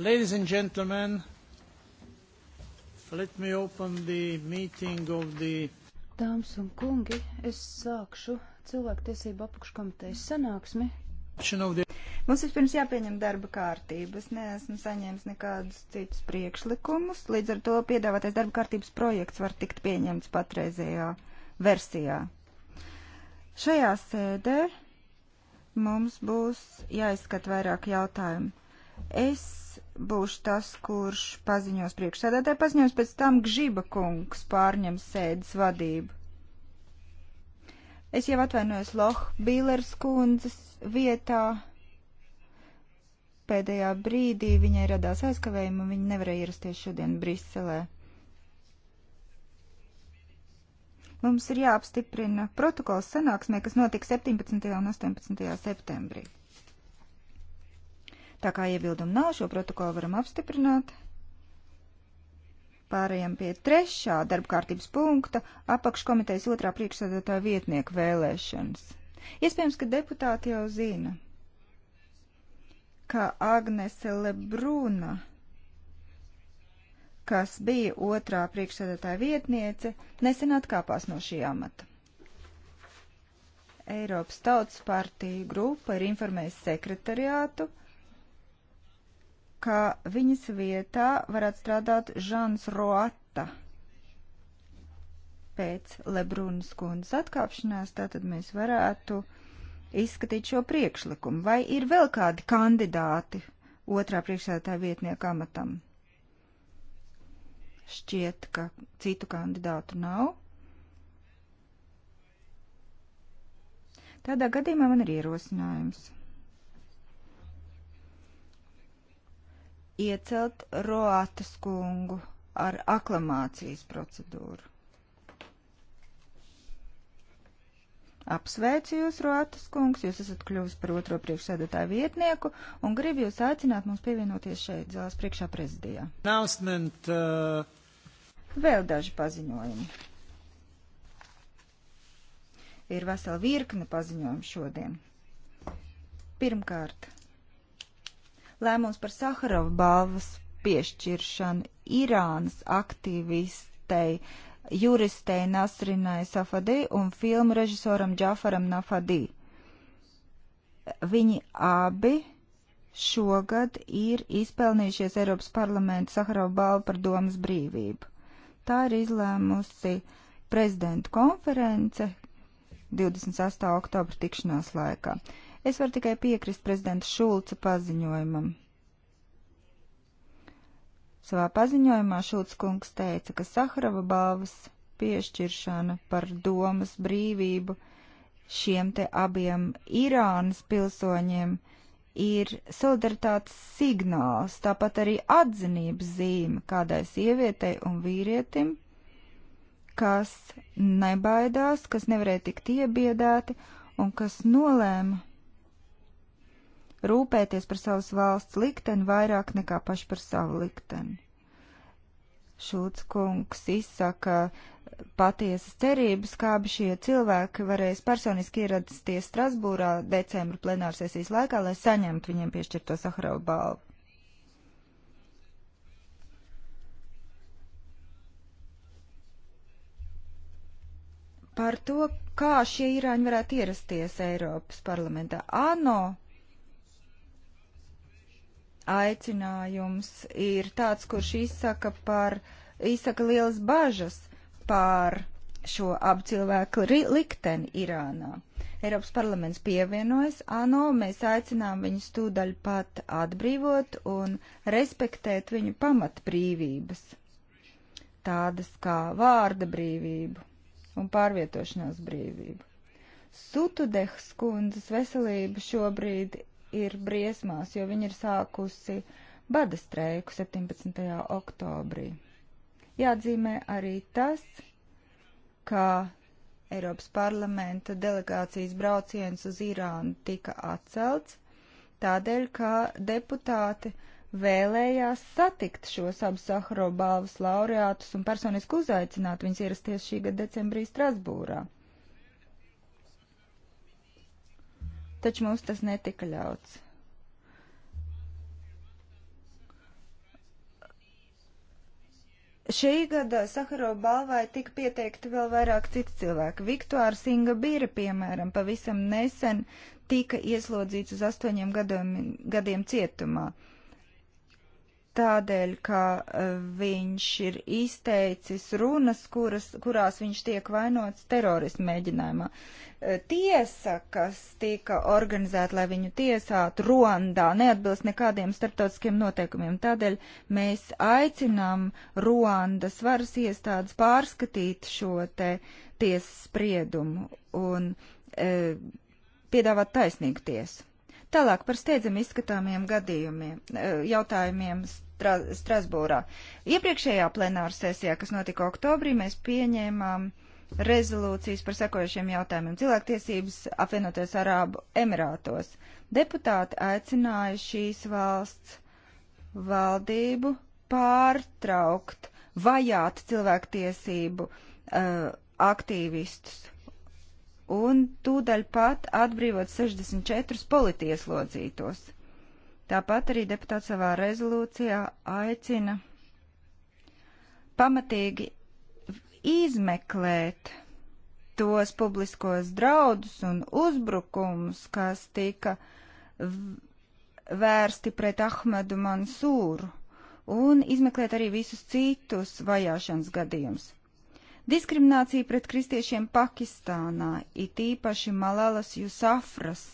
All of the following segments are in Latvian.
Ladies and gentlemen, let me open the meeting of the. Dāmas un kungi, es sākšu cilvēktiesību apakškomitejas sanāksmi. Mums vispirms jāpieņem darba kārtība. Es neesmu saņēmis nekādus citus priekšlikumus, līdz ar to piedāvātais darba kārtības projekts var tikt pieņemts patreizējā versijā. Šajā sēdē mums būs jāizskat vairāk jautājumu Es būšu tas, kurš paziņos priekšsēdētāji, paziņos pēc tam Gžiba kungs pārņem sēdes vadību. Es jau atvainojos Loh Bīlers kundzes vietā pēdējā brīdī viņai radās aizkavējumi un viņa nevarēja ierasties šodien Briselē. Mums ir jāapstiprina protokols sanāksmē, kas notika 17. un 18. septembrī. Tā kā iebildumu nav, šo protokolu varam apstiprināt. Pārējām pie trešā darba kārtības punkta - apakškomitejas otrā priekšsēdētāja vietnieka vēlēšanas. Iespējams, ka deputāti jau zina, ka Agnese Lebruna, kas bija otrā priekšsēdētāja vietniece, nesen atkāpās no šī amata. Eiropas Tautas partija grupa ir informējusi sekretariātu, ka viņas vietā varētu strādāt Žans Roata pēc Lebrunas kundzes atkāpšanās, tātad mēs varētu izskatīt šo priekšlikumu. Vai ir vēl kādi kandidāti otrā priekšsēdētāja vietnieka amatam? Šķiet, ka citu kandidātu nav. Tādā gadījumā man ir ierosinājums. iecelt Roatas kungu ar aklamācijas procedūru. Apsveicu jūs, Roatas kungs, jūs esat kļuvis par otro priekšsēdētāju vietnieku un gribu jūs aicināt mums pievienoties šeit zāles priekšā prezidijā. Announcement. Uh... Vēl daži paziņojumi. Ir vesela virkne paziņojumu šodien. Pirmkārt. Lēmums par Saharova balvas piešķiršanu Irānas aktīvistei juristei Nasrinai Safadī un filmu režisoram Džafaram Nafadī. Viņi abi šogad ir izpelnījušies Eiropas parlamenta Saharova balvu par domas brīvību. Tā ir izlēmusi prezidenta konference 28. oktobra tikšanās laikā. Es varu tikai piekrist prezidenta Šulca paziņojumam. Savā paziņojumā Šulc kungs teica, ka Saharova balvas piešķiršana par domas brīvību šiem te abiem Irānas pilsoņiem ir solidaritātes signāls, tāpat arī atzinības zīme kādai sievietei un vīrietim, kas nebaidās, kas nevarēja tikt iebiedēti un kas nolēma rūpēties par savas valsts likteni vairāk nekā paši par savu likteni. Šulc kungs izsaka patiesas cerības, kā abi šie cilvēki varēs personiski ierasties Strasbūrā decembra plenārsesijas laikā, lai saņemtu viņiem piešķirto Saharova balvu. Par to, kā šie īrāņi varētu ierasties Eiropas parlamentā. ANO aicinājums ir tāds, kurš izsaka, par, izsaka lielas bažas par šo abu cilvēku likteni Irānā. Eiropas parlaments pievienojas ANO, mēs aicinām viņu stūdaļu pat atbrīvot un respektēt viņu pamatbrīvības, tādas kā vārda brīvību un pārvietošanās brīvību. Sutudehs kundzes veselība šobrīd ir briesmās, jo viņa ir sākusi bada streiku 17. oktobrī. Jāatzīmē arī tas, ka Eiropas parlamenta delegācijas brauciens uz Irānu tika atcelts, tādēļ, ka deputāti vēlējās satikt šos abus Saharo balvas laureātus un personiski uzaicināt viņus ierasties šī gada decembrī Strasbūrā. taču mums tas netika ļauts. Šī gada Saharova balvai tika pieteikti vēl vairāk citi cilvēki. Viktora Singa Bīra, piemēram, pavisam nesen tika ieslodzīts uz astoņiem gadiem, gadiem cietumā. Uh, tādēļ, ka e, viņš ir izteicis runas, kuras, kurās viņš tiek vainots terorismu mēģinājumā. E, tiesa, kas tika organizēta, lai viņu tiesātu Ruandā, neatbilst nekādiem starptautiskiem noteikumiem. Tādēļ mēs aicinām Ruandas varas iestādes pārskatīt šo te tiesas spriedumu un e, piedāvāt taisnīgu tiesu. Tālāk par steidzami izskatāmiem gadījumiem, e, jautājumiem Strasbūrā. Iepriekšējā plenāra sesijā, kas notika oktobrī, mēs pieņēmām rezolūcijas par sekojušiem jautājumiem - cilvēktiesības apvienoties Arābu Emirātos. Deputāti aicināja šīs valsts valdību pārtraukt, vajāt cilvēktiesību uh, aktīvistus un tūdaļ pat atbrīvot 64 politieslodzītos. Tāpat arī deputāts savā rezolūcijā aicina pamatīgi izmeklēt tos publiskos draudus un uzbrukumus, kas tika vērsti pret Ahmedu Mansūru, un izmeklēt arī visus citus vajāšanas gadījumus. Diskriminācija pret kristiešiem Pakistānā, it īpaši Malalas Jusafras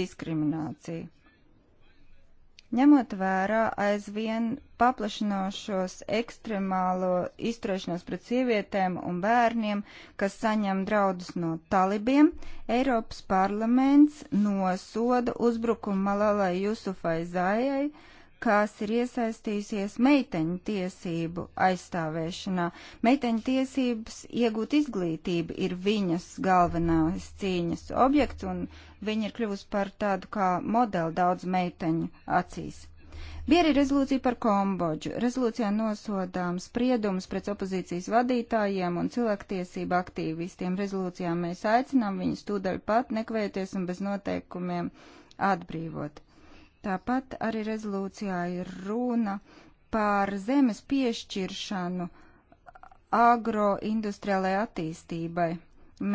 diskriminācija. Ņemot vērā aizvien paplašinošos ekstremālo izturēšanos pret sievietēm un bērniem, kas saņem draudus no talibiem, Eiropas parlaments nosoda uzbrukumu Malalai Jusufai Zājai, uh, kas ir iesaistījusies meiteņu tiesību aizstāvēšanā. Meiteņu tiesības iegūt izglītību ir viņas galvenās cīņas objekts, un viņa ir kļuvusi par tādu kā modeli daudz meiteņu acīs. Bija arī rezolūcija par Kambodžu. Rezolūcijā nosodām spriedumus pret opozīcijas vadītājiem un cilvēktiesību aktīvistiem. Rezolūcijā mēs aicinām viņus tūdaļ pat nekvējoties un bez noteikumiem atbrīvot. Tāpat arī rezolūcijā ir runa par zemes piešķiršanu agroindustriālajai attīstībai.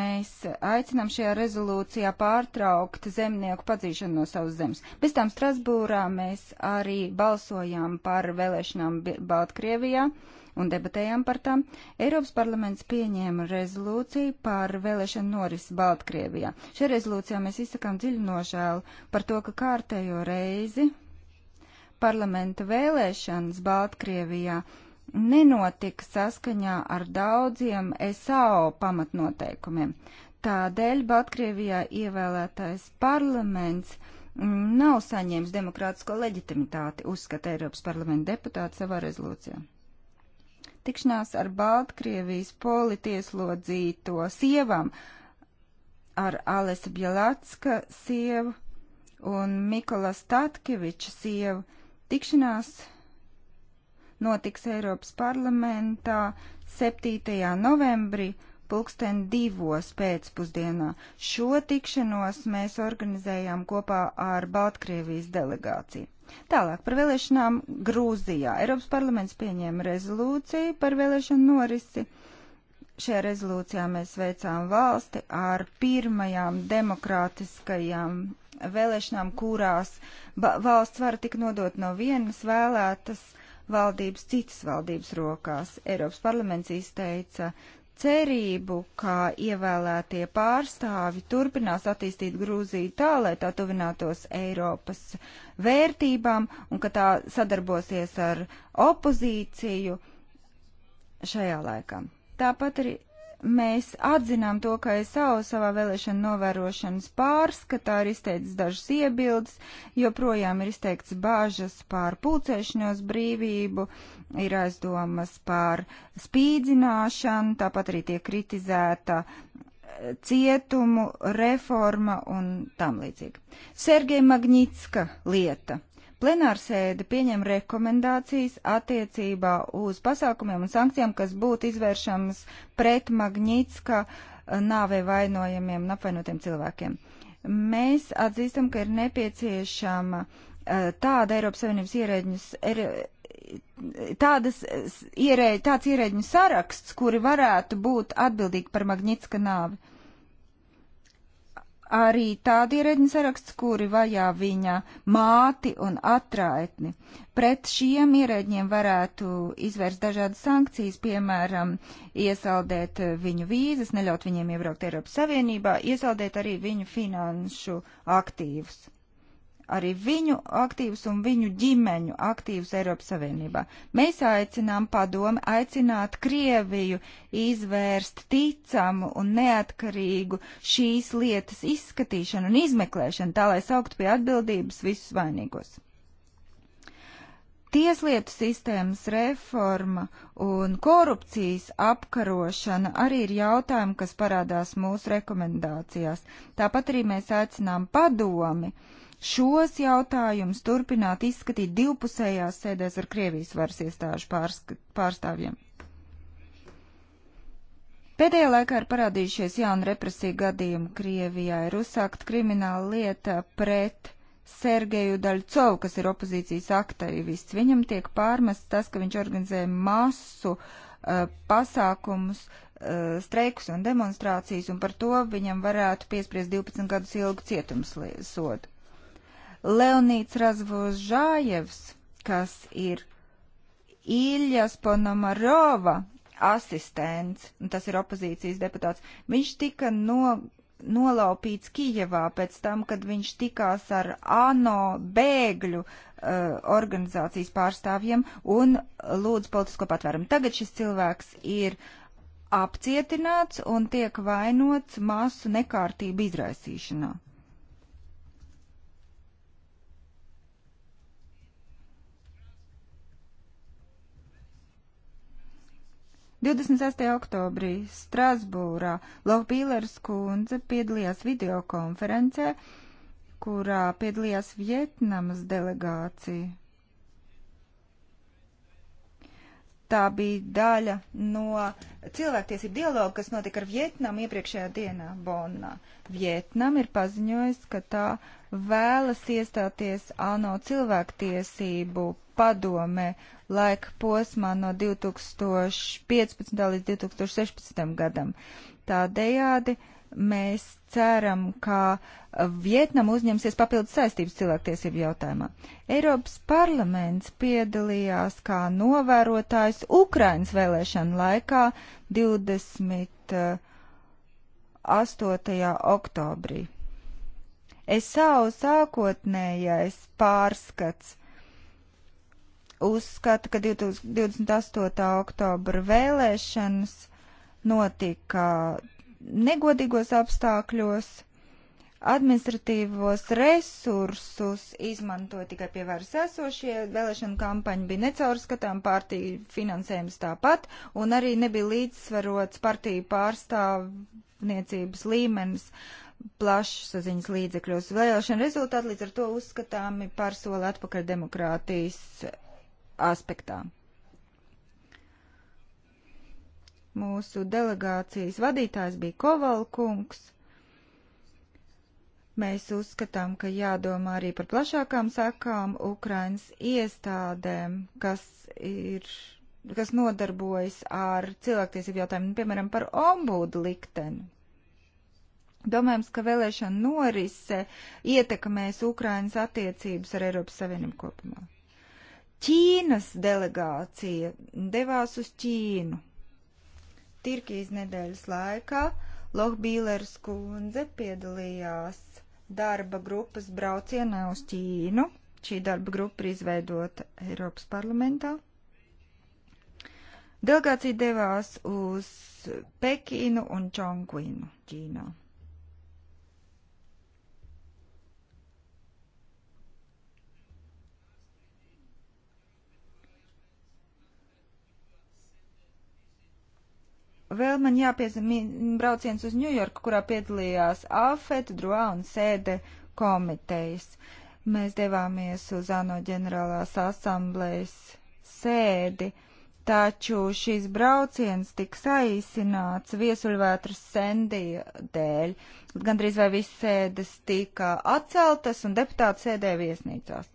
Mēs aicinām šajā rezolūcijā pārtraukt zemnieku padzīšanu no savas zemes. Bez tām Strasbūrā mēs arī balsojām par vēlēšanām Baltkrievijā. Uh, un debatējām par tām, Eiropas parlaments pieņēma rezolūciju par vēlēšanu norisi Baltkrievijā. Šajā rezolūcijā mēs izsakām dziļu nožēlu par to, ka kārtējo reizi parlamenta vēlēšanas Baltkrievijā nenotika saskaņā ar daudziem SAO pamatnoteikumiem. Tādēļ Baltkrievijā ievēlētais parlaments nav saņēmis demokrātisko leģitimitāti, uzskata Eiropas parlamenta deputāti savā rezolūcijā tikšanās ar Baltkrievijas politieslodzīto sievam, ar Alesa Bielatska sievu un Mikola Statkeviča sievu. Tikšanās notiks Eiropas parlamentā 7. novembrī pulksten divos pēcpusdienā. Šo tikšanos mēs organizējām kopā ar Baltkrievijas delegāciju. Tālāk par vēlēšanām Grūzijā. Eiropas parlaments pieņēma rezolūciju par vēlēšanu norisi. Šajā rezolūcijā mēs veicām valsti ar pirmajām demokrātiskajām vēlēšanām, kurās valsts vara tika nodot no vienas vēlētas valdības citas valdības rokās. Eiropas parlaments izteica cerību, ka ievēlētie pārstāvi turpinās attīstīt Grūziju tā, lai tā tuvinātos Eiropas vērtībām un ka tā sadarbosies ar opozīciju šajā laikā. Tāpat arī Mēs atzinām to, ka SAO savā vēlēšana novērošanas pārskatā ir izteicis dažas iebildes, joprojām ir izteikts bāžas pār pulcēšanos brīvību, ir aizdomas pār spīdzināšanu, tāpat arī tiek kritizēta eh, cietumu reforma un tam līdzīgi. Sergeja Magnitska lieta. Plenārsēde pieņem rekomendācijas attiecībā uz pasākumiem un sankcijām, kas būtu izvēršams pret Magnitska eh, nāvē vainojamiem un apvainotiem cilvēkiem. Mēs atzīstam, ka ir nepieciešama eh, tāda Eiropas Savienības ierēģis, er, tādas eh, ierēģi, tāds ierēģiņu saraksts, kuri varētu būt atbildīgi par Magnitska nāvi arī tādi ierēdņi saraksts, kuri vajā viņa māti un atraitni. Pret šiem ierēdņiem varētu izvērst dažādas sankcijas, piemēram, iesaldēt eh, viņu vīzas, neļaut viņiem iebraukt Eiropas Savienībā, iesaldēt arī viņu finanšu aktīvus arī viņu aktīvus un viņu ģimeņu aktīvus Eiropas Savienībā. Mēs aicinām padomi aicināt Krieviju izvērst ticamu un neatkarīgu šīs lietas izskatīšanu un izmeklēšanu, tā lai saukt pie atbildības visus vainīgos tieslietu sistēmas reforma un korupcijas apkarošana arī ir jautājumi, kas parādās mūsu rekomendācijās. Tāpat arī mēs aicinām padomi uh, šos jautājumus turpināt izskatīt divpusējās sēdēs ar Krievijas varas iestāžu pārstāvjiem. Pēdējā laikā ir parādījušies jauni represiju gadījumi Krievijā. Ir uzsākt krimināla lieta pret Sergeju Daļcovu, kas ir opozīcijas aktivists. Viņam tiek pārmests tas, ka viņš organizē masu uh, pasākumus, uh, streikus un demonstrācijas, un par to viņam varētu piespriest 12 gadus ilgu cietumsodu. Leonīts Razvožājevs, kas ir Iljas Ponomarova asistents, un tas ir opozīcijas deputāts, viņš tika no, nolaupīts Kijevā pēc tam, kad viņš tikās ar ANO bēgļu uh, organizācijas pārstāvjiem un lūdz politisko patvērumu. Tagad šis cilvēks ir apcietināts un tiek vainots masu nekārtību izraisīšanā. 26. oktobrī Strasbūrā Lohbīlers kundze piedalījās videokonferencē, kurā piedalījās Vietnamas delegācija. tā bija daļa no cilvēktiesību dialoga, kas notika ar Vietnamu iepriekšējā dienā Bonnā. Vietnam ir paziņojis, ka tā vēlas iestāties ANO cilvēktiesību padome laika posmā no 2015. līdz 2016. gadam. Tādējādi mēs ceram, ka Vietnam uzņemsies papildus saistības cilvēktiesību jautājumā. Eiropas parlaments piedalījās kā novērotājs Ukrainas vēlēšana laikā 28. Eh, oktobrī. SAO sākotnējais pārskats uzskata, ka 28. oktobra vēlēšanas notika negodīgos apstākļos, administratīvos resursus izmanto tikai pie varas esošie, vēlēšana kampaņa bija necaurskatām, partiju finansējums tāpat, un arī nebija līdzsvarots partiju pārstāvniecības līmenis. Uh, plašsaziņas līdzekļos. Vēlēšana rezultāti līdz ar to uzskatāmi par soli atpakaļ demokrātijas aspektā. Mūsu delegācijas vadītājs bija Kovalkungs. Mēs uzskatām, ka jādomā arī par plašākām sakām Ukrainas iestādēm, kas ir kas nodarbojas ar cilvēktiesību jautājumiem, piemēram, par ombudu likteni. Domājams, ka vēlēšana norise ietekmēs Ukrainas attiecības ar Eiropas Savienību kopumā. Ķīnas delegācija devās uz Ķīnu. Tirkijas nedēļas laikā Lohbīlers kundze piedalījās darba grupas braucienā uz Ķīnu. Šī darba grupa ir izveidota Eiropas parlamentā. Delegācija devās uz Pekinu un Čongvinu Ķīnā. Vēl man jāpiezemina brauciens uz Ņujorku, kurā piedalījās AFET, DROA un SEDE komitejas. Mēs devāmies uz ANO ģenerālās asamblējas sēdi, taču šīs brauciens tika saīsināts viesuļvētras sendija dēļ. Gandrīz vai visas sēdes tika atceltas un deputāti sēdēja viesnīcās.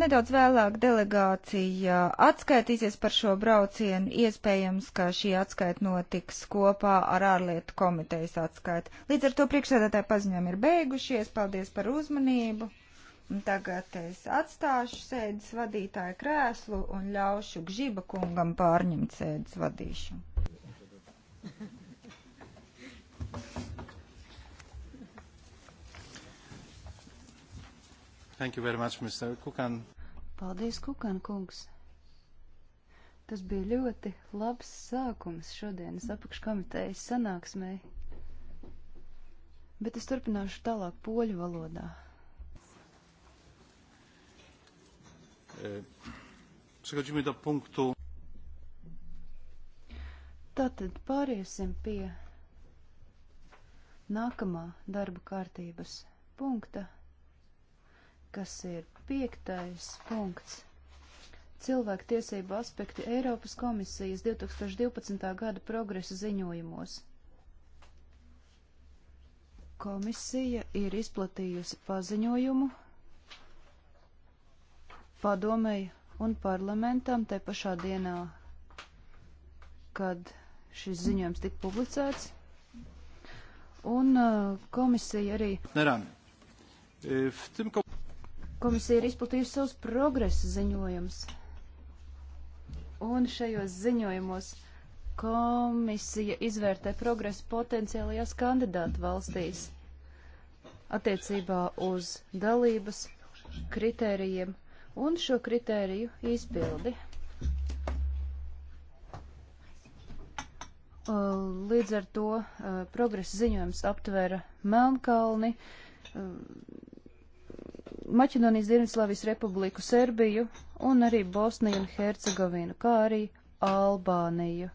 Nedaudz vēlāk delegācija atskaitīsies par šo braucienu. Iespējams, ka šī atskaita notiks kopā ar ārlietu komitejas atskaitu. Līdz ar to priekšsēdētāji paziņojumi ir beigušies. Paldies par uzmanību. Un tagad es atstāšu sēdes vadītāju krēslu un ļaušu Gžiba kungam pārņemt sēdes vadīšanu. Thank you. Thank you very much, Mr. Kukan. Paldies, Kukan kungs. Tas bija ļoti labs sākums šodienas apakškomitejas sanāksmei. Bet es turpināšu tālāk poļu valodā. E, przechodzimy do punktu. Tātad pāriesim pie nākamā darba kārtības punkta kas ir piektais punkts. Cilvēktiesību aspekti Eiropas komisijas 2012. gada progresa ziņojumos. Komisija ir izplatījusi paziņojumu padomēji un parlamentam te pašā dienā, kad šis ziņojums tika publicēts. Un uh, komisija arī. Nerām. E, Komisija ir izplatījusi savus progresa ziņojumus. Un šajos ziņojumos komisija izvērtē progresu potenciālajās kandidātu valstīs attiecībā uz dalības kritērijiem un šo kritēriju izpildi. Uh, līdz ar to uh, progresa ziņojums aptvēra Melnkalni, uh, Maķedonijas Dienvidslāvijas republiku, Serbiju un arī Bosniju un Hercegovinu, kā arī Albāniju.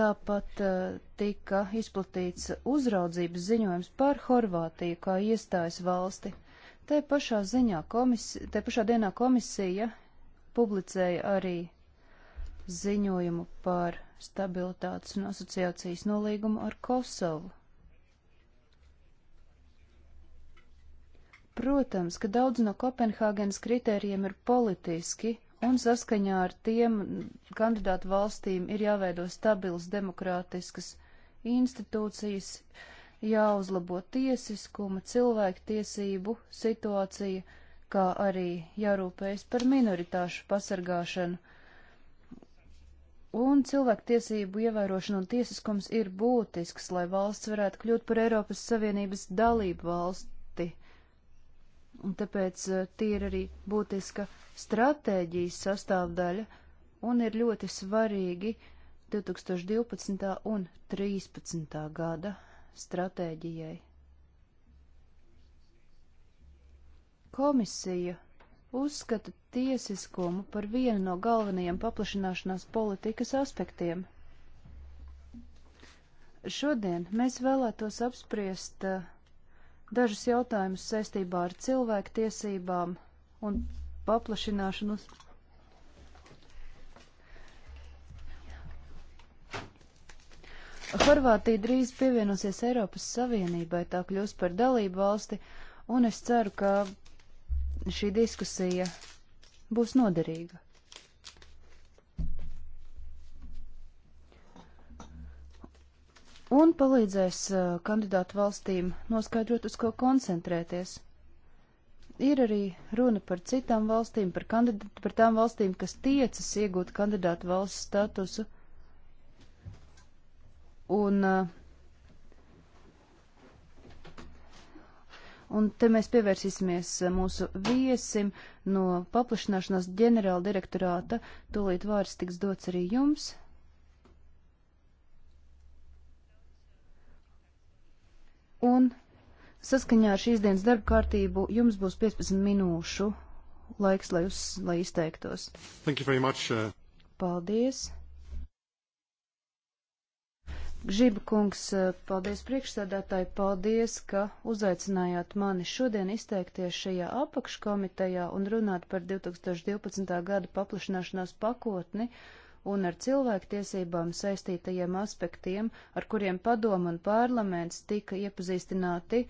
Tāpat uh, tika izplatīts uzraudzības ziņojums par Horvātiju kā iestājas valsti. Te pašā, ziņā komisi, te pašā dienā komisija publicēja arī ziņojumu par stabilitātes un asociācijas nolīgumu ar Kosovu. Protams, ka daudz no Kopenhāgenes kritērijiem ir politiski, un saskaņā ar tiem kandidātu valstīm ir jāveido stabils demokrātiskas institūcijas, jāuzlabo tiesiskuma, cilvēktiesību situācija, kā arī jārūpējas par minoritāšu pasargāšanu. Un cilvēktiesību ievērošana un tiesiskums ir būtisks, lai valsts varētu kļūt par Eiropas Savienības dalību valsti un tāpēc eh, tie ir arī būtiska stratēģijas sastāvdaļa un ir ļoti svarīgi 2012. un 2013. gada stratēģijai. Komisija uzskata tiesiskumu par vienu no galvenajiem paplašināšanās politikas aspektiem. Šodien mēs vēlētos apspriest uh, dažus jautājumus saistībā ar cilvēktiesībām un paplašināšanos. Horvātija drīz pievienosies Eiropas Savienībai, tā kļūs par dalību valsti, un es ceru, ka šī diskusija būs noderīga. un palīdzēs uh, kandidātu valstīm noskaidrot, uz ko koncentrēties. Ir arī runa par citām valstīm, par, par tām valstīm, kas tiecas iegūt kandidātu valsts statusu. Un, uh, un te mēs pievērsīsimies mūsu viesim no paplašināšanās ģenerāla direktorāta. Tūlīt vārds tiks dots arī jums. Un saskaņā ar šīs dienas darba kārtību jums būs 15 minūšu laiks, lai, uz, lai izteiktos. Much, uh... Paldies. Žiba kungs, uh, paldies priekšsēdētāji, paldies, ka uzaicinājāt mani šodien izteikties šajā apakškomitejā un runāt par 2012. gada paplašināšanās pakotni. Uh, un ar cilvēktiesībām saistītajiem aspektiem, ar kuriem padoma un parlaments tika iepazīstināti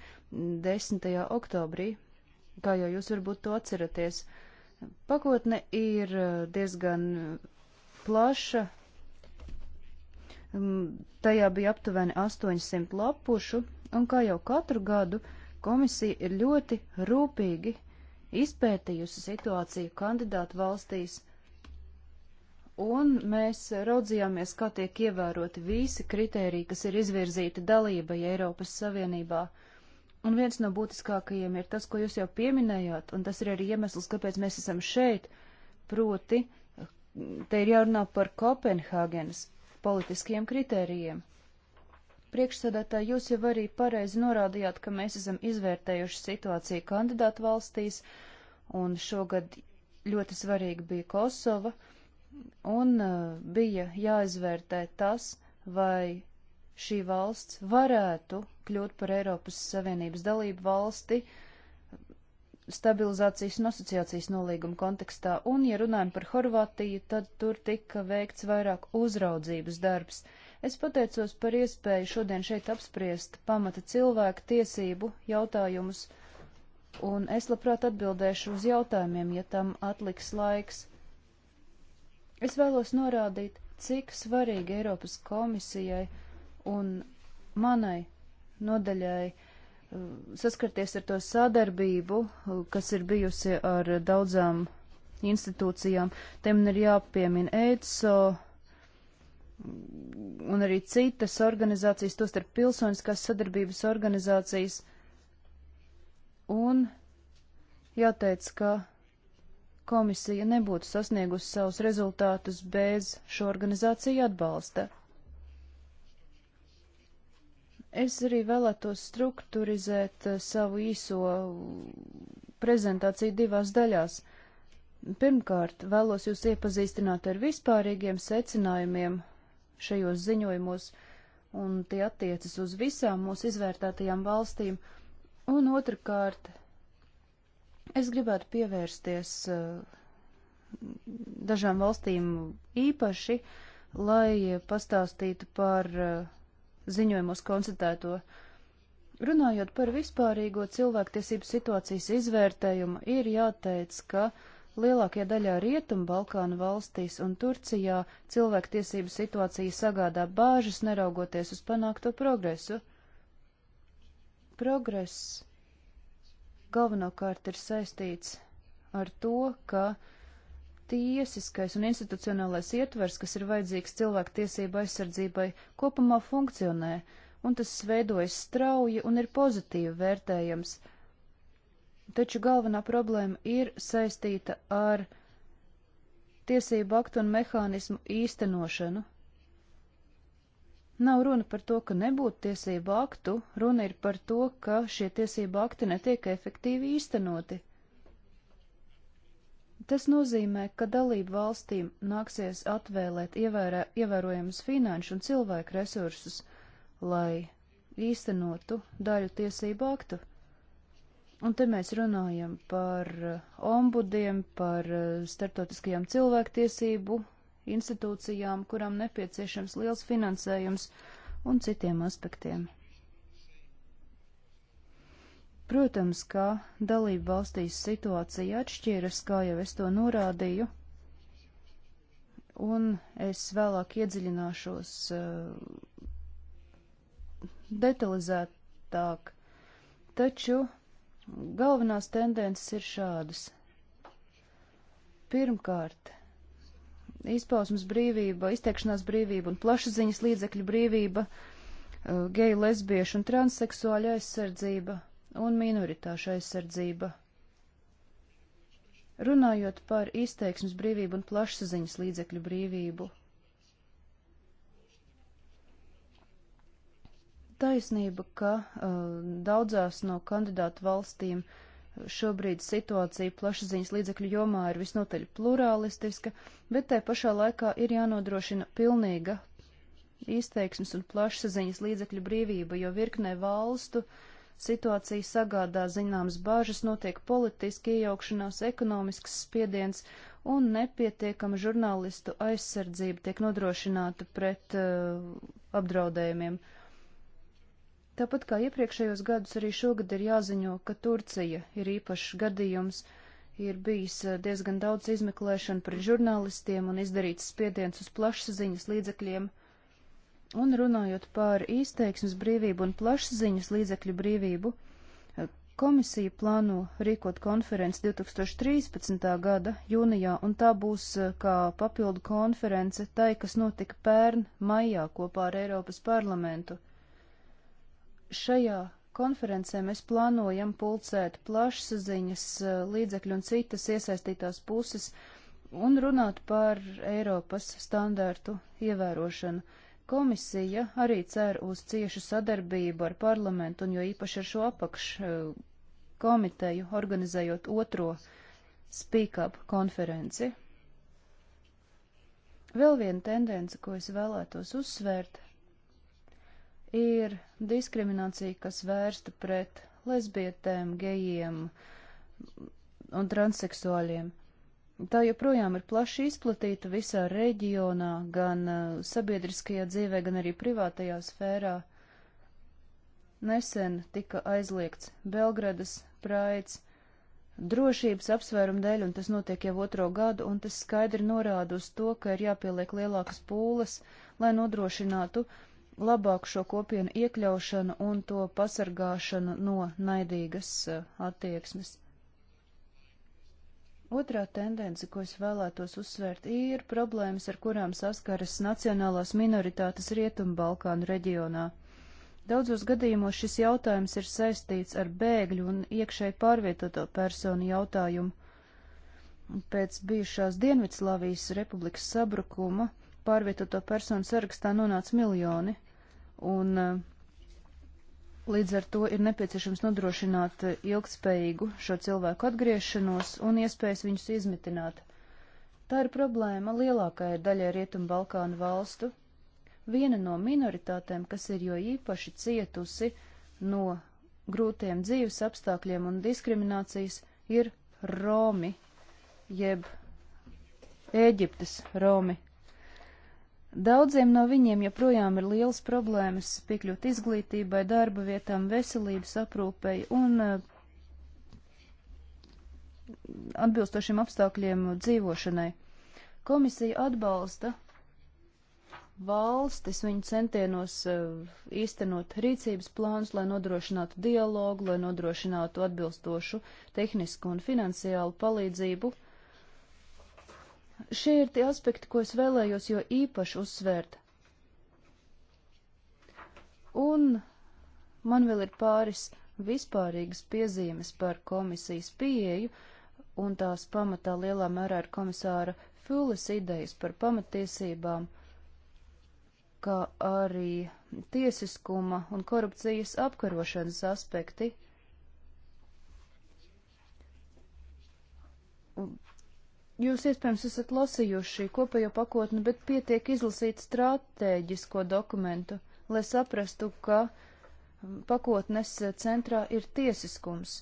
10. oktobrī, kā jau jūs varbūt to atceraties. Pakotne ir uh, diezgan uh, plaša. Mm, tajā bija aptuveni 800 lapušu, un kā jau katru gadu, komisija ir ļoti rūpīgi izpētījusi situāciju kandidātu valstīs un mēs raudzījāmies, kā tiek ievēroti visi kritēriji, kas ir izvirzīti dalībai Eiropas Savienībā. Un viens no būtiskākajiem ir tas, ko jūs jau pieminējāt, un tas ir arī iemesls, kāpēc mēs esam šeit, proti, te ir jārunā par Kopenhāgenes politiskiem kritērijiem. Priekšsēdētā jūs jau arī pareizi norādījāt, ka mēs esam izvērtējuši situāciju kandidātu valstīs, un šogad ļoti svarīga bija Kosova. Uh, un uh, bija jāizvērtē tas, vai šī valsts varētu kļūt par Eiropas Savienības dalību valsti stabilizācijas un asociācijas nolīguma kontekstā, un, ja runājam par Horvātiju, tad tur tika veikts vairāk uzraudzības darbs. Es pateicos par iespēju šodien šeit apspriest pamata cilvēku tiesību jautājumus, un es labprāt atbildēšu uz jautājumiem, ja tam atliks laiks. Es vēlos norādīt, cik svarīgi Eiropas komisijai un manai nodaļai uh, saskarties ar to sadarbību, uh, kas ir bijusi ar daudzām institūcijām. Tiem ir jāpiemina EITSO mm, un arī citas organizācijas, tostarp pilsoniskās sadarbības organizācijas. Un jāteic, ka komisija nebūtu sasniegusi savus rezultātus bez šo organizāciju atbalsta. Es arī vēlētos strukturizēt eh, savu īso prezentāciju divās daļās. Pirmkārt, vēlos jūs iepazīstināt ar vispārīgiem secinājumiem šajos ziņojumos, un tie attiecas uz visām mūsu izvērtētajām valstīm, un otrkārt, Es gribētu pievērsties eh, dažām valstīm īpaši, lai pastāstītu par eh, ziņojumos konstatēto. Runājot par vispārīgo cilvēktiesību situācijas izvērtējumu, ir jāteic, ka lielākajā daļā Rietumbalkānu valstīs un Turcijā cilvēktiesību situācija sagādā bāžas, neraugoties uz panākto progresu. Progress galvenokārt ir saistīts ar to, ka tiesiskais un institucionālais ietvers, kas ir vajadzīgs cilvēku tiesību aizsardzībai, kopumā funkcionē, un tas veidojas strauji un ir pozitīvi vērtējams. Taču galvenā problēma ir saistīta ar tiesību aktu un mehānismu īstenošanu, Nav runa par to, ka nebūtu tiesību aktu, runa ir par to, ka šie tiesību akti netiek efektīvi īstenoti. Tas nozīmē, ka dalību valstīm nāksies atvēlēt ievērē, ievērojams finanšu un cilvēku resursus, lai īstenotu daļu tiesību aktu. Un te mēs runājam par eh, ombudiem, par eh, starptautiskajām cilvēktiesību institūcijām, kurām nepieciešams liels finansējums un citiem aspektiem. Protams, ka dalību valstīs situācija atšķiras, kā jau es to norādīju, un es vēlāk iedziļināšos uh, detalizētāk. Taču galvenās tendences ir šādas. Pirmkārt, izpausmas brīvība, izteikšanās brīvība un plašsaziņas līdzekļu brīvība, uh, geju, lesbiešu un transseksuāļu aizsardzība un minoritāšu aizsardzība. Runājot par izteiksmes brīvību un plašsaziņas līdzekļu brīvību. Taisnība, ka uh, daudzās no kandidātu valstīm uh, Šobrīd situācija plašsaziņas līdzekļu jomā ir visnotaļ plurālistiska, bet tai pašā laikā ir jānodrošina pilnīga izteiksmes un plašsaziņas līdzekļu brīvība, jo virknē valstu situācija sagādā zināmas bāžas, notiek politiski iejaukšanās, ekonomisks spiediens un nepietiekama žurnālistu aizsardzība tiek nodrošināta pret uh, apdraudējumiem. Uh, Tāpat kā iepriekšējos gadus, arī šogad ir jāziņo, ka Turcija ir īpašs gadījums, ir bijis eh, diezgan daudz izmeklēšanu pret žurnālistiem un izdarīts spiediens uz plašsaziņas līdzekļiem. Un runājot par izteiksmes brīvību un plašsaziņas līdzekļu brīvību, eh, Komisija plāno rīkot konferenci 2013. gada jūnijā, un tā būs eh, kā papildu konference tai, kas notika pērn maijā kopā ar Eiropas parlamentu. Šajā konferencē mēs plānojam pulcēt plašsaziņas eh, līdzekļu un citas iesaistītās puses un runāt par Eiropas standārtu ievērošanu. Komisija arī cer uz ciešu sadarbību ar parlamentu un jo īpaši ar šo apakš eh, komiteju, organizējot otro speak-up konferenci. Vēl viena tendence, ko es vēlētos uzsvērt, ir diskriminācija, kas vērsta pret lesbietēm, gejiem un transseksuāļiem. Tā joprojām ir plaši izplatīta visā reģionā, gan uh, sabiedriskajā dzīvē, gan arī privātajā sfērā. Nesen tika aizliegts Belgradas praids drošības apsvērumu dēļ, un tas notiek jau otro gadu, un tas skaidri norāda uz to, ka ir jāpieliek lielākas pūles, lai nodrošinātu uh, labāk šo kopienu iekļaušanu un to pasargāšanu no naidīgas eh, attieksmes. Otrā tendence, ko es vēlētos uzsvērt, ir problēmas, ar kurām saskaras nacionālās minoritātes Rietumbalkānu reģionā. Daudzos gadījumos šis jautājums ir saistīts ar bēgļu un iekšēji pārvietoto personu jautājumu. Pēc bijušās Dienvidslāvijas republikas sabrukuma pārvietoto personu sarakstā nonāca miljoni un eh, līdz ar to ir nepieciešams nodrošināt eh, ilgspējīgu šo cilvēku atgriešanos un iespējas viņus izmitināt. Tā ir problēma lielākajai daļai Rietumbalkānu valstu. Viena no minoritātēm, kas ir jo īpaši cietusi no grūtiem dzīves apstākļiem un diskriminācijas, ir Romi, jeb Ēģiptes Romi. Daudziem no viņiem joprojām ir liels problēmas piekļūt izglītībai, darba vietām, veselības aprūpei un eh, atbilstošiem apstākļiem dzīvošanai. Komisija atbalsta valstis viņu centienos eh, īstenot rīcības plānus, lai nodrošinātu dialogu, lai nodrošinātu atbilstošu tehnisku un finansiālu palīdzību Šie ir tie aspekti, ko es vēlējos jo īpaši uzsvērt. Un man vēl ir pāris vispārīgas piezīmes par komisijas pieeju, un tās pamatā lielā mērā ir komisāra Fulis idejas par pamatiesībām, kā arī tiesiskuma un korupcijas apkarošanas aspekti Jūs iespējams esat lasījuši kopējo pakotni, bet pietiek izlasīt stratēģisko dokumentu, lai saprastu, ka pakotnes centrā ir tiesiskums.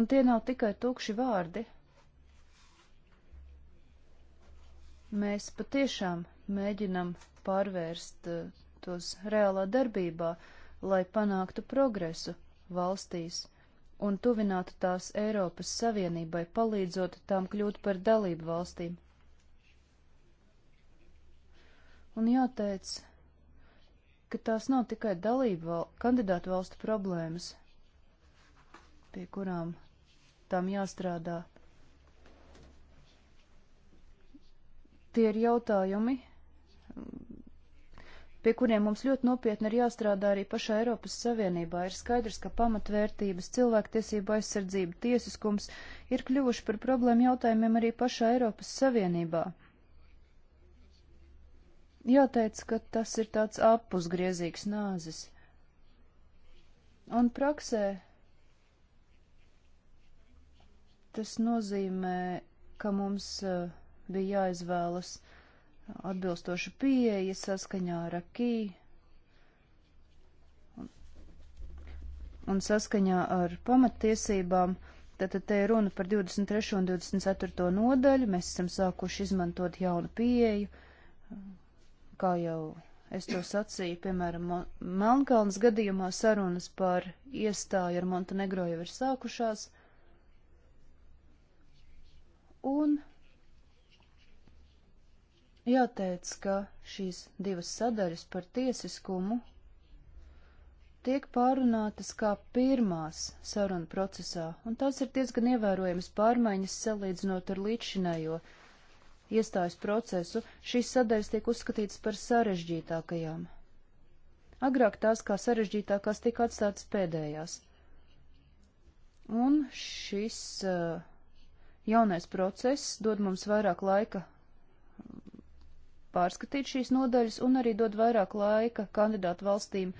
Un tie nav tikai tukši vārdi. Mēs patiešām mēģinam pārvērst eh, tos reālā darbībā, lai panāktu progresu valstīs un tuvinātu tās Eiropas Savienībai, palīdzot tām kļūt par dalību valstīm. Un jāteic, ka tās nav tikai dalību val kandidātu valstu problēmas, pie kurām tām jāstrādā. Tie ir jautājumi, pie kuriem mums ļoti nopietni ir jāstrādā arī pašā Eiropas Savienībā, ir skaidrs, ka pamatvērtības, cilvēktiesība aizsardzība, tiesiskums ir kļuvuši par problēmu jautājumiem arī pašā Eiropas Savienībā. Jāteic, ka tas ir tāds apusgriezīgs nāzis. Un praksē tas nozīmē, ka mums eh, bija jāizvēlas uh, atbilstoša pieeja saskaņā ar akī un saskaņā ar pamattiesībām. Tātad te ir runa par 23. un 24. nodaļu. Mēs esam sākuši izmantot jaunu pieeju, kā jau es to sacīju, piemēram, Melnkalnas gadījumā sarunas par iestāju ar Montenegro jau ir sākušās. Un Jāteic, ka šīs divas sadaļas par tiesiskumu tiek pārunātas kā pirmās saruna procesā, un tās ir diezgan ievērojamas pārmaiņas salīdzinot ar līdzšinējo iestājas procesu, šīs sadaļas tiek uzskatītas par sarežģītākajām. Agrāk tās kā sarežģītākās tika atstātas pēdējās. Un šis uh, jaunais process dod mums vairāk laika pārskatīt šīs nodaļas un arī dod vairāk laika kandidātu valstīm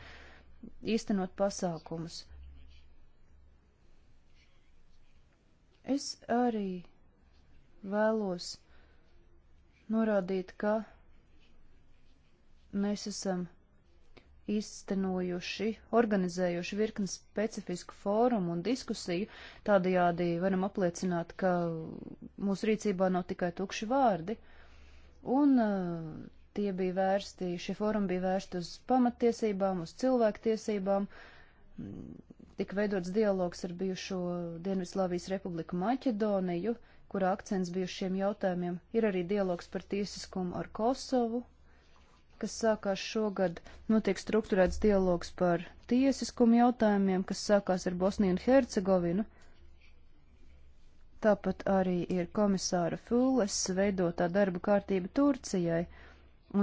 īstenot pasākumus. Es arī vēlos norādīt, ka mēs esam īstenojuši, organizējuši virkni specifisku fórumu un diskusiju, tādajādi varam apliecināt, ka mūsu rīcībā nav tikai tukši vārdi. Uh, un uh, tie bija vērsti, šie fórumi bija vērsti uz pamattiesībām, uz cilvēktiesībām, tika veidots dialogs ar bijušo Dienvidslāvijas republiku Maķedoniju, kurā akcents bija uz šiem jautājumiem. Ir arī dialogs par tiesiskumu ar Kosovu, kas sākās šogad, notiek strukturēts dialogs par tiesiskumu jautājumiem, kas sākās ar Bosniju un Hercegovinu. Tāpat arī ir komisāra Fulles veidotā darba kārtība Turcijai,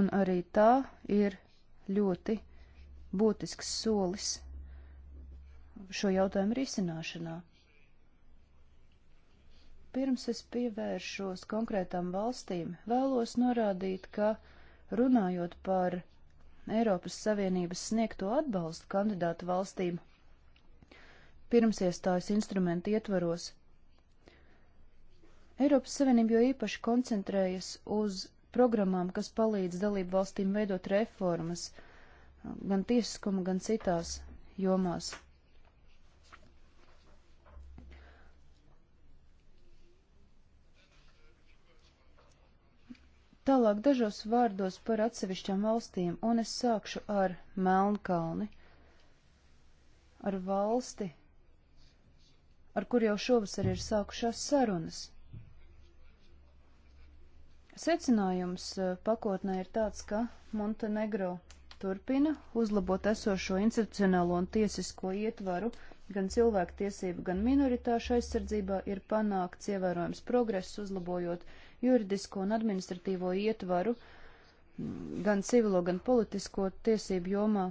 un arī tā ir ļoti būtisks solis šo jautājumu risināšanā. Pirms es pievēršos konkrētām valstīm, vēlos norādīt, ka runājot par Eiropas Savienības sniegto atbalstu kandidātu valstīm, pirms iestājas instrumentu ietvaros Eiropas Savienība jau īpaši koncentrējas uz programmām, kas palīdz dalību valstīm veidot reformas gan tiesiskuma, gan citās jomās. Tālāk dažos vārdos par atsevišķām valstīm, un es sākšu ar Melnkalni, ar valsti, ar kur jau šovasar ir sākušās sarunas. Secinājums e, pakotnē ir tāds, ka Montenegro turpina uzlabot esošo institucionālo un tiesisko ietvaru, gan cilvēktiesību, gan minoritāšu aizsardzībā ir panākts ievērojams progress, uzlabojot juridisko un administratīvo ietvaru, gan civilo, gan politisko tiesību jomā.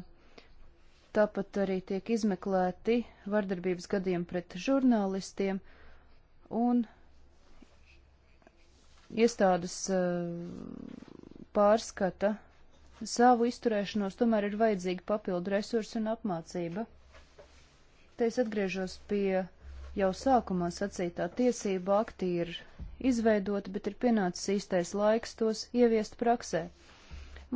Tāpat arī tiek izmeklēti vardarbības gadiem pret žurnālistiem, un iestādes eh, pārskata savu izturēšanos, tomēr ir vajadzīga papildu resursi un apmācība. Te es atgriežos pie jau sākumā sacītā tiesība akti ir izveidoti, bet ir pienācis īstais laiks tos ieviest praksē.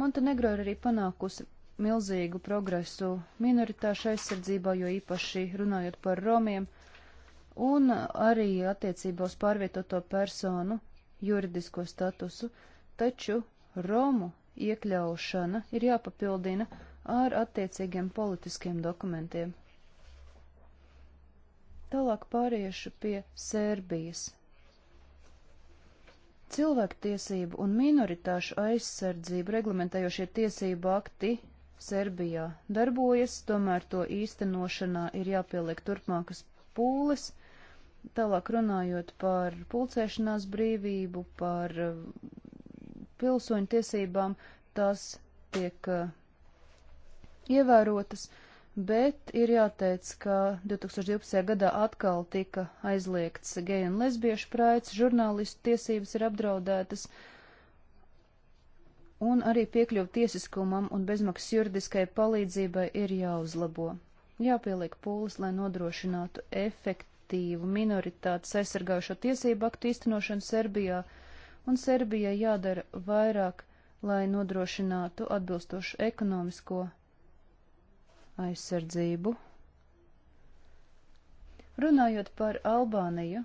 Montenegro ir arī panākusi milzīgu progresu minoritāšu aizsardzībā, jo īpaši runājot par romiem, un arī attiecībā uz pārvietoto personu juridisko statusu, taču Romu iekļaušana ir jāpapildina ar attiecīgiem politiskiem dokumentiem. Tālāk pāriešu pie Sērbijas. Cilvēktiesību un minoritāšu aizsardzību reglamentējošie tiesību akti Serbijā darbojas, tomēr to īstenošanā ir jāpieliek turpmākas pūles, Tālāk runājot par pulcēšanās brīvību, par uh, pilsoņu tiesībām, tās tiek uh, ievērotas, bet ir jāteic, ka 2012. gadā atkal tika aizliegts geju un lesbiešu praids, žurnālistu tiesības ir apdraudētas, un arī piekļuvu tiesiskumam un bezmaksas juridiskai palīdzībai ir jāuzlabo. Jāpieliek pūles, lai nodrošinātu efektu efektīvu minoritātes aizsargājušo tiesību aktu īstenošanu Serbijā, un Serbijai jādara vairāk, lai nodrošinātu atbilstošu ekonomisko aizsardzību. Runājot par Albāniju,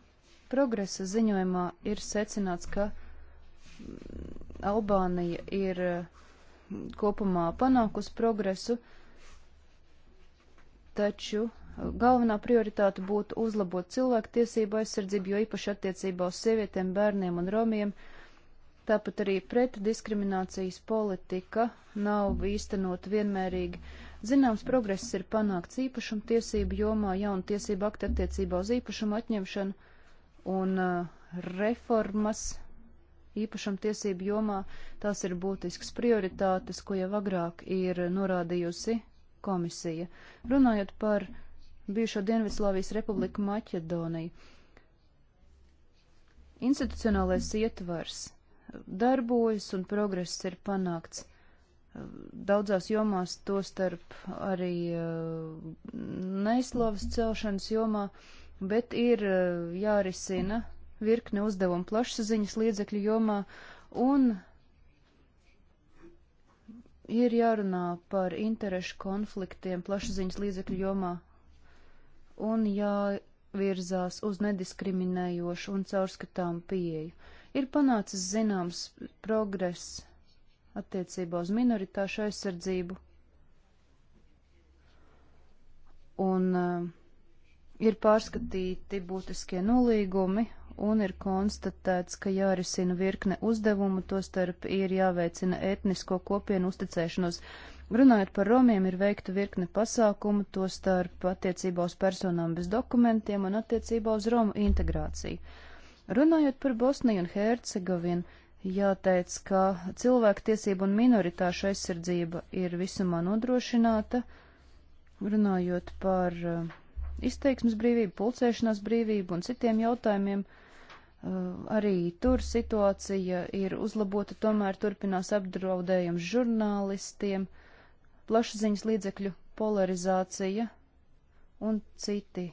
progresa ziņojumā ir secināts, ka mm, Albānija ir mm, kopumā panākusi progresu, taču Galvenā prioritāte būtu uzlabot cilvēku tiesību aizsardzību, jo īpaši attiecībā uz sievietēm, bērniem un romiem. Tāpat arī pretdiskriminācijas politika nav īstenot vienmērīgi. Zināms, progress ir panākts īpašuma tiesību jomā, jauna tiesība akta attiecībā uz īpašumu atņemšanu un uh, reformas īpašuma tiesību jomā. Tās ir būtisks prioritātes, ko jau agrāk ir norādījusi komisija. Runājot par uh, bijušo Dienvidslāvijas republiku Maķedoniju. Institucionālais ietvars darbojas un progress ir panākts. Daudzās jomās, to starp arī uh, neizslavas celšanas jomā, bet ir uh, jārisina virkne uzdevumu plašsaziņas līdzekļu jomā un ir jārunā par interešu konfliktiem plašsaziņas līdzekļu jomā un jāvirzās uz nediskriminējošu un caurskatām pieeju. Ir panācis zināms progress attiecībā uz minoritāšu aizsardzību, un uh, ir pārskatīti būtiskie nolīgumi, un ir konstatēts, ka jārisina virkne uzdevumu, tostarp ir jāveicina etnisko kopienu uzticēšanos. Uz Runājot par romiem, ir veikta virkne pasākumu, to starp attiecībā uz personām bez dokumentiem un attiecībā uz romu integrāciju. Runājot par Bosniju un Hercegovinu, jāteic, ka cilvēktiesība un minoritāšu aizsardzība ir visumā nodrošināta, runājot par eh, izteiksmes brīvību, pulcēšanās brīvību un citiem jautājumiem. Eh, arī tur situācija ir uzlabota, tomēr turpinās apdraudējums žurnālistiem. Uh, plašsaziņas līdzekļu polarizācija un citi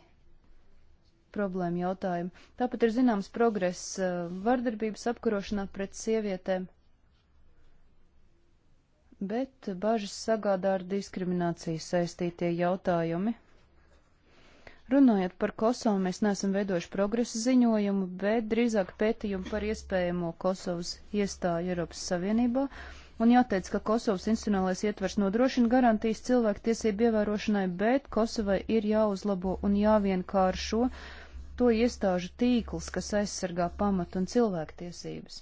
problēma jautājumi. Tāpat ir zināms progress uh, vardarbības apkarošanā pret sievietēm, bet bažas sagādā ar diskrimināciju saistītie jautājumi. Runājot par Kosovu, mēs neesam veidojuši progresa ziņojumu, bet drīzāk pētījumu par iespējamo Kosovas iestāju Eiropas Savienībā. Uh, Un jāteic, ka Kosovas institucionālais ietvers nodrošina garantijas cilvēku tiesību ievērošanai, bet Kosovai ir jāuzlabo un jāvienkāršo to iestāžu tīkls, kas aizsargā pamatu un cilvēktiesības.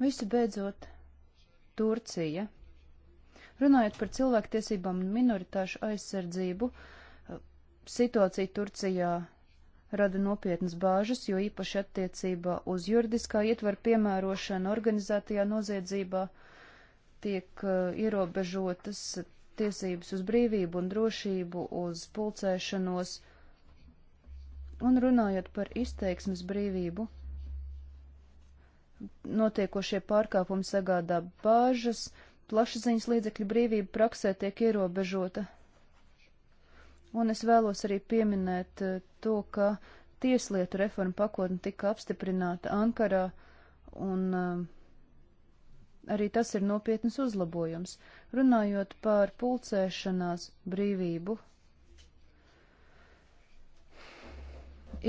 Visu beidzot, Turcija. Runājot par cilvēktiesībām un minoritāšu aizsardzību, situācija Turcijā rada nopietnas bāžas, jo īpaši attiecībā uz juridiskā ietvara piemērošanu organizētajā noziedzībā tiek uh, ierobežotas tiesības uz brīvību un drošību, uz pulcēšanos. Un runājot par izteiksmes brīvību, notiekošie pārkāpumi sagādā bāžas, plašsaziņas līdzekļu brīvība praksē tiek ierobežota, Un es vēlos arī pieminēt eh, to, ka tieslietu reforma pakotne tika apstiprināta Ankarā, un eh, arī tas ir nopietnas uzlabojums. Runājot par pulcēšanās brīvību,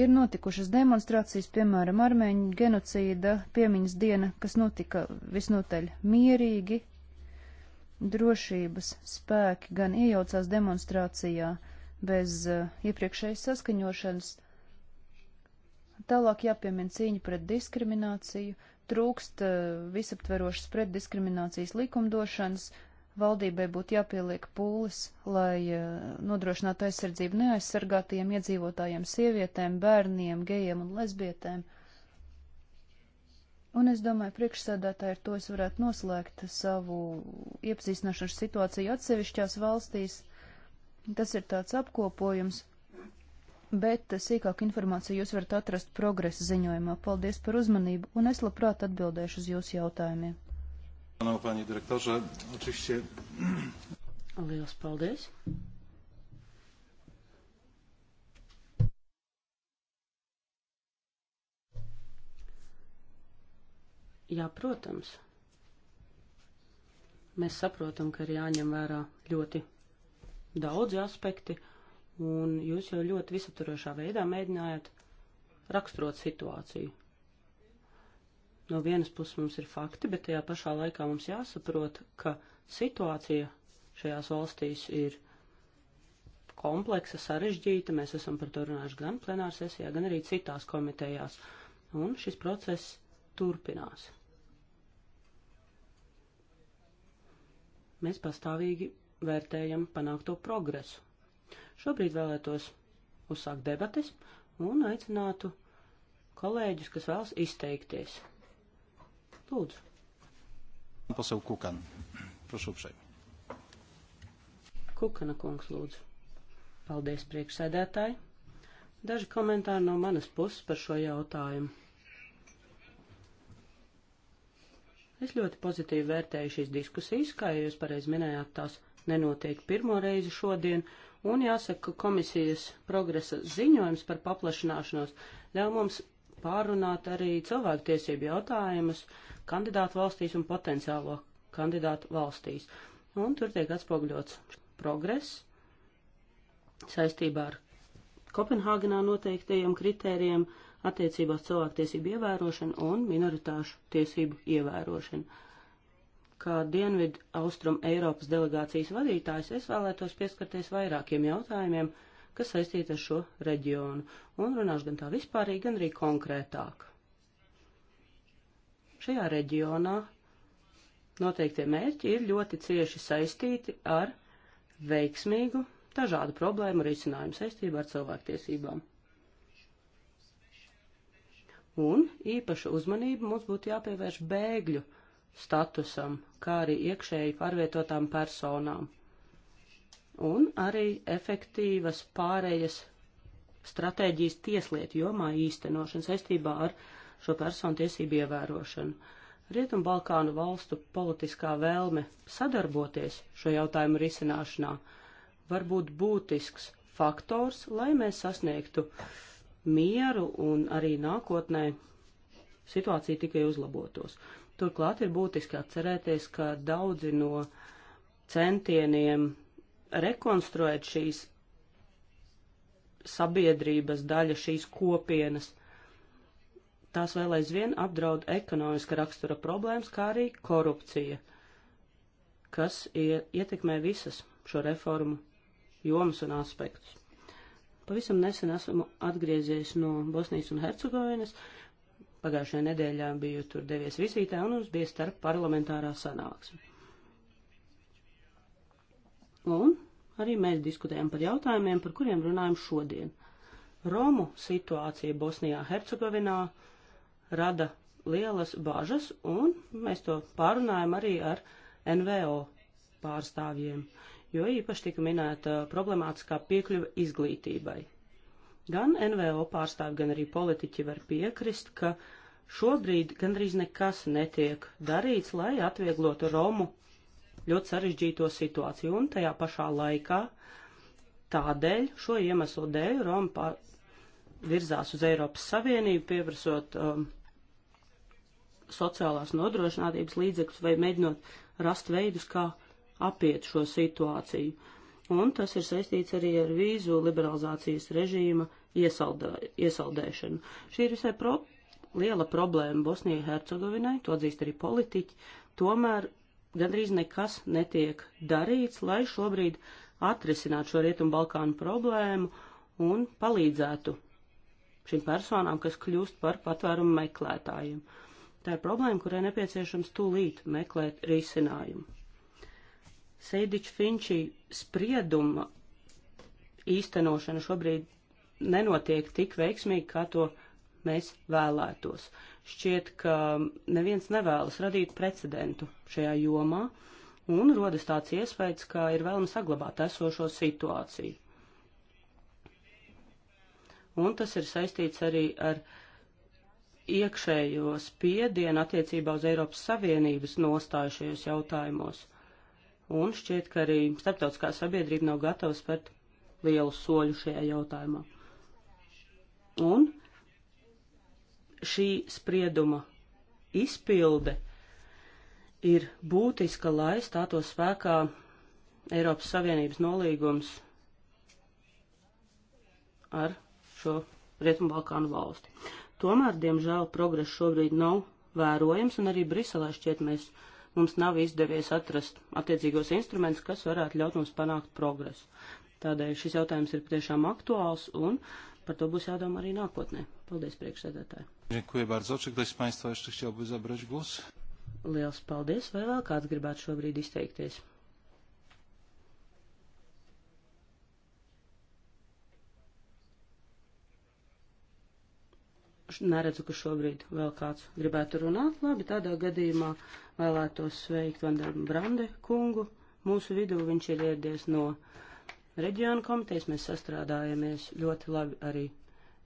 ir notikušas demonstrācijas, piemēram, armēņu genocīda piemiņas diena, kas notika visnotaļ mierīgi. Drošības spēki gan iejaucās demonstrācijā, uh, bez uh, iepriekšējas saskaņošanas. Tālāk jāpiemina cīņa pret diskrimināciju, trūkst uh, visaptverošas pret diskriminācijas likumdošanas, valdībai būtu jāpieliek pūles, lai uh, nodrošinātu aizsardzību neaizsargātajiem iedzīvotājiem, sievietēm, bērniem, gejiem un lesbietēm. Un es domāju, priekšsēdētāji ar to es varētu noslēgt savu iepazīstināšanu ar situāciju atsevišķās valstīs. Uh, Tas ir tāds apkopojums, bet sīkāk informāciju jūs varat atrast progresa ziņojumā. Paldies par uzmanību, un es labprāt atbildēšu uz jūsu jautājumiem. Lielas paldies! Jā, protams. Mēs saprotam, ka ir jāņem vērā ļoti daudzi aspekti, un jūs jau ļoti visaptvarošā veidā mēģinājāt raksturot situāciju. No vienas puses mums ir fakti, bet tajā pašā laikā mums jāsaprot, ka situācija šajās valstīs ir kompleksa, sarežģīta. Mēs esam par to runājuši gan plenārsesijā, gan arī citās komitejās. Un šis process turpinās. Mēs pastāvīgi vērtējam panākto progresu. Šobrīd vēlētos uzsākt debates un aicinātu kolēģus, kas vēlas izteikties. Lūdzu. Pasauk Kukan. Prašu upšai. Kukana kungs, lūdzu. Paldies, priekšsēdētāji. Daži komentāri no manas puses par šo jautājumu. Es ļoti pozitīvi vērtēju šīs diskusijas, kā jūs pareizi minējāt tās nenotiek pirmo reizi šodien, un jāsaka, ka komisijas progresa ziņojums par paplašināšanos ļauj mums pārunāt arī cilvēktiesību jautājumus kandidātu valstīs un potenciālo kandidātu valstīs. Un tur tiek atspoguļots progress saistībā ar Kopenhāgenā noteiktajiem kritērijiem attiecībās cilvēktiesību ievērošanu un minoritāšu tiesību ievērošanu kā Dienvidu Austrum Eiropas delegācijas vadītājs, es vēlētos pieskarties vairākiem jautājumiem, kas saistīti ar šo reģionu, un runāšu gan tā vispārīgi, gan arī konkrētāk. Šajā reģionā noteiktie mērķi ir ļoti cieši saistīti ar veiksmīgu dažādu problēmu risinājumu saistībā ar cilvēktiesībām. Un īpaša uzmanība mums būtu jāpievērš bēgļu statusam, kā arī iekšēji pārvietotām personām, un arī efektīvas pārējas stratēģijas tieslietu jomā īstenošana saistībā ar šo personu tiesību ievērošanu. Rietumbalkānu valstu politiskā vēlme sadarboties šo jautājumu risināšanā var būt būtisks faktors, lai mēs sasniegtu mieru un arī nākotnē situācija tikai uzlabotos. Turklāt ir būtiski atcerēties, ka daudzi no centieniem rekonstruēt šīs sabiedrības daļa, šīs kopienas, tās vēl aizvien apdraud ekonomiska rakstura problēmas, kā arī korupcija, kas ietekmē visas šo reformu jomas un aspektus. Pavisam nesen esmu atgriezies no Bosnijas un Hercegovinas, Pagājušajā nedēļā biju tur devies visītē un mums bija starp parlamentārā sanāksme. Un arī mēs diskutējam par jautājumiem, par kuriem runājam šodien. Romu situācija Bosnijā, Hercegovinā rada lielas bažas, un mēs to pārunājam arī ar NVO pārstāvjiem, jo īpaši tika minēta problemātiskā piekļuva izglītībai. Gan NVO pārstāvi, gan arī politiķi var piekrist, ka uh, Šobrīd gandrīz nekas netiek darīts, lai atvieglotu Romu ļoti sarežģīto situāciju, un tajā pašā laikā tādēļ, šo iemeslu dēļ, Roma pār, virzās uz Eiropas Savienību, pieprasot um, sociālās nodrošinātības līdzekļus vai mēģinot rast veidus, kā apiet šo situāciju. Un tas ir saistīts arī ar vīzu liberalizācijas režīma iesaldē, iesaldēšanu. Šī ir visai pro liela problēma Bosnijai Hercegovinai, to atzīst arī politiķi, tomēr gandrīz nekas netiek darīts, lai šobrīd atrisinātu šo Rietumu Balkānu problēmu un palīdzētu šīm personām, kas kļūst par patvērumu meklētājiem. Tā ir problēma, kurai nepieciešams tūlīt meklēt risinājumu. Seidiča Finčī sprieduma īstenošana šobrīd nenotiek tik veiksmīgi, kā to mēs vēlētos. Šķiet, ka neviens nevēlas radīt precedentu šajā jomā, un rodas tāds iespējas, ka ir vēlams saglabāt esošo situāciju. Un tas ir saistīts arī ar iekšējo spiedienu attiecībā uz Eiropas Savienības nostāju šajos jautājumos. Un šķiet, ka arī starptautiskā sabiedrība nav gatava spērt lielu soļu šajā jautājumā. Un šī sprieduma izpilde ir būtiska, lai stātos spēkā Eiropas Savienības nolīgums ar šo Rietumbalkānu valsti. Tomēr, diemžēl, progress šobrīd nav vērojams, un arī Briselē šķiet mēs, mums nav izdevies atrast attiecīgos instrumentus, kas varētu ļaut mums panākt progresu. Tādēļ šis jautājums ir patiešām aktuāls, un par to būs jādomā arī nākotnē. Paldies, priekšsēdētāji. Dziękuję bardzo. Czy ktoś z Państwa jeszcze chciałby zabrać głos? Liels paldies. Vai vēl kāds gribētu šobrīd izteikties? neredzu, ka šobrīd vēl kāds gribētu runāt. Labi, tādā gadījumā vēlētos sveikt Vandarbu Brande kungu. Mūsu vidū viņš ir ieradies no reģionu komitejas. Mēs sastrādājāmies ļoti labi arī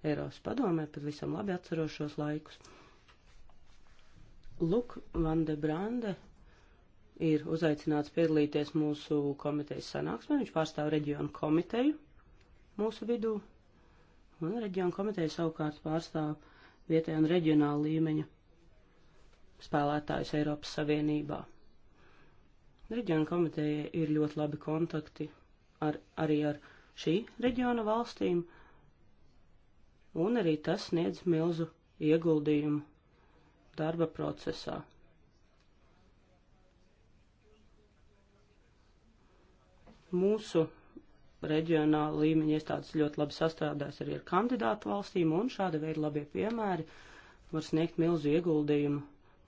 Eiropas padomē, pat visam labi atcerošos laikus. Luk van de Brande ir uzaicināts piedalīties mūsu komitejas sanāksmē. Viņš pārstāv reģionu komiteju mūsu vidū. Un reģionu komiteja savukārt pārstāv vietēju un reģionālu līmeņu spēlētājus Eiropas Savienībā. Reģiona komiteja ir ļoti labi kontakti ar, arī ar šī reģiona valstīm, un arī tas sniedz milzu ieguldījumu darba procesā. Mūsu reģionā līmeņa iestādes ļoti labi sastrādās arī ar kandidātu valstīm, un šāda veida labie piemēri var sniegt milzu ieguldījumu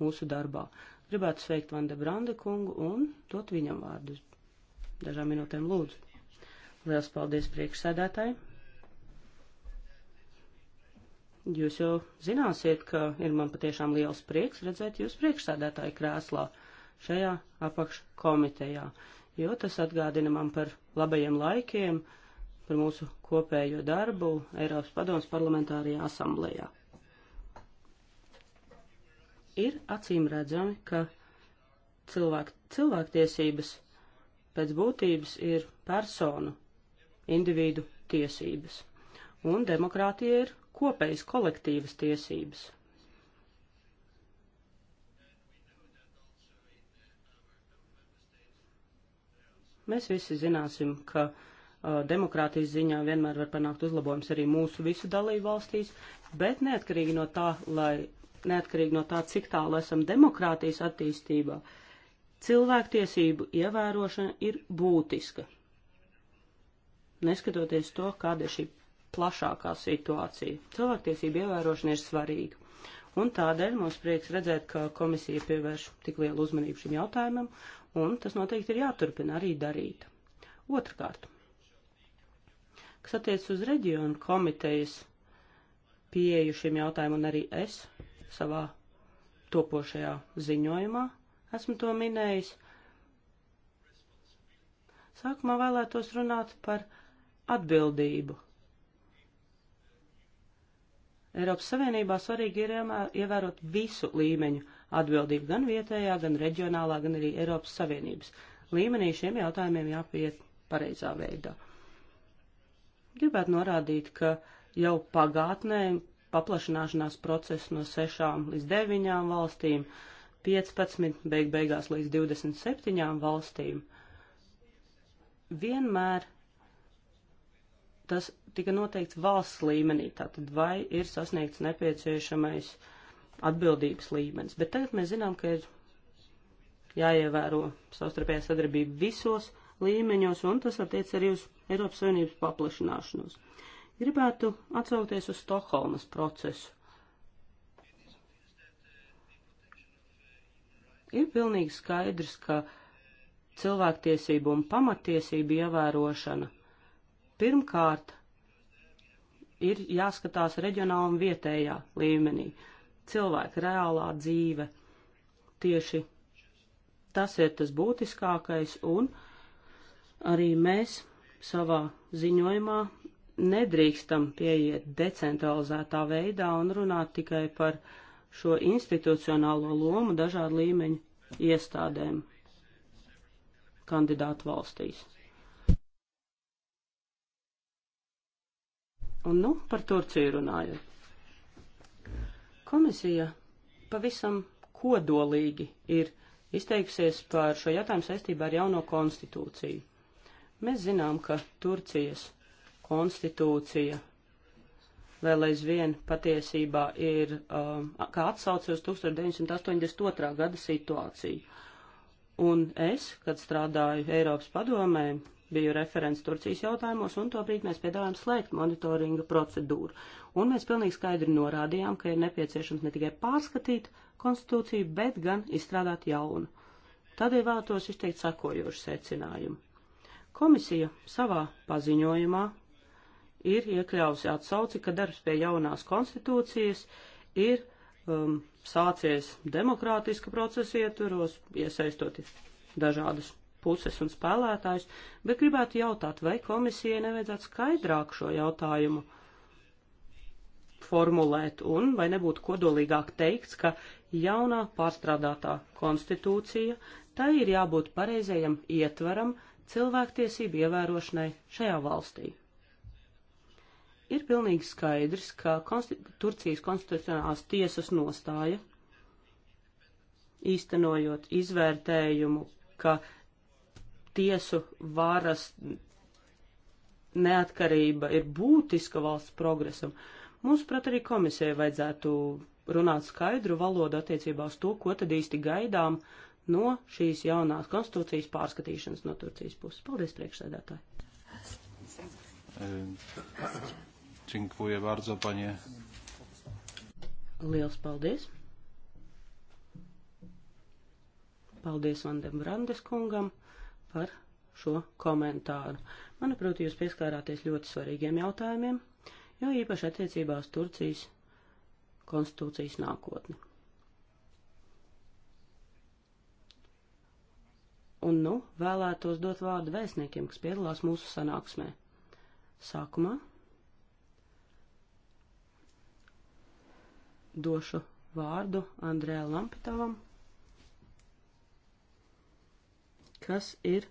mūsu darbā. Gribētu sveikt Vande Brande kungu un dot viņam vārdus. Dažām minūtēm lūdzu. Liels paldies priekšsēdētāji. Jūs jau zināsiet, ka ir man patiešām liels prieks redzēt jūs priekšsēdētāju krēslā šajā apakškomitejā, jo tas atgādina man par labajiem laikiem, par mūsu kopējo darbu Eiropas padomas parlamentārajā asamblējā. Ir acīm redzami, ka cilvēku, cilvēktiesības pēc būtības ir personu individu tiesības. Un demokrātija ir kopējas kolektīvas tiesības. Mēs visi zināsim, ka uh, demokrātijas ziņā vienmēr var panākt uzlabojums arī mūsu visu dalību valstīs, bet neatkarīgi no tā, lai, neatkarīgi no tā cik tālu esam demokrātijas attīstībā, cilvēktiesību ievērošana ir būtiska neskatoties to, kāda ir šī plašākā situācija. Cilvēktiesība ievērošana ir svarīga. Un tādēļ mums prieks redzēt, ka komisija pievērš tik lielu uzmanību šim jautājumam, un tas noteikti ir jāturpina arī darīt. Otrakārt, kas attiec uz reģionu komitejas pieeju šim jautājumam, un arī es savā topošajā ziņojumā esmu to minējis. Sākumā vēlētos runāt par atbildību. Eiropas Savienībā svarīgi ir ievērot visu līmeņu atbildību, gan vietējā, gan reģionālā, gan arī Eiropas Savienības līmenī šiem jautājumiem jāpiet pareizā veidā. Gribētu norādīt, ka jau pagātnē paplašanāšanās procesu no 6 līdz 9 valstīm, 15 beig beigās līdz 27 valstīm vienmēr tas tika noteikts valsts līmenī, tātad vai ir sasniegts nepieciešamais atbildības līmenis. Bet tagad mēs zinām, ka ir jāievēro savstarpējā sadarbība visos līmeņos, un tas attiec arī uz Eiropas Savienības paplašināšanos. Gribētu atsaukties uz Stokholmas procesu. Ir pilnīgi skaidrs, ka cilvēktiesību un pamatiesību ievērošana Pirmkārt, ir jāskatās reģionāla un vietējā līmenī. Cilvēka reālā dzīve. Tieši tas ir tas būtiskākais, un arī mēs savā ziņojumā nedrīkstam pieiet decentralizētā veidā un runāt tikai par šo institucionālo lomu dažādu līmeņu iestādēm kandidātu valstīs. Un, nu, par Turciju runājot. Komisija pavisam kodolīgi ir izteiksies par šo jautājumu saistībā ar jauno konstitūciju. Mēs zinām, ka Turcijas konstitūcija vēl aizvien patiesībā ir um, kā atsauce uz 1982. gada situāciju. Un es, kad strādāju Eiropas padomē, biju referents Turcijas jautājumos, un tobrīd mēs piedāvājam slēgt monitoringa procedūru. Un mēs pilnīgi skaidri norādījām, ka ir nepieciešams ne tikai pārskatīt konstitūciju, bet gan izstrādāt jaunu. Tādēļ vēlētos izteikt sakojošu secinājumu. Komisija savā paziņojumā ir iekļāvusi atsauci, ka darbs pie jaunās konstitūcijas ir um, sācies demokrātiska procesa ietvaros, iesaistoties dažādas puses un spēlētājus, bet gribētu jautāt, vai komisijai nevajadzētu skaidrāk šo jautājumu formulēt un vai nebūtu kodolīgāk teikts, ka jaunā pārstrādātā konstitūcija, tai ir jābūt pareizajam ietveram cilvēktiesību ievērošanai šajā valstī. Ir pilnīgi skaidrs, ka konsti Turcijas konstitucionālās tiesas nostāja īstenojot izvērtējumu, ka tiesu varas neatkarība ir būtiska valsts progresam, mums, prat, arī komisijai vajadzētu runāt skaidru valodu attiecībā uz to, ko tad īsti gaidām no šīs jaunās konstitūcijas pārskatīšanas no Turcijas puses. Paldies, priekšsēdētāji! Dziękuję bardzo, panie. Liels paldies! Paldies Vandem Brandes kungam! par šo komentāru. Manuprāt, jūs pieskārāties ļoti svarīgiem jautājumiem, jo īpaši attiecībās Turcijas konstitūcijas nākotni. Un nu vēlētos dot vārdu vēstniekiem, kas piedalās mūsu sanāksmē. Sākumā došu vārdu Andrē Lampitovam, kas ir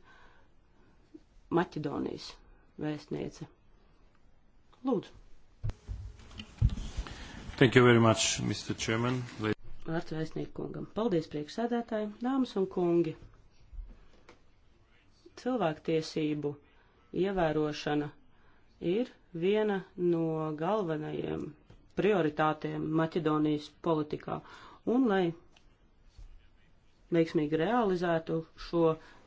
Maķedonijas vēstniece. Lūdzu. Thank you very much, Mr. Chairman. Vārds vēstnieku kungam. Paldies priekšsēdētāji, dāmas un kungi. Cilvēktiesību ievērošana ir viena no galvenajiem prioritātiem Maķedonijas politikā. Un, lai veiksmīgi realizētu šo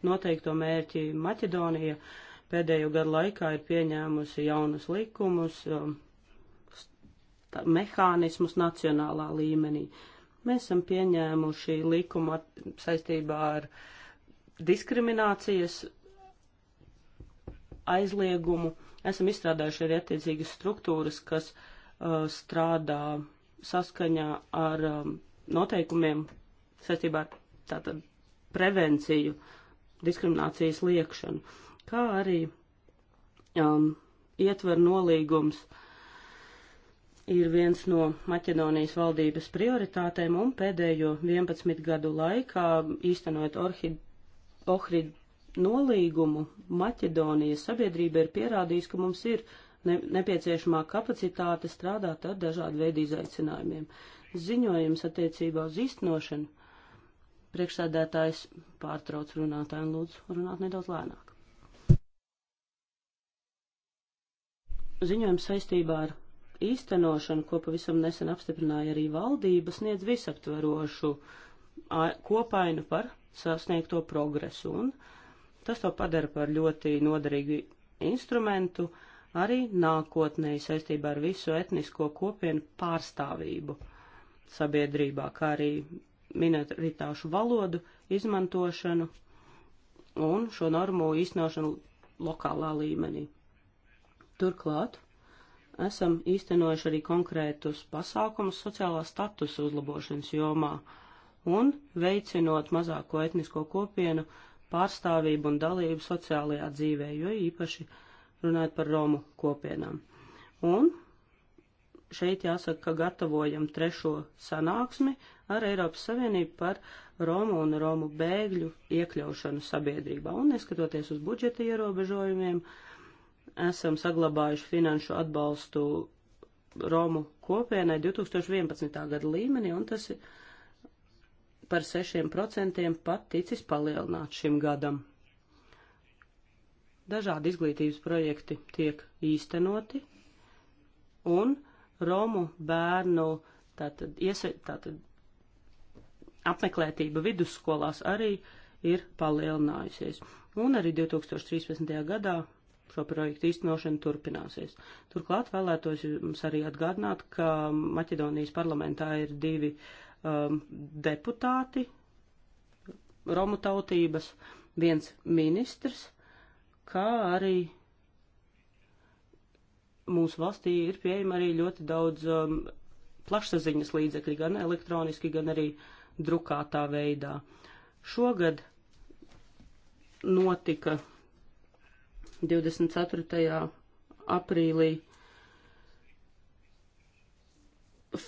noteikto mērķi. Maķedonija pēdējo gadu laikā ir pieņēmusi jaunus likumus, um, mehānismus nacionālā līmenī. Mēs esam pieņēmuši likumu saistībā ar diskriminācijas aizliegumu. Esam izstrādājuši arī attiecīgas struktūras, kas uh, strādā saskaņā ar um, noteikumiem saistībā ar tātad prevenciju, diskriminācijas liekšanu, kā arī um, ietver nolīgums ir viens no Maķedonijas valdības prioritātēm un pēdējo 11 gadu laikā īstenojot Orhid, Ohrid nolīgumu, Maķedonijas sabiedrība ir pierādījusi, ka mums ir ne, nepieciešamā kapacitāte strādāt ar dažādu veidu izaicinājumiem. Ziņojums attiecībā uz īstenošanu Priekšsēdētājs pārtrauc runātāju un lūdzu runāt nedaudz lēnāk. Ziņojums saistībā ar īstenošanu, ko pavisam nesen apstiprināja arī valdība, sniedz visaptverošu kopainu par sasniegto progresu, un tas to padara par ļoti noderīgu instrumentu arī nākotnē saistībā ar visu etnisko kopienu pārstāvību sabiedrībā, kā arī minoritāšu valodu izmantošanu un šo normu īstenošanu lokālā līmenī. Turklāt esam īstenojuši arī konkrētus pasākumus sociālā statusa uzlabošanas jomā un veicinot mazāko etnisko kopienu pārstāvību un dalību sociālajā dzīvē, jo īpaši runājot par Romu kopienām. Un šeit jāsaka, ka gatavojam trešo sanāksmi ar Eiropas Savienību par Romu un Romu bēgļu iekļaušanu sabiedrībā. Un neskatoties uz budžeta ierobežojumiem, esam saglabājuši finanšu atbalstu Romu kopienai 2011. gada līmenī, un tas ir par 6% pat ticis palielināt šim gadam. Dažādi izglītības projekti tiek īstenoti, un Romu bērnu tātad, iesa, tātad apmeklētība vidusskolās arī ir palielinājusies. Un arī 2013. gadā šo projektu īstenošana turpināsies. Turklāt vēlētos jums arī atgādināt, ka Maķedonijas parlamentā ir divi um, deputāti, Romu tautības, viens ministrs, kā arī mūsu valstī ir pieejama arī ļoti daudz um, plašsaziņas līdzekļi, gan elektroniski, gan arī drukātā veidā. Šogad notika 24. aprīlī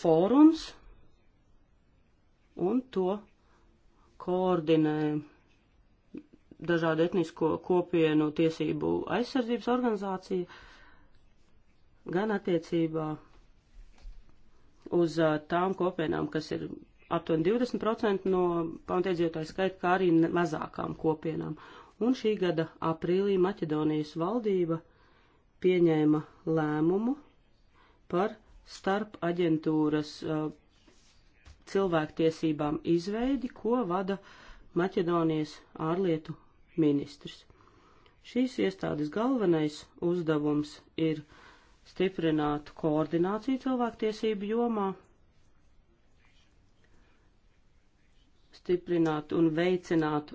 fórums, un to koordinē dažādu etnisko kopienu tiesību aizsardzības organizācija gan attiecībā uz tām kopienām, kas ir aptuveni 20% no pamatiedzīvotāju skaita, kā arī mazākām kopienām. Un šī gada aprīlī Maķedonijas valdība pieņēma lēmumu par starp aģentūras uh, cilvēktiesībām izveidi, ko vada Maķedonijas ārlietu ministrs. Šīs iestādes galvenais uzdevums ir uh, stiprināt koordināciju cilvēktiesību jomā, stiprināt un veicināt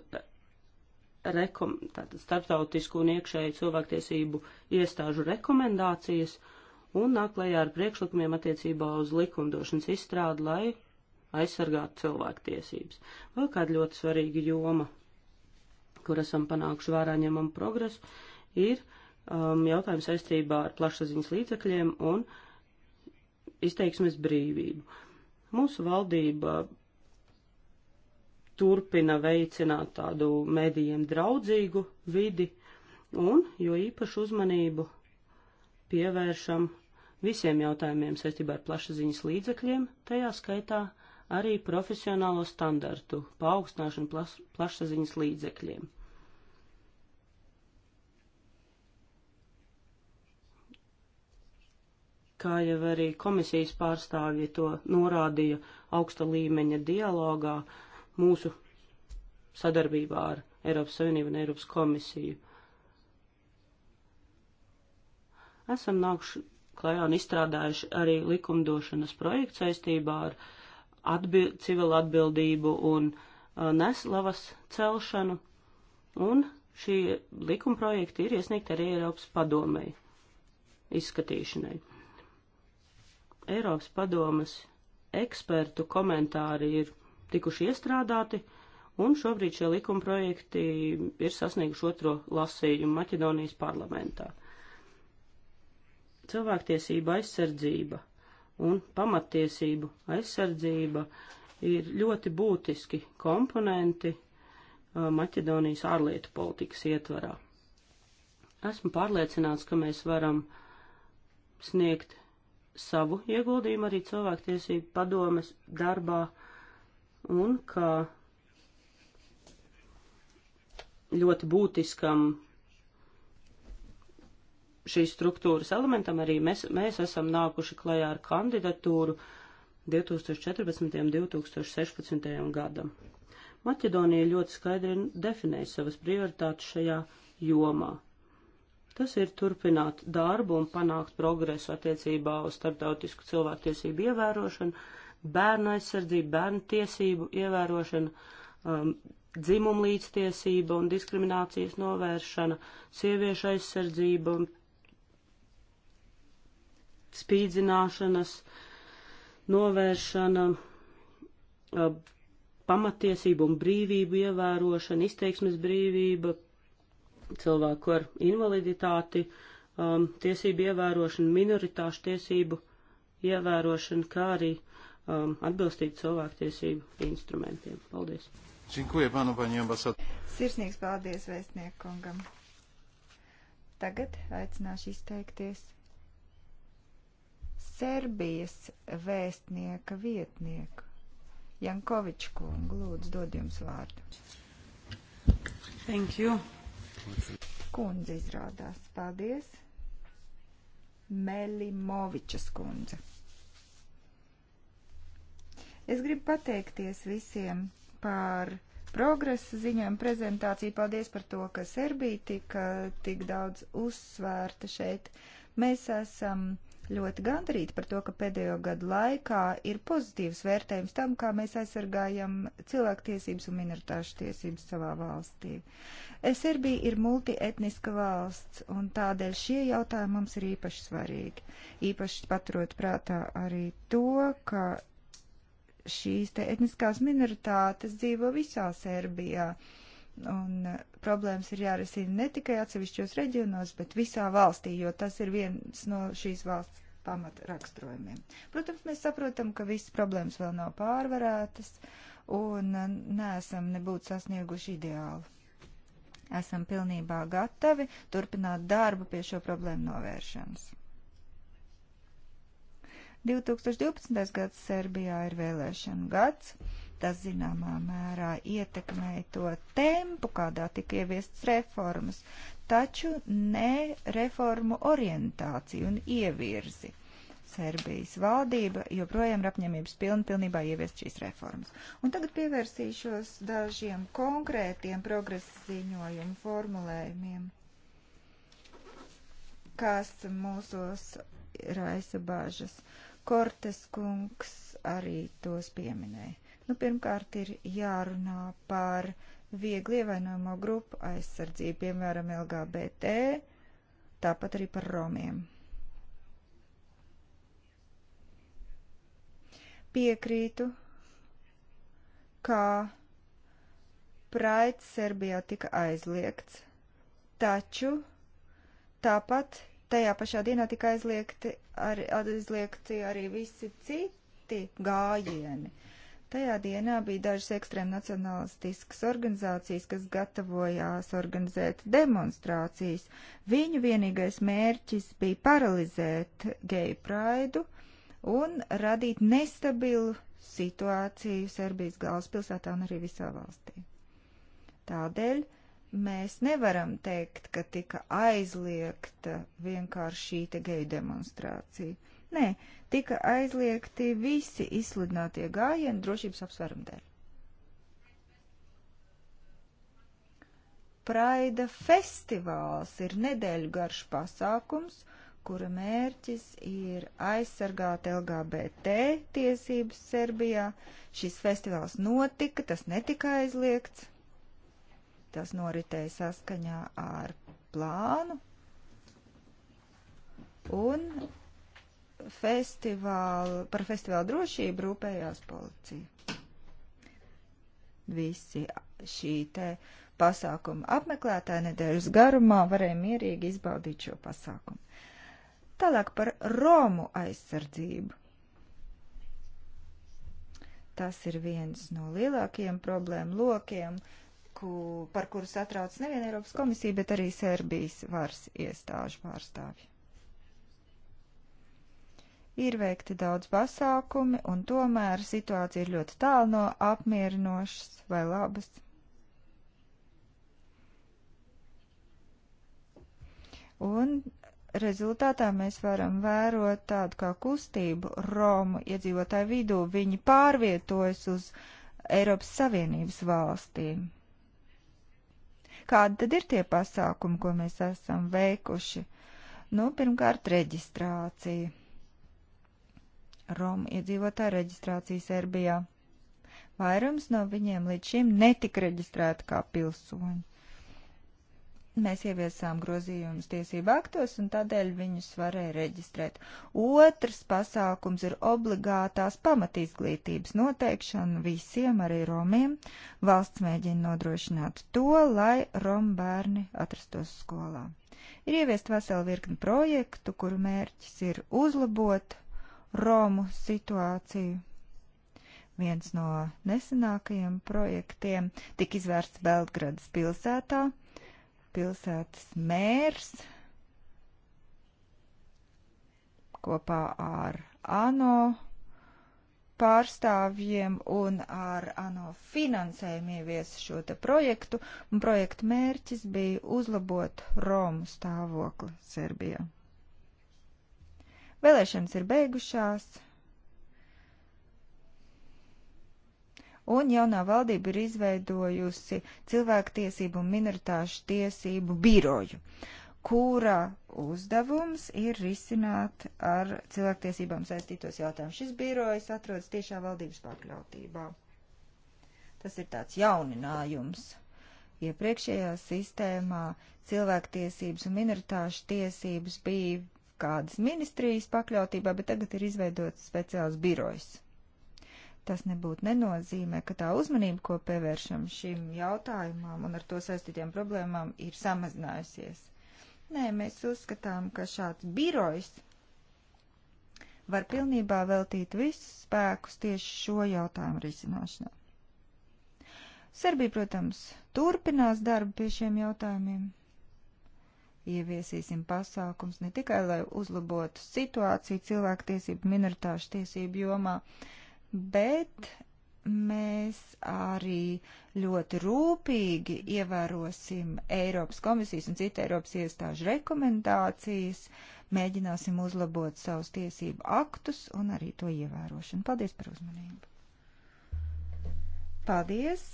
rekom, starptautisku un iekšēju cilvēktiesību iestāžu rekomendācijas un nāk lejā ar priekšlikumiem attiecībā uz likumdošanas izstrādi, lai aizsargātu cilvēktiesības. Vēl kāda ļoti svarīga joma, kur esam panākuši vērā ņemam progresu, ir uh, um, jautājumu saistībā ar plašsaziņas līdzekļiem un izteiksmes brīvību. Mūsu valdība turpina veicināt tādu medijiem draudzīgu vidi un jo īpašu uzmanību pievēršam visiem jautājumiem saistībā ar plašsaziņas līdzekļiem, tajā skaitā arī profesionālo standartu paaugstināšanu plašsaziņas līdzekļiem. kā jau arī komisijas pārstāvji to norādīja augsta līmeņa dialogā mūsu sadarbībā ar Eiropas Savienību un Eiropas komisiju. Esam nākuši klajā un izstrādājuši arī likumdošanas projektu saistībā ar atbi civilu atbildību un uh, neslavas celšanu, un šī likuma projekta ir iesniegta arī Eiropas padomei izskatīšanai. Eiropas padomas ekspertu komentāri ir tikuši iestrādāti, un šobrīd šie likuma projekti ir sasnieguši otro lasījumu Maķedonijas parlamentā. Cilvēktiesība aizsardzība un pamatiesību aizsardzība ir ļoti būtiski komponenti uh, Maķedonijas ārlietu politikas ietvarā. Esmu pārliecināts, ka mēs varam sniegt savu ieguldījumu arī cilvēktiesību padomes darbā un kā ļoti būtiskam šīs struktūras elementam arī mēs, mēs esam nākuši klajā ar kandidatūru 2014. un 2016. gadam. Maķedonija ļoti skaidri definēja savas prioritātes šajā jomā. Tas ir turpināt darbu un panākt progresu attiecībā uz starptautisku cilvēktiesību ievērošanu, bērnu aizsardzību, bērnu tiesību ievērošanu, um, dzimumu līdztiesība un diskriminācijas novēršana, sieviešu aizsardzība, spīdzināšanas novēršana, um, uh, pamatiesību un brīvību ievērošana, izteiksmes brīvība, cilvēku ar invaliditāti, um, tiesību ievērošanu, minoritāšu tiesību ievērošanu, kā arī um, atbilstīgi cilvēktiesību instrumentiem. Paldies! Dziękuję panu, panie ambasador. Sirsnīgs paldies vēstniekungam. Tagad aicināšu izteikties Serbijas vēstnieka vietnieku. Jankoviču kungu, lūdzu, dod jums vārdu. Thank you. Kundze izrādās. Paldies. Melimovičas kundze. Es gribu pateikties visiem par progresa ziņojumu prezentāciju. Paldies par to, ka Serbija tika tik daudz uzsvērta šeit. Mēs esam uh, ļoti gandarīti par to, ka pēdējo gadu laikā ir pozitīvs vērtējums tam, kā mēs aizsargājam cilvēktiesības un minoritāšu tiesības savā valstī. Serbija ir multietniska valsts, un tādēļ šie jautājumi mums ir īpaši svarīgi. Īpaši paturot prātā arī to, ka šīs te etniskās minoritātes dzīvo visā Serbijā. Uh, Un uh, problēmas ir jārisina ne tikai atsevišķos reģionos, bet visā valstī, jo tas ir viens no šīs valsts pamata raksturojumiem. Protams, mēs saprotam, ka visas problēmas vēl nav pārvarētas un uh, neesam nebūtu sasnieguši ideālu. Esam pilnībā gatavi turpināt darbu pie šo problēmu novēršanas. 2012. gads Serbijā ir vēlēšana gads tas zināmā mērā ietekmēja to tempu, kādā tika ieviestas reformas, taču ne reformu orientāciju un ievirzi. Serbijas valdība joprojām ir apņemības pilna pilnībā ieviest šīs reformas. Un tagad pievērsīšos dažiem konkrētiem progresa ziņojumu formulējumiem, kas mūsos raisa bāžas. Kortes kungs arī tos pieminēja. Nu, pirmkārt, ir jārunā par viegli ievainojamo grupu aizsardzību, piemēram, LGBT, tāpat arī par romiem. Piekrītu, ka Pride Serbijā tika aizliegts, taču tāpat tajā pašā dienā tika aizliegti, ar, aizliegti arī visi citi gājieni. Tajā dienā bija dažas ekstrēmnacionalistiskas organizācijas, kas gatavojās organizēt demonstrācijas. Viņu vienīgais mērķis bija paralizēt geju praidu un radīt nestabilu situāciju Serbijas galvaspilsētā un arī visā valstī. Tādēļ mēs nevaram teikt, ka tika aizliegta vienkārši šī geju demonstrācija Nē, tika aizliegti visi izsludinātie gājieni drošības apsvērumu dēļ. Praida festivāls ir nedēļu garš pasākums, kura mērķis ir aizsargāt LGBT tiesības Serbijā. Šis festivāls notika, tas netika aizliegts. Tas noritēja saskaņā ar plānu. Un festivāla, par festivāla drošību rūpējās policija. Visi šī te pasākuma apmeklētāji nedēļas garumā varēja mierīgi izbaudīt šo pasākumu. Tālāk par Romu aizsardzību. Tas ir viens no lielākajiem problēmu lokiem, ku, par kuru satrauc nevien Eiropas komisija, bet arī Serbijas varas iestāžu pārstāvji. Ir veikti daudz pasākumi, un tomēr situācija ir ļoti tālu no apmierinošas vai labas. Un rezultātā mēs varam vērot tādu kā kustību Romu iedzīvotāju vidū. Viņi pārvietojas uz Eiropas Savienības valstīm. Kādi tad ir tie pasākumi, ko mēs esam veikuši? Nu, pirmkārt, reģistrācija. Romu iedzīvotāju reģistrāciju Serbijā. Vairums no viņiem līdz šim netika reģistrēti kā pilsoņi. Mēs ieviesām grozījumus tiesību aktos un tādēļ viņus varēja reģistrēt. Otrs pasākums ir obligātās pamatizglītības noteikšana visiem, arī romiem. Valsts mēģina nodrošināt to, lai romu bērni atrastos skolā. Ir ieviest veselu virkni projektu, kuru mērķis ir uzlabot Romu situāciju. Viens no nesenākajiem projektiem tika izvērsts Belgradas pilsētā. Pilsētas mērs kopā ar ANO pārstāvjiem un ar ANO finansējumu ieviesa šo te projektu, un projekta mērķis bija uzlabot Romu stāvokli Serbijā. Vēlēšanas ir beigušās, un jaunā valdība ir izveidojusi cilvēktiesību un minoritāšu tiesību biroju, kura uzdevums ir risināt ar cilvēktiesībām saistītos jautājumus. Šis birojs atrodas tiešā valdības pakļautībā. Tas ir tāds jauninājums. Iepriekšējā sistēmā cilvēktiesības un minoritāšu tiesības bija kādas ministrijas pakļautībā, bet tagad ir izveidots speciāls birojs. Tas nebūtu nenozīmē, ka tā uzmanība, ko pievēršam šim jautājumam un ar to saistītiem problēmām, ir samazinājusies. Nē, mēs uzskatām, ka šāds birojs var pilnībā veltīt visus spēkus tieši šo jautājumu risināšanā. Serbija, protams, turpinās darbu pie šiem jautājumiem ieviesīsim pasākums ne tikai, lai uzlabotu situāciju cilvēktiesību minoritāšu tiesību jomā, bet mēs arī ļoti rūpīgi ievērosim Eiropas komisijas un citu Eiropas iestāžu rekomendācijas, mēģināsim uzlabot savus tiesību aktus un arī to ievērošanu. Paldies par uzmanību! Paldies!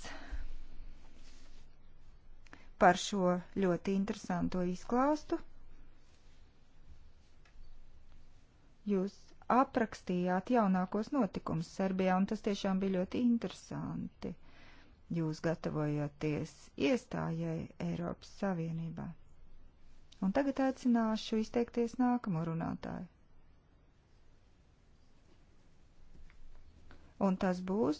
par šo ļoti interesanto izklāstu. Jūs aprakstījāt jaunākos notikumus Serbijā, un tas tiešām bija ļoti interesanti. Jūs gatavojoties iestājai Eiropas Savienībā. Un tagad aicināšu izteikties nākamo runātāju. Un tas būs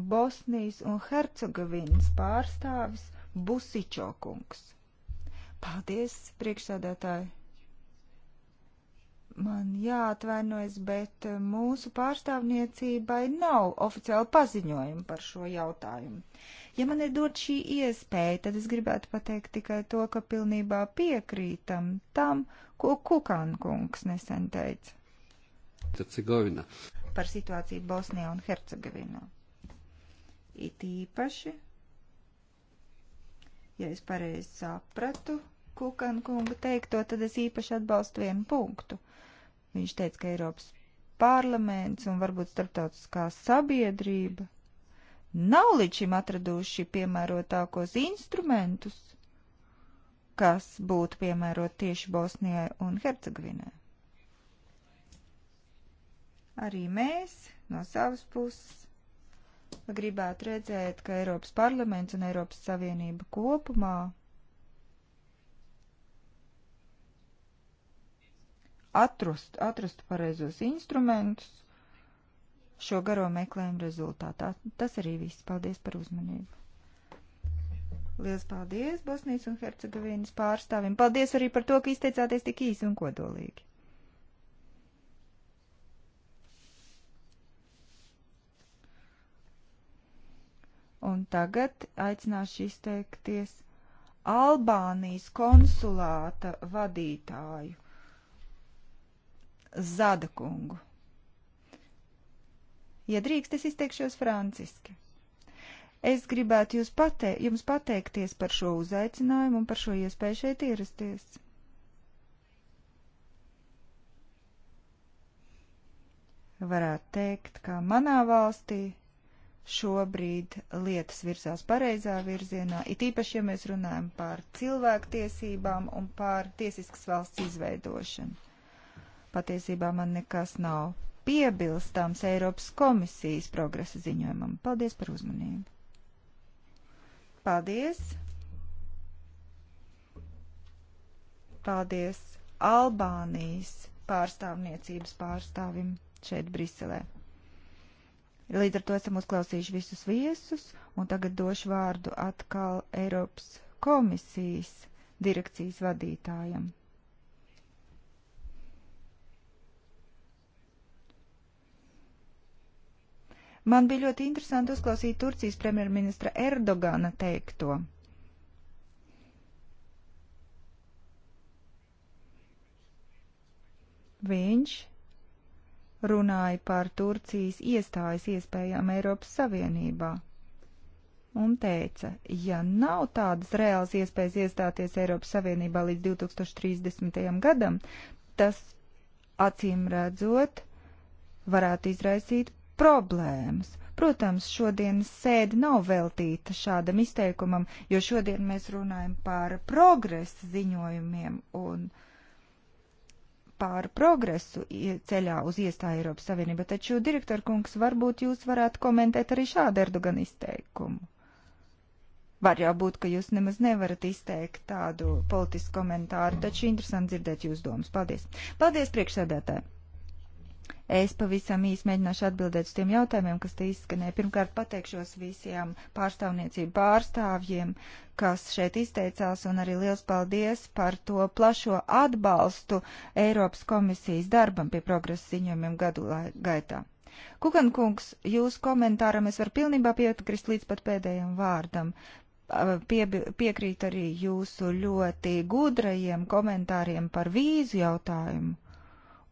Bosnijas un Hercegovinas pārstāvis Busičo kungs. Paldies, priekšsādātāji! Man jāatvainojas, bet eh, mūsu pārstāvniecībai nav oficiāla paziņojuma par šo jautājumu. Ja man ir dot šī iespēja, tad es gribētu pateikt tikai to, ka pilnībā piekrītam tam, ko Kukan kungs nesen teica. Par situāciju Bosnijā un Hercegovinā. It īpaši, ja es pareizi sapratu Kukana kunga teikto, tad es īpaši atbalstu vienu punktu. Viņš teica, ka Eiropas parlaments un varbūt starptautiskā sabiedrība nav līdz šim atraduši piemērotākos instrumentus, kas būtu piemērot tieši Bosnijai un Hercegovinai. Arī mēs no savas puses gribētu redzēt, ka Eiropas parlaments un Eiropas Savienība kopumā atrast, atrast pareizos instrumentus šo garo meklējumu rezultātā. Tas arī viss. Paldies par uzmanību. Lielas paldies Bosnijas un Hercegovīnas pārstāvim. Paldies arī par to, ka izteicāties tik īsi un kodolīgi. Un tagad aicināšu izteikties Albānijas konsulāta vadītāju Zada kungu. Ja drīkst, es izteikšos franciski. Es gribētu jūs pate jums pateikties par šo uzaicinājumu un par šo iespēju šeit ierasties. Varētu teikt, ka manā valstī šobrīd lietas virzās pareizā virzienā, it īpaši, ja mēs runājam par cilvēktiesībām un par tiesiskas valsts izveidošanu. Patiesībā man nekas nav piebilstams Eiropas komisijas progresa ziņojumam. Paldies par uzmanību. Paldies. Paldies Albānijas pārstāvniecības pārstāvim šeit Briselē. Līdz ar to esam uzklausījuši visus viesus, un tagad došu vārdu atkal Eiropas komisijas direkcijas vadītājam. Man bija ļoti interesanti uzklausīt Turcijas premjerministra Erdogana teikto. Viņš runāja par Turcijas iestājas iespējām Eiropas Savienībā un teica, ja nav tādas reālas iespējas iestāties Eiropas Savienībā līdz 2030. gadam, tas acīm redzot varētu izraisīt problēmas. Protams, šodienas sēde nav veltīta šādam izteikumam, jo šodien mēs runājam par progresa ziņojumiem un uh, par progresu ceļā uz iestāju Eiropas Savienībā, taču, direktorkungs, varbūt jūs varētu komentēt arī šādu Erdogan izteikumu. Var jau būt, ka jūs nemaz nevarat izteikt tādu politisku komentāru, taču interesanti dzirdēt jūsu domas. Paldies! Paldies, priekšsēdētāji! Es pavisam īsi mēģināšu atbildēt uz tiem jautājumiem, kas te izskanēja. Pirmkārt, pateikšos visiem pārstāvniecību pārstāvjiem, kas šeit izteicās, un arī liels paldies par to plašo atbalstu Eiropas komisijas darbam pie progresa ziņojumiem gadu gaitā. Kukan kungs, jūsu komentāram es varu pilnībā piekrist līdz pat pēdējiem vārdam. Pie, piekrīt arī jūsu ļoti gudrajiem komentāriem par vīzu jautājumu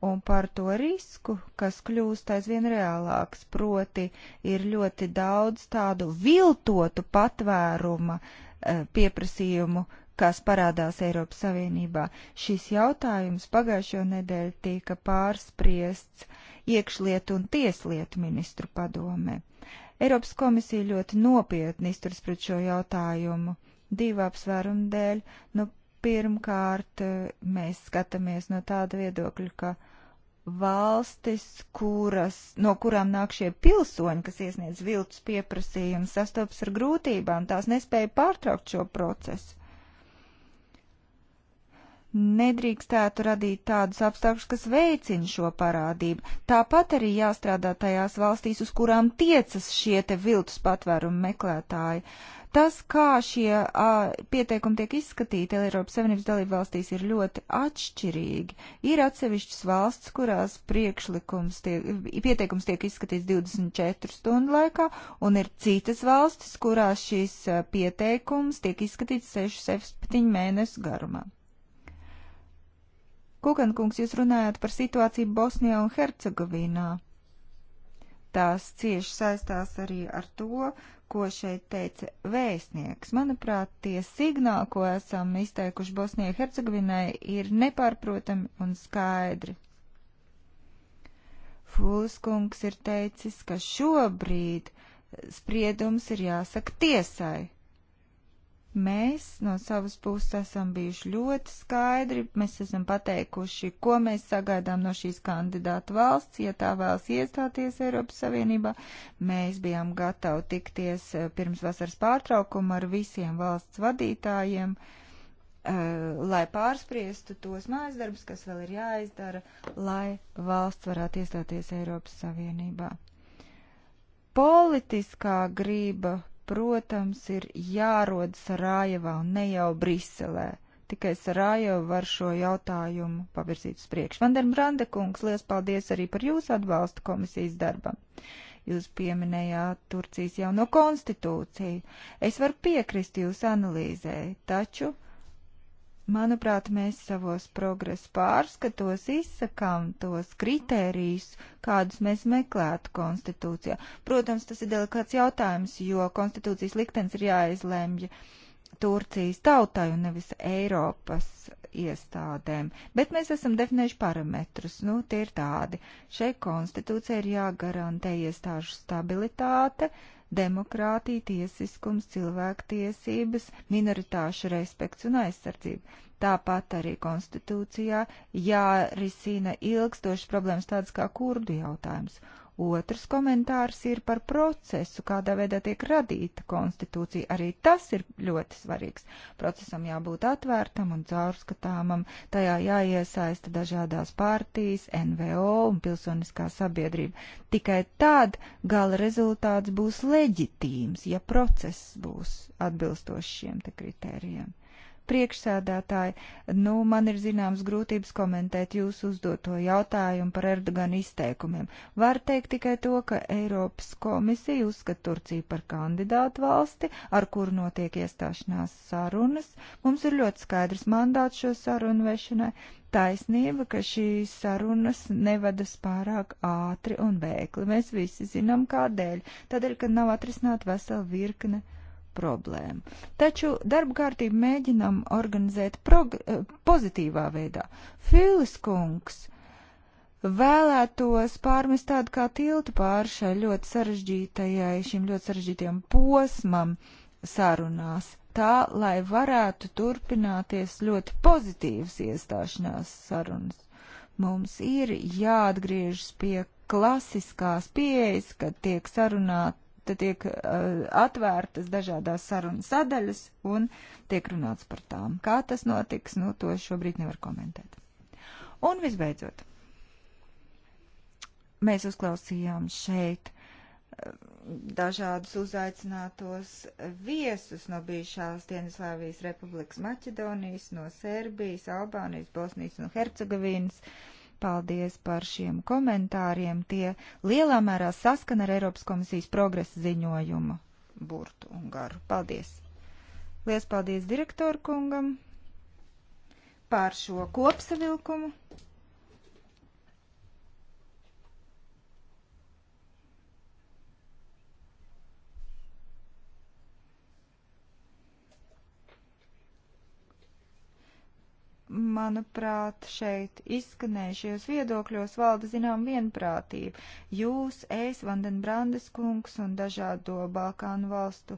un par to risku, kas kļūst aizvien reālāks, proti ir ļoti daudz tādu viltotu patvēruma eh, pieprasījumu, kas parādās Eiropas Savienībā. Šis jautājums pagājušo nedēļu tika pārspriests iekšlietu un tieslietu ministru padomē. Eiropas komisija ļoti nopietni izturas pret šo jautājumu divu apsvērumu dēļ. Nu, pirmkārt, eh, mēs skatāmies no tāda viedokļa, ka uh, valstis, kuras, no kurām nāk šie pilsoņi, kas iesniedz viltus pieprasījumu, sastopas ar grūtībām, tās nespēja pārtraukt šo procesu nedrīkstētu radīt tādus apstākļus, kas veicina šo parādību. Tāpat arī jāstrādā tajās valstīs, uz kurām tiecas šie te viltus patvērumu meklētāji. Tas, kā šie a, pieteikumi tiek izskatīti Eiropas Savienības dalību valstīs, ir ļoti atšķirīgi. Ir atsevišķas valsts, kurās priekšlikums tiek, pieteikums tiek izskatīts 24 stundu laikā, un ir citas valstis, kurās šīs pieteikums tiek izskatīts 6-7 mēnešu garumā. Kukankungs, jūs runājāt par situāciju Bosnijā un Hercegovīnā. Tās cieši saistās arī ar to, ko šeit teica vēstnieks. Manuprāt, tie signāli, ko esam izteikuši Bosnijai Hercegovinai, ir nepārprotami un skaidri. Fūskungs ir teicis, ka šobrīd spriedums ir jāsaka tiesai. Mēs no savas puses esam bijuši ļoti skaidri, mēs esam pateikuši, ko mēs sagaidām no šīs kandidāta valsts, ja tā vēlas iestāties Eiropas Savienībā. Mēs bijām gatavi tikties eh, pirms vasaras pārtraukuma ar visiem valsts vadītājiem, eh, lai pārspriestu tos mājasdarbus, kas vēl ir jāizdara, lai valsts varētu iestāties Eiropas Savienībā. Politiskā grība protams, ir jārod Sarajevā un ne jau Briselē. Tikai Sarajeva var šo jautājumu pavirzīt uz priekšu. Vanderbrande kungs, liels paldies arī par jūsu atbalstu komisijas darbam. Jūs pieminējāt Turcijas jauno konstitūciju. Es varu piekrist jūsu analīzē, taču Manuprāt, mēs savos progresa pārskatos izsakām tos kritērijus, kādus mēs meklētu konstitūcijā. Protams, tas ir delikāts jautājums, jo konstitūcijas liktenis ir jāizlemj Turcijas tautai un nevis Eiropas iestādēm. Bet mēs esam definējuši parametrus. Nu, tie ir tādi. Šai konstitūcijai ir jāgarantē iestāžu stabilitāte, uh, demokrātija, tiesiskums, cilvēktiesības, minoritāšu respekts un aizsardzība. Tāpat arī konstitūcijā jārisina ilgstošas problēmas tādas kā kurdu jautājums. Otrs komentārs ir par procesu, kādā veidā tiek radīta konstitūcija. Arī tas ir ļoti svarīgs. Procesam jābūt atvērtam un caurskatāmam, tajā jāiesaista dažādās partijas, NVO un pilsoniskā sabiedrība. Tikai tad gala rezultāts būs leģitīms, ja process būs atbilstošs šiem te kritērijiem. Priekšsēdētāji, nu, man ir zināms grūtības komentēt jūsu uzdoto jautājumu par Erdogana izteikumiem. Var teikt tikai to, ka Eiropas komisija uzskata Turciju par kandidātu valsti, ar kuru notiek iestāšanās sarunas. Mums ir ļoti skaidrs mandāts šo sarunu vešanai. Taisnība, ka šīs sarunas nevadas pārāk ātri un bēkli. Mēs visi zinām, kādēļ. Tādēļ, ka nav atrisināt vesela virkne problēmu. Taču darba kārtību mēģinam organizēt eh, pozitīvā veidā. Fīlis kungs vēlētos pārmest tādu kā tiltu pāri šai ļoti sarežģītajai, šim ļoti sarežģītajam posmam sarunās tā, lai varētu turpināties ļoti pozitīvas iestāšanās sarunas. Mums ir jāatgriežas pie klasiskās pieejas, kad tiek sarunāt, te tiek uh, atvērtas dažādās sarunas sadaļas un tiek runāts par tām. Kā tas notiks, nu, to es šobrīd nevaru komentēt. Un visbeidzot, mēs uzklausījām šeit dažādus uzaicinātos viesus no bijušās Dienvidslāvijas republikas Maķedonijas, no Serbijas, Albānijas, Bosnijas un Hercegovīnas. Uh, Paldies par šiem komentāriem. Tie lielā mērā saskana ar Eiropas komisijas progresa ziņojumu burtu un garu. Paldies! Lies paldies direktoru kungam par šo kopsavilkumu. manuprāt, šeit izskanējušajos viedokļos valda zinām vienprātība. Jūs, es, Vandenbrandes kungs un dažādo Balkānu valstu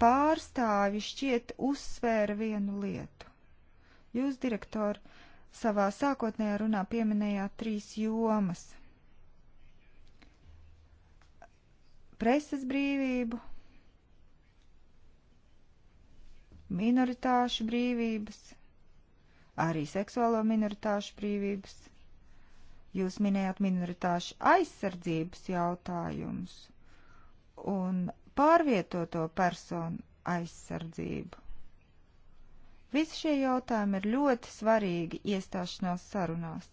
pārstāvi šķiet uzsvēra vienu lietu. Jūs, direktori, savā sākotnējā runā pieminējāt trīs jomas - preses brīvību, minoritāšu brīvības arī seksuālo minoritāšu brīvības. Jūs minējāt minoritāšu aizsardzības jautājumus un pārvietoto personu aizsardzību. Visi šie jautājumi ir ļoti svarīgi iestāšanās sarunās,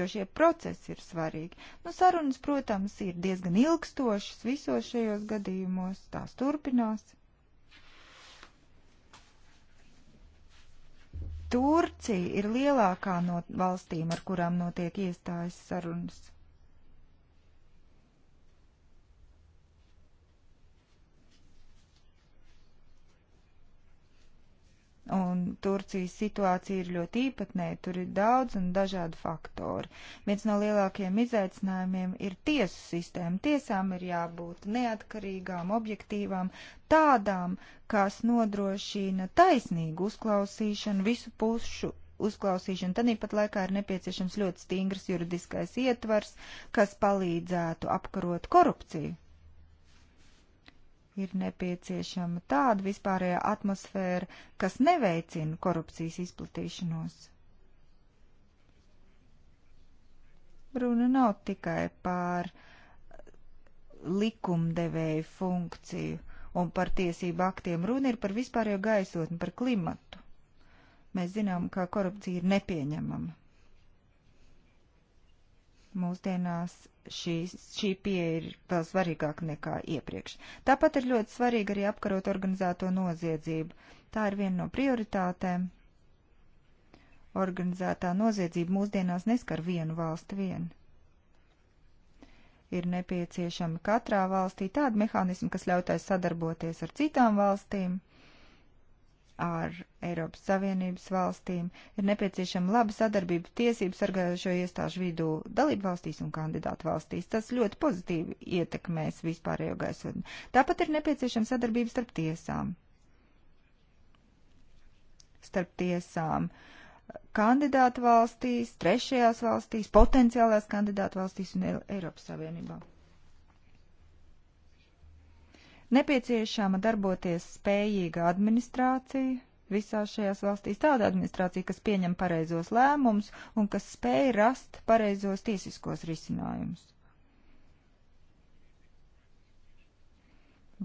jo šie procesi ir svarīgi. Nu, sarunas, protams, ir diezgan ilgstošas visos šajos gadījumos, tās turpinās. Turcija ir lielākā no valstīm, ar kurām notiek iestājas sarunas. un Turcijas situācija ir ļoti īpatnēja, tur ir daudz un dažādu faktoru. Viens no lielākajiem izaicinājumiem ir tiesu sistēma. Tiesām ir jābūt neatkarīgām, objektīvām, tādām, kas nodrošina taisnīgu uzklausīšanu visu pušu uzklausīšanu. Tad īpat laikā ir nepieciešams ļoti stingrs juridiskais ietvars, kas palīdzētu apkarot korupciju. Ir nepieciešama tāda vispārējā atmosfēra, kas neveicina korupcijas izplatīšanos. Runa nav tikai par likumdevēju funkciju un par tiesību aktiem. Runa ir par vispārējo gaisotni, par klimatu. Mēs zinām, ka korupcija ir nepieņemama. Mūsdienās šī, šī pieeja ir vēl svarīgāka nekā iepriekš. Tāpat ir ļoti svarīgi arī apkarot organizēto noziedzību. Tā ir viena no prioritātēm. Organizētā noziedzība mūsdienās neskar vienu valstu vienu ir nepieciešami katrā valstī tādi mehānismi, kas ļauj tai sadarboties ar citām valstīm, ar Eiropas Savienības valstīm, ir nepieciešama laba sadarbība tiesību sargājošo iestāžu vidū dalību valstīs un kandidātu valstīs. Tas ļoti pozitīvi ietekmēs vispārējo gaisotni. Tāpat ir nepieciešama sadarbība starp tiesām. Starp tiesām kandidātu valstīs, trešajās valstīs, potenciālās kandidātu valstīs un Eiropas Savienībā. Nepieciešama darboties spējīga administrācija visās šajās valstīs, tāda administrācija, kas pieņem pareizos lēmumus un kas spēj rast pareizos tiesiskos risinājumus.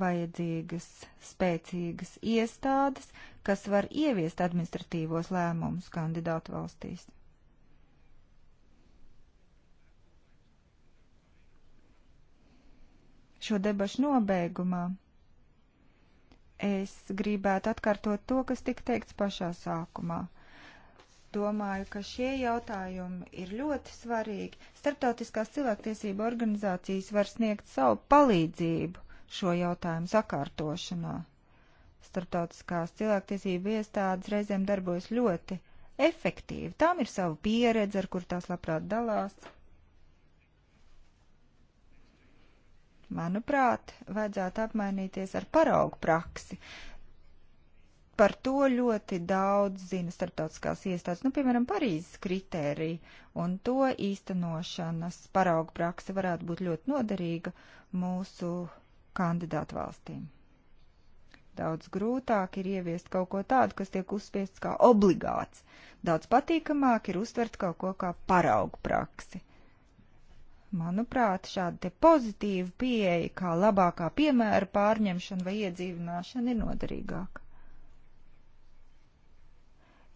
Vajadzīgas spēcīgas iestādes, kas var ieviest administratīvos lēmumus kandidātu valstīs. šo debašu nobeigumā es gribētu atkārtot to, kas tika teikts pašā sākumā. Domāju, ka šie jautājumi ir ļoti svarīgi. Startautiskās cilvēktiesība organizācijas var sniegt savu palīdzību šo jautājumu sakārtošanā. Startautiskās cilvēktiesība iestādes reizēm darbojas ļoti efektīvi. Tām ir sava pieredze, ar kur tās labprāt dalās Manuprāt, vajadzētu apmainīties ar paraugu praksi. Par to ļoti daudz zina starptautiskās iestādes, nu, piemēram, Parīzes kritērija, un to īstenošanas paraugu praksa varētu būt ļoti noderīga mūsu kandidātu valstīm. Daudz grūtāk ir ieviest kaut ko tādu, kas tiek uzspiests kā obligāts. Daudz patīkamāk ir uztvert kaut ko kā paraugu praksi. Manuprāt, šāda pozitīva pieeja, kā labākā piemēra pārņemšana vai iedzīvināšana, ir noderīgāka.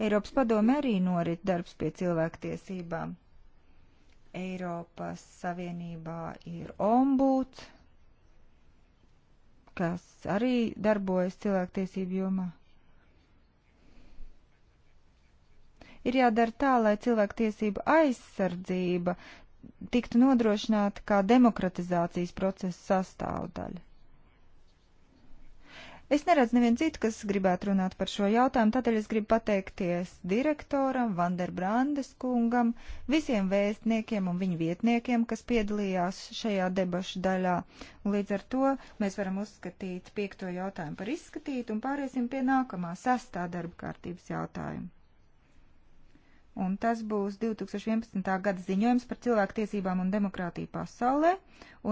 Eiropas padome arī norit darbs pie cilvēktiesībām. Eiropas Savienībā ir ombuds, kas arī darbojas cilvēktiesību jomā. ir jādara tā, lai cilvēktiesība aizsardzība tiktu nodrošināta kā demokratizācijas procesa sastāvdaļa. Es neredzu nevienu citu, kas gribētu runāt par šo jautājumu, tādēļ es gribu pateikties direktoram, Vanderbrandes kungam, visiem vēstniekiem un viņu vietniekiem, kas piedalījās šajā debašu daļā. Un līdz ar to mēs varam uzskatīt piekto jautājumu par izskatītu un pāriesim pie nākamā sestā darba kārtības jautājuma un tas būs 2011. gada ziņojums par cilvēku tiesībām un demokrātiju pasaulē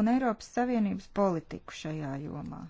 un Eiropas Savienības politiku šajā jomā.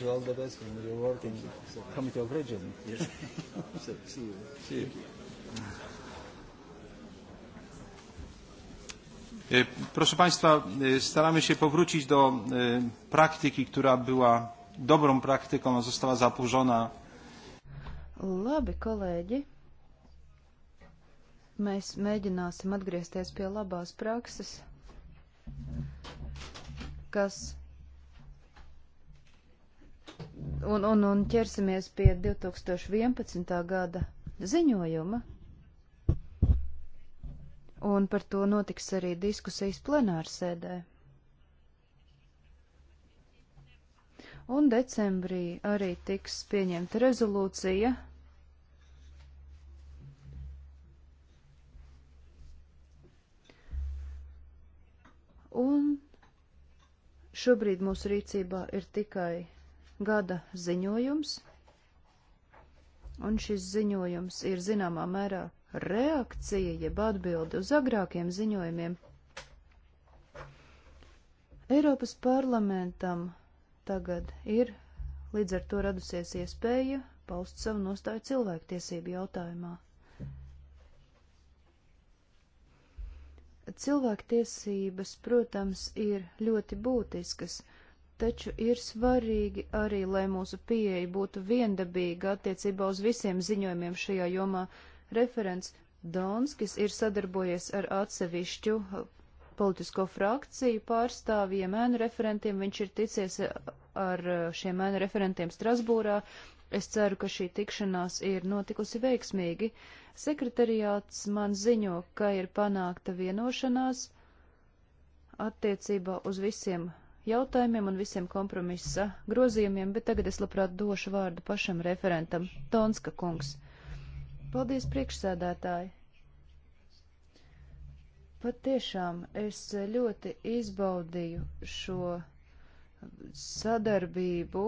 wish you all the best in your work in the Committee of Region. Yes. so, see you. See you. Proszę Państwa, e, staramy się powrócić do e, praktyki, która była dobrą praktyką, a została zaburzona. Labi, kolēģi. Mēs mēģināsim atgriezties pie labās prakses, kas un, un, un ķersimies pie 2011. gada ziņojuma. Un par to notiks arī diskusijas plenārsēdē. Un decembrī arī tiks pieņemta rezolūcija un šobrīd mūsu rīcībā ir tikai gada ziņojums, un šis ziņojums ir zināmā mērā reakcija jeb atbildi uz agrākiem ziņojumiem. Eiropas parlamentam tagad ir līdz ar to radusies iespēja paust savu nostāju cilvēktiesību jautājumā. Cilvēktiesības, protams, ir ļoti būtiskas, taču ir svarīgi arī, lai mūsu pieeja būtu viendabīga attiecībā uz visiem ziņojumiem šajā jomā. Referents Donskis ir sadarbojies ar atsevišķu uh, politisko frakciju pārstāvjiem, ēnu referentiem, viņš ir ticies uh, ar uh, šiem ēnu referentiem Strasbūrā. Es ceru, ka šī tikšanās ir notikusi veiksmīgi. Sekretariāts man ziņo, ka ir panākta vienošanās attiecībā uz visiem jautājumiem un visiem kompromisa grozījumiem, bet tagad es labprāt došu vārdu pašam referentam Tonska kungs. Paldies, priekšsēdētāji! Pat tiešām es ļoti izbaudīju šo sadarbību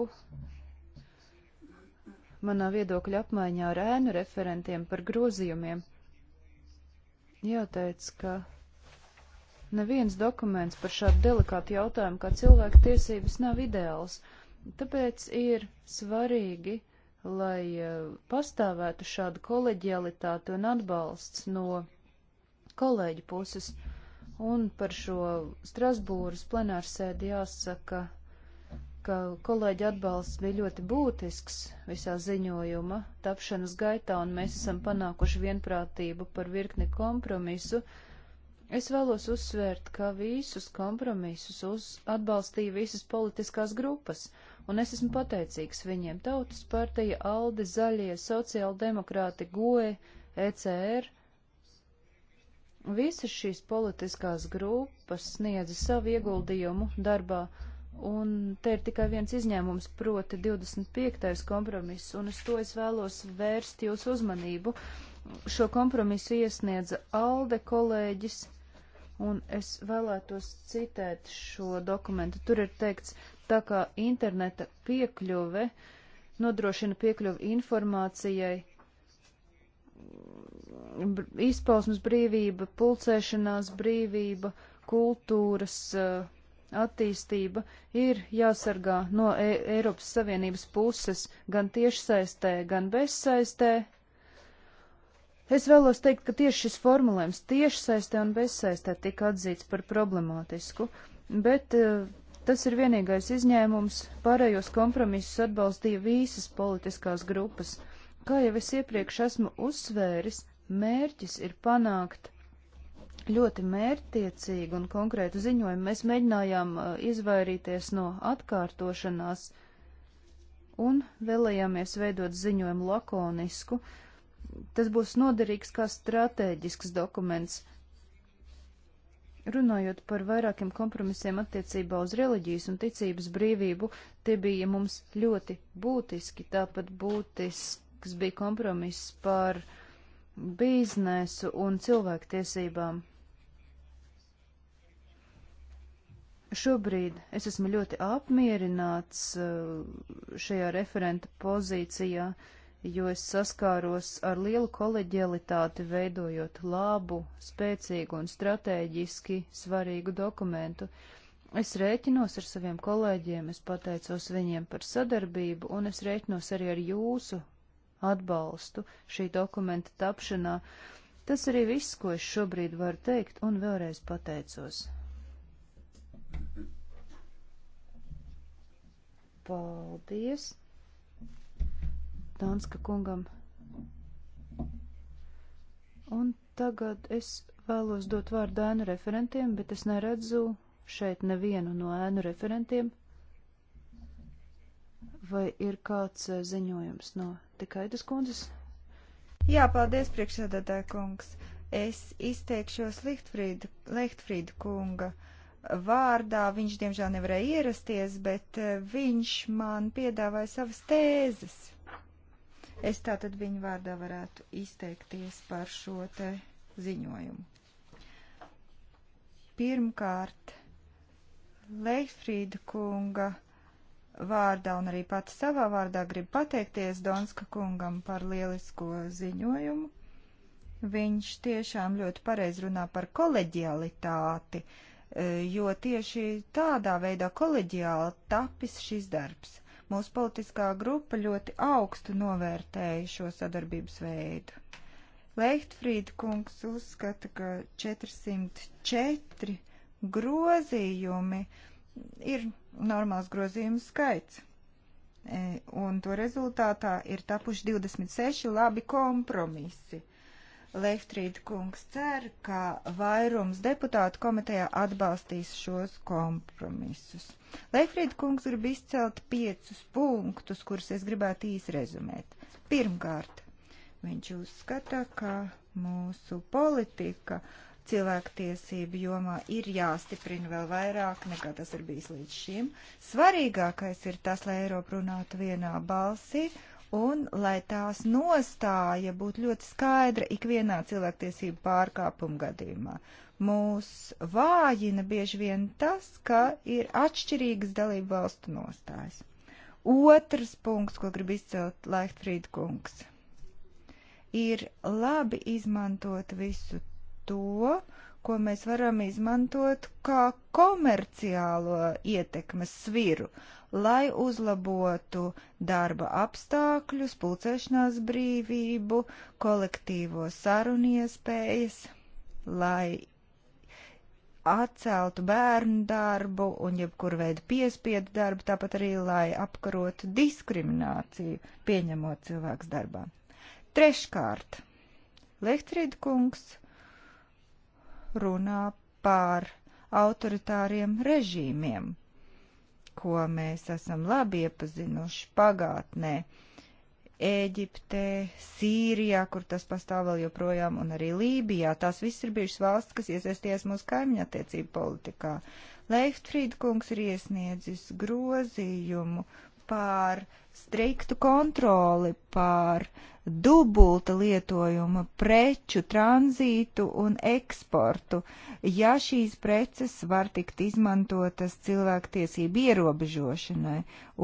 manā viedokļa apmaiņā ar ēnu referentiem par grozījumiem. Jāteic, ka Neviens dokuments par šādu delikātu jautājumu kā cilvēku tiesības nav ideāls, tāpēc ir svarīgi, lai eh, pastāvētu šāda koleģialitāte un atbalsts no kolēģu puses. Un par šo Strasbūras plenārsēdi jāsaka, ka kolēģi atbalsts bija ļoti būtisks visā ziņojuma tapšanas gaitā, un mēs esam panākuši vienprātību par virkni kompromisu, uh, Es vēlos uzsvērt, ka visus kompromisus uz atbalstīja visas politiskās grupas, un es esmu pateicīgs viņiem - Tautas partija, Alde, Zaļie, Sociāldemokrāti, Goe, ECR. Visas šīs politiskās grupas sniedza savu ieguldījumu darbā, un te ir tikai viens izņēmums, proti 25. kompromiss, un uz to es vēlos vērst jūsu uzmanību. Uh, Šo kompromisu iesniedza Alde kolēģis, un es vēlētos citēt šo dokumentu. Tur ir teikts, tā kā interneta piekļuve nodrošina piekļuvi informācijai, izpausmas brīvība, pulcēšanās brīvība, kultūras uh, attīstība ir jāsargā no e Eiropas Savienības puses gan tiešsaistē, gan bezsaistē. Es vēlos teikt, ka tieši šis formulējums tieši saistē un bezsaistē tika atzīts par problemātisku, bet eh, tas ir vienīgais izņēmums, pārējos kompromisus atbalstīja visas politiskās grupas. Kā jau es iepriekš esmu uzsvēris, mērķis ir panākt ļoti mērķtiecīgu un konkrētu ziņojumu. Mēs mēģinājām eh, izvairīties no atkārtošanās un vēlējāmies veidot ziņojumu lakonisku, uh, tas būs noderīgs kā stratēģisks dokuments. Runājot par vairākiem kompromisiem attiecībā uz reliģijas un ticības brīvību, tie bija mums ļoti būtiski, tāpat būtisks bija kompromiss par biznesu un cilvēktiesībām. Šobrīd es esmu ļoti apmierināts uh, šajā referenta pozīcijā. Uh, jo es saskāros ar lielu koleģialitāti veidojot labu, spēcīgu un strateģiski svarīgu dokumentu. Es rēķinos ar saviem kolēģiem, es pateicos viņiem par sadarbību, un es rēķinos arī ar jūsu atbalstu šī dokumenta tapšanā. Tas arī viss, ko es šobrīd varu teikt, un vēlreiz pateicos. Paldies! Danska kungam. Un tagad es vēlos dot vārdu ēnu referentiem, bet es neredzu šeit nevienu no ēnu referentiem. Vai ir kāds eh, ziņojums no Tikaitas kundzes? Jā, paldies, priekšsēdētāja kungs. Es izteikšos Lihtfrīda, Lihtfrīda kunga vārdā. Viņš, diemžēl, nevarēja ierasties, bet eh, viņš man piedāvāja savas tēzes. Es tātad viņu vārdā varētu izteikties par šo te ziņojumu. Pirmkārt, Leifrīda kunga vārdā un arī pats savā vārdā grib pateikties Donska kungam par lielisko ziņojumu. Viņš tiešām ļoti pareizi runā par koleģialitāti, e, jo tieši tādā veidā koleģiāli tapis šis darbs. Mūsu politiskā grupa ļoti augstu novērtēja šo sadarbības veidu. Leichtfrīd kungs uzskata, ka 404 grozījumi ir normāls grozījumu skaits. E, un to rezultātā ir tapuši 26 labi kompromisi Leifrīd kungs cer, ka vairums deputātu komitejā atbalstīs šos kompromisus. Leifrīd kungs grib izcelt piecus punktus, kurus es gribētu īsi rezumēt. Pirmkārt, viņš uzskata, ka mūsu politika cilvēktiesību jomā ir jāstiprina vēl vairāk nekā tas ir bijis līdz šim. Svarīgākais ir tas, lai Eiropa runātu vienā balsī un lai tās nostāja būtu ļoti skaidra ikvienā cilvēktiesību pārkāpuma gadījumā. Mūs vājina bieži vien tas, ka ir atšķirīgas dalību valstu nostājas. Otrs punkts, ko grib izcelt Leichtfried kungs, ir labi izmantot visu to, ko mēs varam izmantot kā komerciālo ietekmes sviru, lai uzlabotu darba apstākļus, pulcēšanās brīvību, kolektīvo sarunu iespējas, lai atceltu bērnu darbu un jebkuru veidu piespiedu darbu, tāpat arī, lai apkarotu diskrimināciju, pieņemot cilvēks darbā. Treškārt, Lehtrīd kungs runā pār autoritāriem režīmiem ko mēs esam labi iepazinuši pagātnē. Ēģiptē, Sīrijā, kur tas pastāv vēl joprojām, un arī Lībijā. Tās viss ir bijušas valsts, kas iesaisties mūsu kaimiņa attiecību politikā. Leichtfried kungs ir iesniedzis grozījumu par striktu kontroli, par dubulta lietojuma preču tranzītu un eksportu, ja šīs preces var tikt izmantotas cilvēktiesību ierobežošanai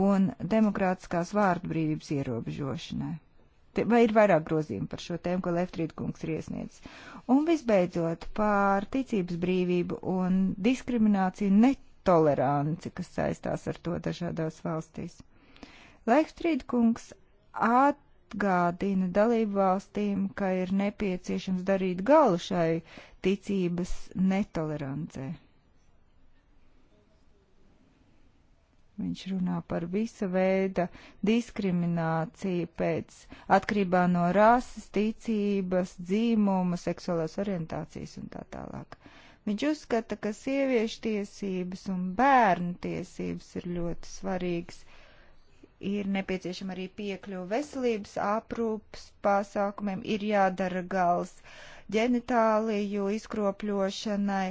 un demokrātiskās vārdbrīvības ierobežošanai vai ir vairāk grozījumu par šo tēmu, ko Leftrīd kungs ir iesniedzis. Un visbeidzot, pār ticības brīvību un diskrimināciju netoleranci, kas saistās ar to dažādās valstīs. Laikstrīdkungs atgādina dalību valstīm, ka ir nepieciešams darīt galu šai ticības netolerancē. Viņš runā par visa veida diskrimināciju pēc atkarībā no rases, ticības, dzīmuma, seksuālās orientācijas un tā tālāk. Viņš uzskata, ka sieviešu tiesības un bērnu tiesības ir ļoti svarīgas ir nepieciešama arī piekļuva veselības aprūpas pasākumiem, ir jādara gals ģenitāliju izkropļošanai,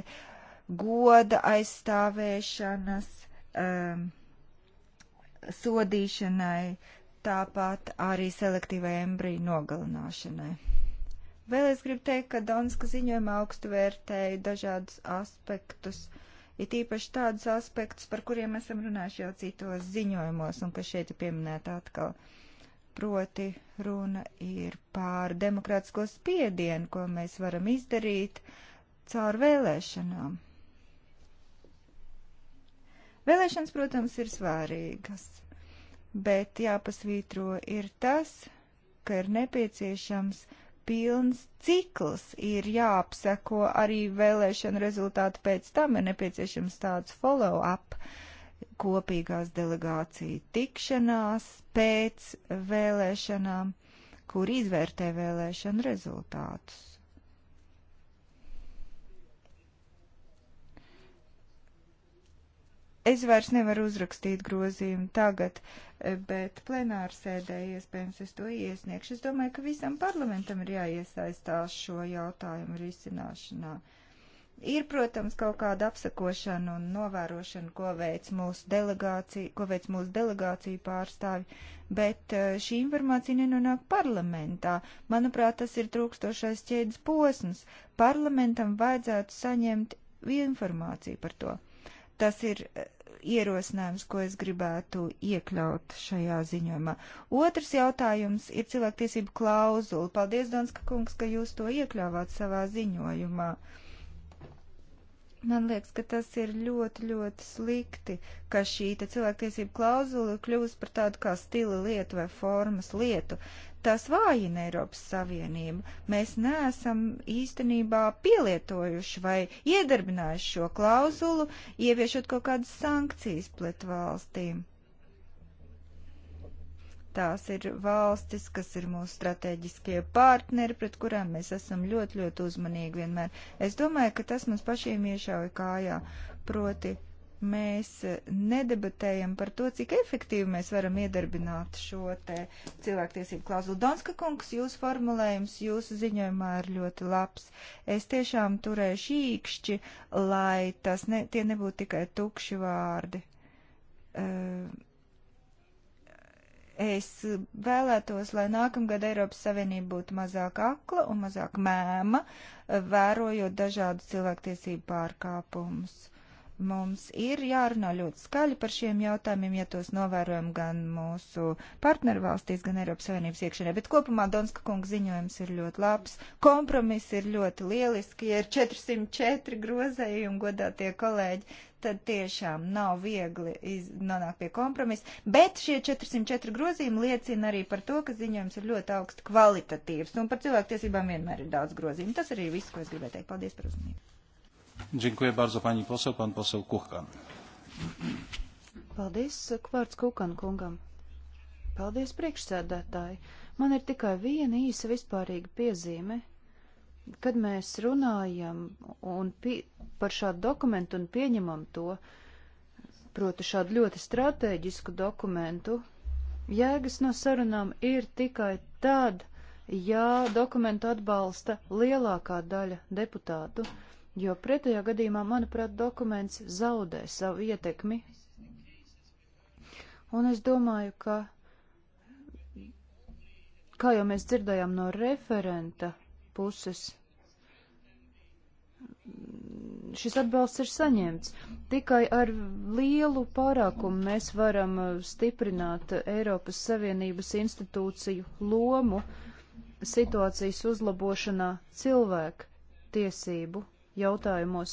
goda aizstāvēšanas, um, sodīšanai, tāpat arī selektīvai embriju nogalināšanai. Vēl es gribu teikt, ka Donska ziņojumā augstu vērtēju dažādus aspektus. Uh, it īpaši tādus aspektus, par kuriem esam runājuši jau citos ziņojumos un kas šeit ir pieminēta atkal. Proti runa ir pār demokrātisko spiedienu, ko mēs varam izdarīt caur vēlēšanām. Vēlēšanas, protams, ir svārīgas, bet jāpasvītro ir tas, ka ir nepieciešams pilns cikls, ir jāapseko arī vēlēšana rezultāti pēc tam, ir nepieciešams tāds follow-up kopīgās delegāciju tikšanās pēc vēlēšanām, kur izvērtē vēlēšanu rezultātus. Es vairs nevaru uzrakstīt grozījumu tagad, e, bet plenāra sēdē iespējams es to iesniegšu. Es domāju, ka visam parlamentam ir jāiesaistās šo jautājumu risināšanā. Ir, protams, kaut kāda apsakošana un novērošana, ko veic mūsu delegācija, ko veic mūsu delegācija pārstāvi, bet e, šī informācija nenonāk parlamentā. Manuprāt, tas ir trūkstošais ķēdes posms. Parlamentam vajadzētu saņemt informāciju par to. Tas ir e, ierosinājums, ko es gribētu iekļaut šajā ziņojumā. Otrs jautājums ir cilvēktiesību klauzula. Paldies, Donska kungs, ka jūs to iekļāvāt savā ziņojumā. Man liekas, ka tas ir ļoti, ļoti slikti, ka šī cilvēktiesība klauzula kļūst par tādu kā stila lietu vai formas lietu. Tas vājina Eiropas Savienību. Mēs neesam īstenībā pielietojuši vai iedarbinājuši šo klauzulu, ieviešot kaut kādas sankcijas pret valstīm. Tās ir valstis, kas ir mūsu strateģiskie partneri, pret kurām mēs esam ļoti, ļoti uzmanīgi vienmēr. Es domāju, ka tas mums pašiem iešauja kājā. Proti, mēs eh, nedebatējam par to, cik efektīvi mēs varam iedarbināt šo te cilvēktiesību klauzulu. Donska kungs, jūsu formulējums, jūsu ziņojumā ir ļoti labs. Es tiešām turēšu īkšķi, lai tas ne, tie nebūtu tikai tukši vārdi. Uh, es vēlētos, lai nākamgad Eiropas Savienība būtu mazāk akla un mazāk mēma, eh, vērojot dažādu cilvēktiesību pārkāpumus. Mums ir jārunā ļoti skaļi par šiem jautājumiem, ja tos novērojam gan mūsu partneru valstīs, gan Eiropas Savienības iekšienē. Bet kopumā Donska kunga ziņojums ir ļoti labs, kompromiss ir ļoti lieliski, ja ir 404 grozējumi godātie kolēģi, tad tiešām nav viegli iz, nonākt pie kompromisa. Bet šie 404 grozījumi liecina arī par to, ka ziņojums ir ļoti augsts kvalitatīvs, un nu, par cilvēktiesībām vienmēr ir daudz grozījumu. Tas arī viss, ko es gribēju teikt. Paldies par uzmanību! Dziękuję bardzo pani poseł, pan poseł Kuchkan. Paldies, kvārds Kukan kungam. Paldies, priekšsēdētāji. Man ir tikai viena īsa vispārīga piezīme. Kad mēs runājam un pi par šādu dokumentu un pieņemam to, proti šādu ļoti strateģisku dokumentu, jēgas no sarunām ir tikai tad, ja dokumentu atbalsta lielākā daļa deputātu jo pretējā gadījumā, manuprāt, dokuments zaudē savu ietekmi. Un es domāju, ka, kā jau mēs dzirdējām no referenta puses, šis atbalsts ir saņemts. Tikai ar lielu pārākumu mēs varam uh, stiprināt Eiropas Savienības institūciju lomu situācijas uzlabošanā cilvēku tiesību jautājumos.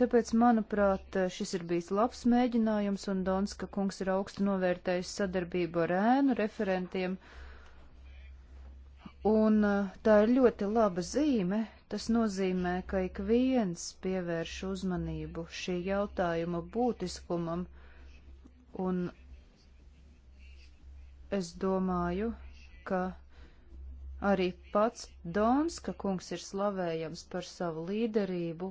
Tāpēc, manuprāt, šis ir bijis labs mēģinājums, un Donska kungs ir augstu novērtējis sadarbību ar ēnu referentiem. Un eh, tā ir ļoti laba zīme. Tas nozīmē, ka ik viens pievērš uzmanību šī jautājuma būtiskumam, un es domāju, ka Arī pats Donska kungs ir slavējams par savu līderību,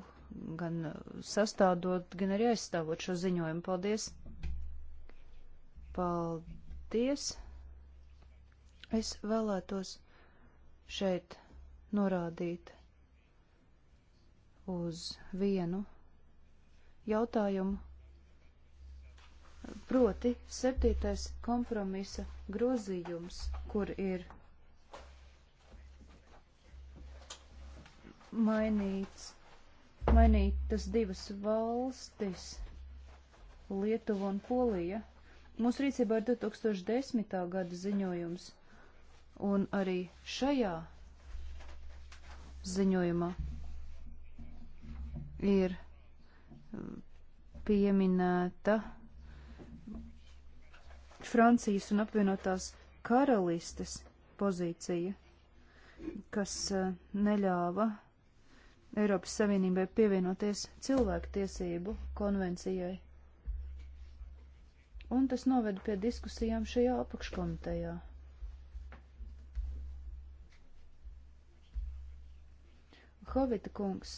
gan uh, sastādot, gan arī aizstāvot šo ziņojumu. Paldies! Paldies! Es vēlētos šeit norādīt uz vienu jautājumu. Proti, septītais kompromisa grozījums, kur ir mainīts, mainītas divas valstis - Lietuva un Polija. Mūsu rīcībā ir 2010. gada ziņojums, un arī šajā ziņojumā ir uh, pieminēta Francijas un apvienotās karalistes pozīcija, kas uh, neļāva Eiropas Savienībai pievienoties cilvēktiesību konvencijai. Un tas noveda pie diskusijām šajā apakškomitejā. Hovita kungs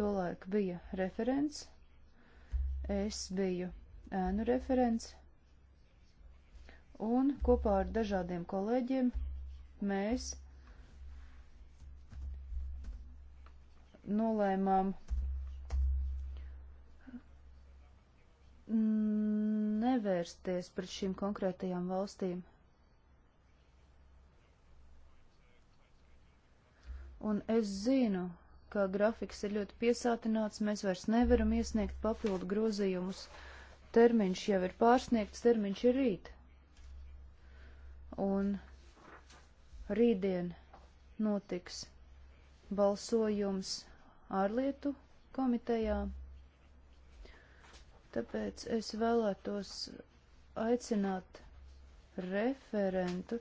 tolaik bija referents, es biju ēnu referents, un kopā ar dažādiem kolēģiem mēs nolēmām nevērsties pret šīm konkrētajām valstīm. Un es zinu, kā grafiks ir ļoti piesātināts, mēs vairs nevaram iesniegt papildu grozījumus. Termiņš jau ir pārsniegts, termiņš ir rīt. Un rītdien notiks balsojums ārlietu komitejā. Tāpēc es vēlētos aicināt referentu.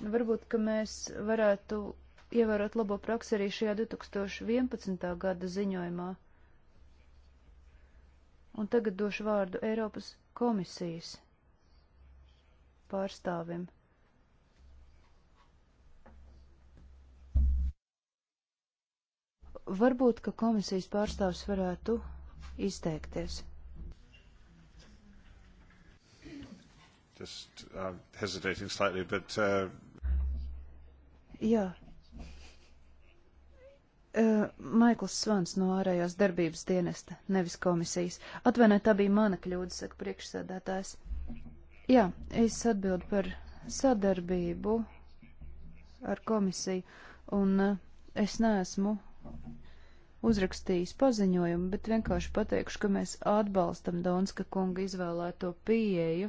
Nu, varbūt, ka mēs varētu ievērot labo praksi arī šajā 2011. gada ziņojumā. Un tagad došu vārdu Eiropas komisijas pārstāvim. Varbūt, ka komisijas pārstāvs varētu izteikties. Just uh, hesitating slightly, but. Uh... Jā. Uh, Maikls Svans no ārējās darbības dienesta, nevis komisijas. Atvainojiet, tā bija mana kļūda, saka priekšsēdētājs. Jā, es atbildu par sadarbību ar komisiju, un uh, es neesmu uzrakstījis paziņojumu, bet vienkārši pateikšu, ka mēs atbalstam Donska kunga izvēlēto pieeju.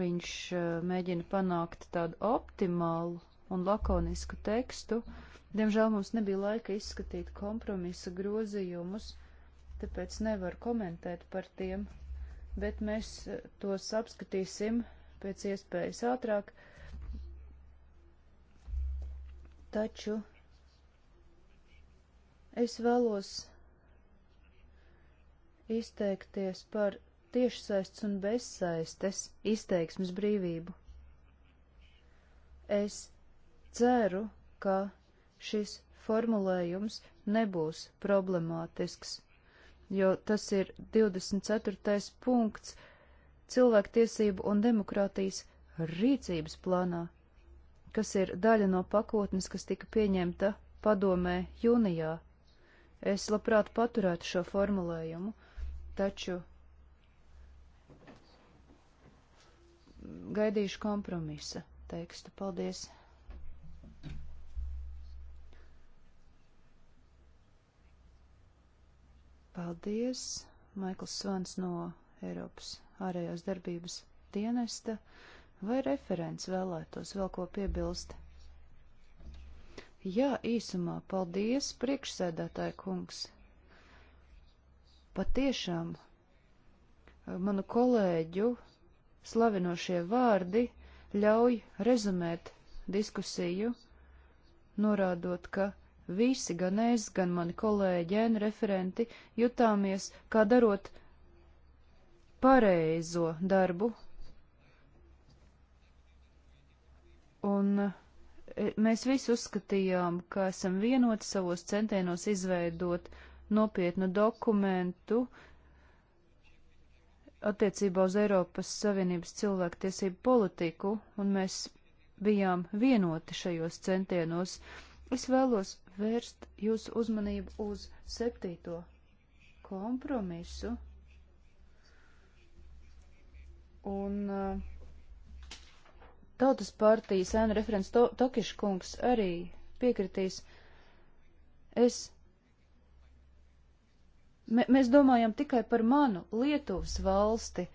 Viņš eh, mēģina panākt tādu optimālu un lakonisku tekstu. Diemžēl mums nebija laika izskatīt kompromisa grozījumus, tāpēc nevaru komentēt par tiem, bet mēs eh, tos apskatīsim pēc iespējas ātrāk. Taču Es vēlos izteikties par tiešsaistes un bezsaistes izteiksmes brīvību. Es ceru, ka šis formulējums nebūs problemātisks, jo tas ir 24. punkts cilvēktiesību un demokrātijas rīcības plānā, kas ir daļa no pakotnes, kas tika pieņemta padomē jūnijā Es labprāt paturētu šo formulējumu, taču gaidīšu kompromisa tekstu. Paldies! Paldies! Maikls Svans no Eiropas ārējās darbības dienesta vai referents vēlētos vēl ko piebilst. Jā, īsumā, paldies, priekšsēdētāja kungs. Patiešām eh, manu kolēģu slavinošie vārdi ļauj rezumēt diskusiju, norādot, ka visi, gan es, gan mani kolēģi, gan referenti, jutāmies kā darot pareizo darbu. Un E, mēs visi uzskatījām, ka esam vienoti savos centienos izveidot nopietnu dokumentu attiecībā uz Eiropas Savienības cilvēktiesību politiku, un mēs bijām vienoti šajos centienos. Es vēlos vērst jūsu uzmanību uz septīto kompromisu. Un uh, Tautas partijas ēnu referents to, Tokiškungs arī piekritīs. Es. M mēs domājam tikai par manu Lietuvas valsti,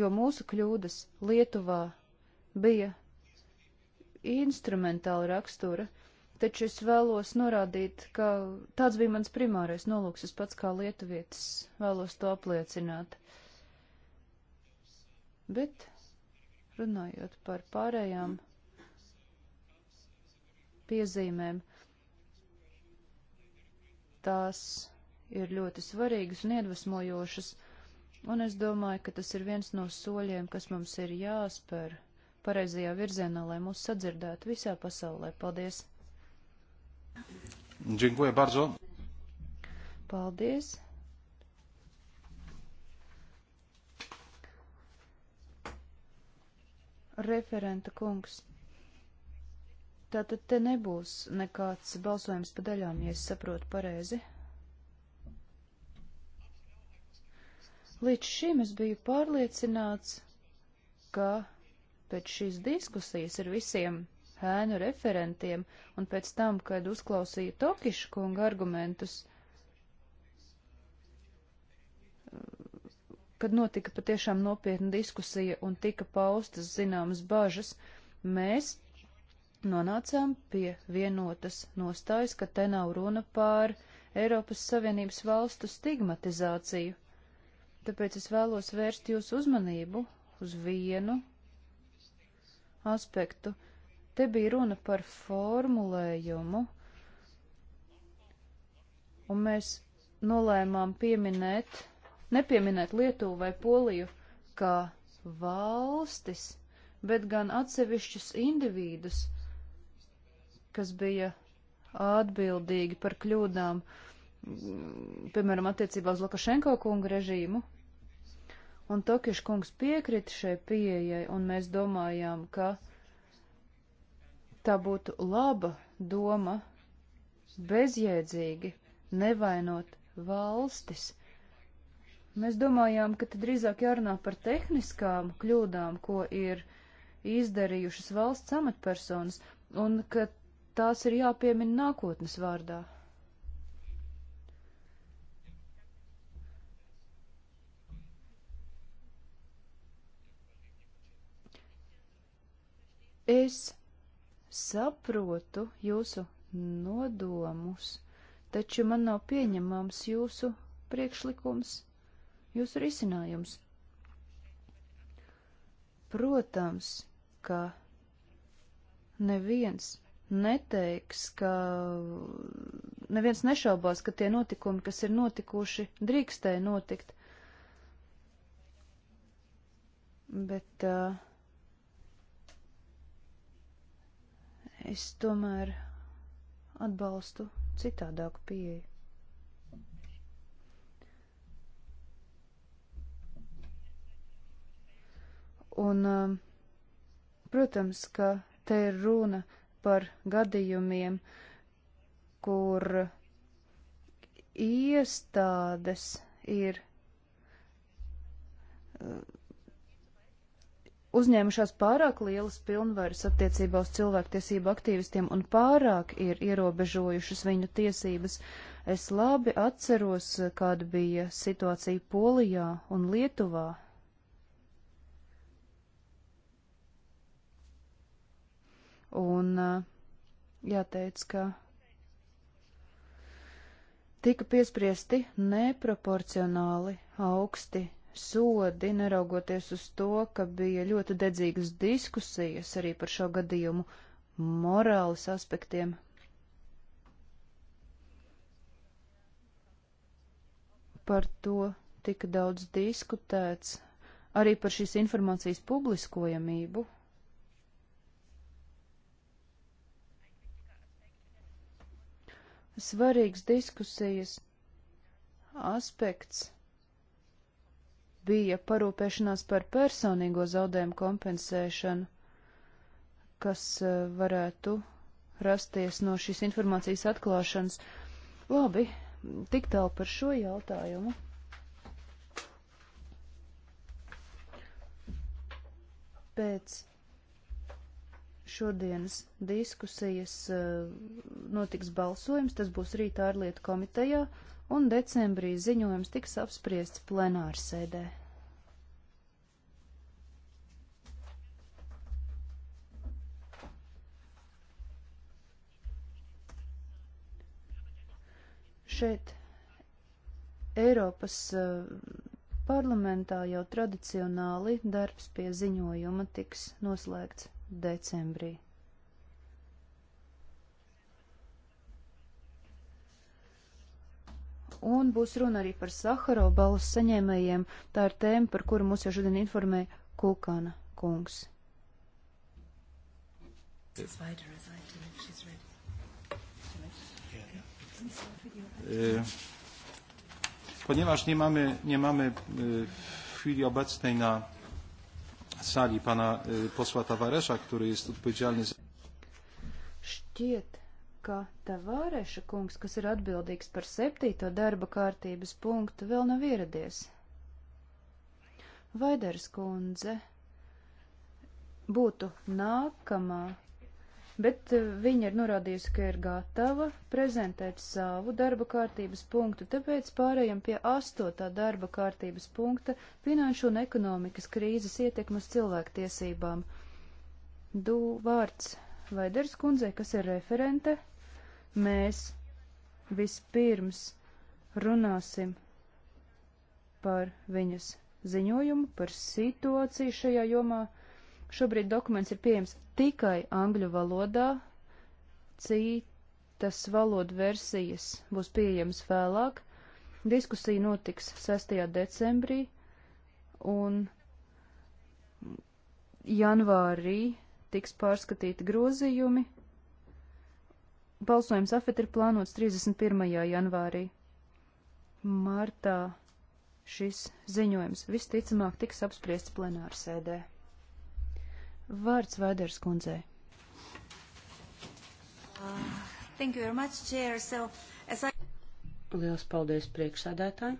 jo mūsu kļūdas Lietuvā bija instrumentāla rakstura, taču es vēlos norādīt, ka tāds bija mans primārais nolūks, es pats kā lietuvietis vēlos to apliecināt. Bet Runājot par pārējām piezīmēm, tās ir ļoti svarīgas un iedvesmojošas, un es domāju, ka tas ir viens no soļiem, kas mums ir jāspēr pareizajā virzienā, lai mūs sadzirdētu visā pasaulē. Paldies! Dziękuję bardzo. Paldies! referenta kungs. Tātad te nebūs nekāds balsojums pa daļām, ja es saprotu pareizi. Līdz šim es biju pārliecināts, ka pēc šīs diskusijas ar visiem ēnu referentiem un pēc tam, kad uzklausīju Tokišu kunga argumentus, uh, kad notika patiešām nopietna diskusija un tika paustas zināmas bažas, mēs nonācām pie vienotas nostājas, ka te nav runa pār Eiropas Savienības valstu stigmatizāciju. Tāpēc es vēlos vērst jūsu uzmanību uz vienu aspektu. Te bija runa par formulējumu, un mēs nolēmām pieminēt nepieminēt Lietuvu vai Poliju kā valstis, bet gan atsevišķus individus, kas bija atbildīgi par kļūdām, mm, piemēram, attiecībā uz Lukašenko kunga režīmu. Un Tokiš kungs piekrita šai pieejai, un mēs domājām, ka tā būtu laba doma bezjēdzīgi nevainot valstis, Mēs domājām, ka tad drīzāk jārunā par tehniskām kļūdām, ko ir izdarījušas valsts amatpersonas, un ka tās ir jāpiemina nākotnes vārdā. Es saprotu jūsu nodomus, taču man nav pieņemams jūsu priekšlikums jūsu risinājums? Protams, ka neviens neteiks, ka neviens nešaubās, ka tie notikumi, kas ir notikuši, drīkstēja notikt. Bet uh, es tomēr atbalstu citādāku pieeju. Un, um, protams, ka te ir runa par gadījumiem, kur iestādes ir uh, uzņēmušās pārāk lielas pilnvaras attiecībā uz cilvēktiesību aktīvistiem un pārāk ir ierobežojušas viņu tiesības. Es labi atceros, kāda bija situācija Polijā un Lietuvā un jāteic, ka tika piespriesti neproporcionāli augsti sodi, neraugoties uz to, ka bija ļoti dedzīgas diskusijas arī par šo gadījumu morāles aspektiem. Par to tika daudz diskutēts, arī par šīs informācijas publiskojamību svarīgs diskusijas aspekts bija parūpēšanās par personīgo zaudējumu kompensēšanu, kas eh, varētu rasties no šīs informācijas atklāšanas. Labi, tik tālu par šo jautājumu. Pēc šodienas diskusijas eh, notiks balsojums, tas būs rīt ārlietu komitejā, un decembrī ziņojums tiks apspriests plenārsēdē. Šeit Eiropas eh, parlamentā jau tradicionāli darbs pie ziņojuma tiks noslēgts decembrī. Un būs runa arī par Saharo balvas saņēmējiem. Tā ir tēma, par kuru mūs jau šodien informē Kukana kungs. Ponieważ nie mamy, nie mamy e, w chwili obecnej na sali pana posła Tavaresza, który jest odpowiedzialny za. Šķiet, ka Tavareša kungs, kas ir atbildīgs par septīto darba kārtības punktu, vēl nav ieradies. Vaiders kundze būtu nākamā bet eh, viņa ir norādījusi, ka ir gatava prezentēt savu darba kārtības punktu, tāpēc pārējiem pie astotā darba kārtības punkta - finanšu un ekonomikas krīzes ietekmas cilvēktiesībām. Du vārds Vaiders kundzei, kas ir referente, mēs vispirms runāsim par viņas ziņojumu par situāciju šajā jomā. Šobrīd dokuments ir pieejams tikai angļu valodā, citas valodu versijas būs pieejamas vēlāk. Diskusija notiks 6. decembrī un janvārī tiks pārskatīti grozījumi. Balsojums afet ir plānots 31. janvārī. Martā šis ziņojums visticamāk tiks apspriests plenārsēdē. Vārds Vēders kundzei. Uh, much, chair. so, I... Liels paldies priekšsēdētāji.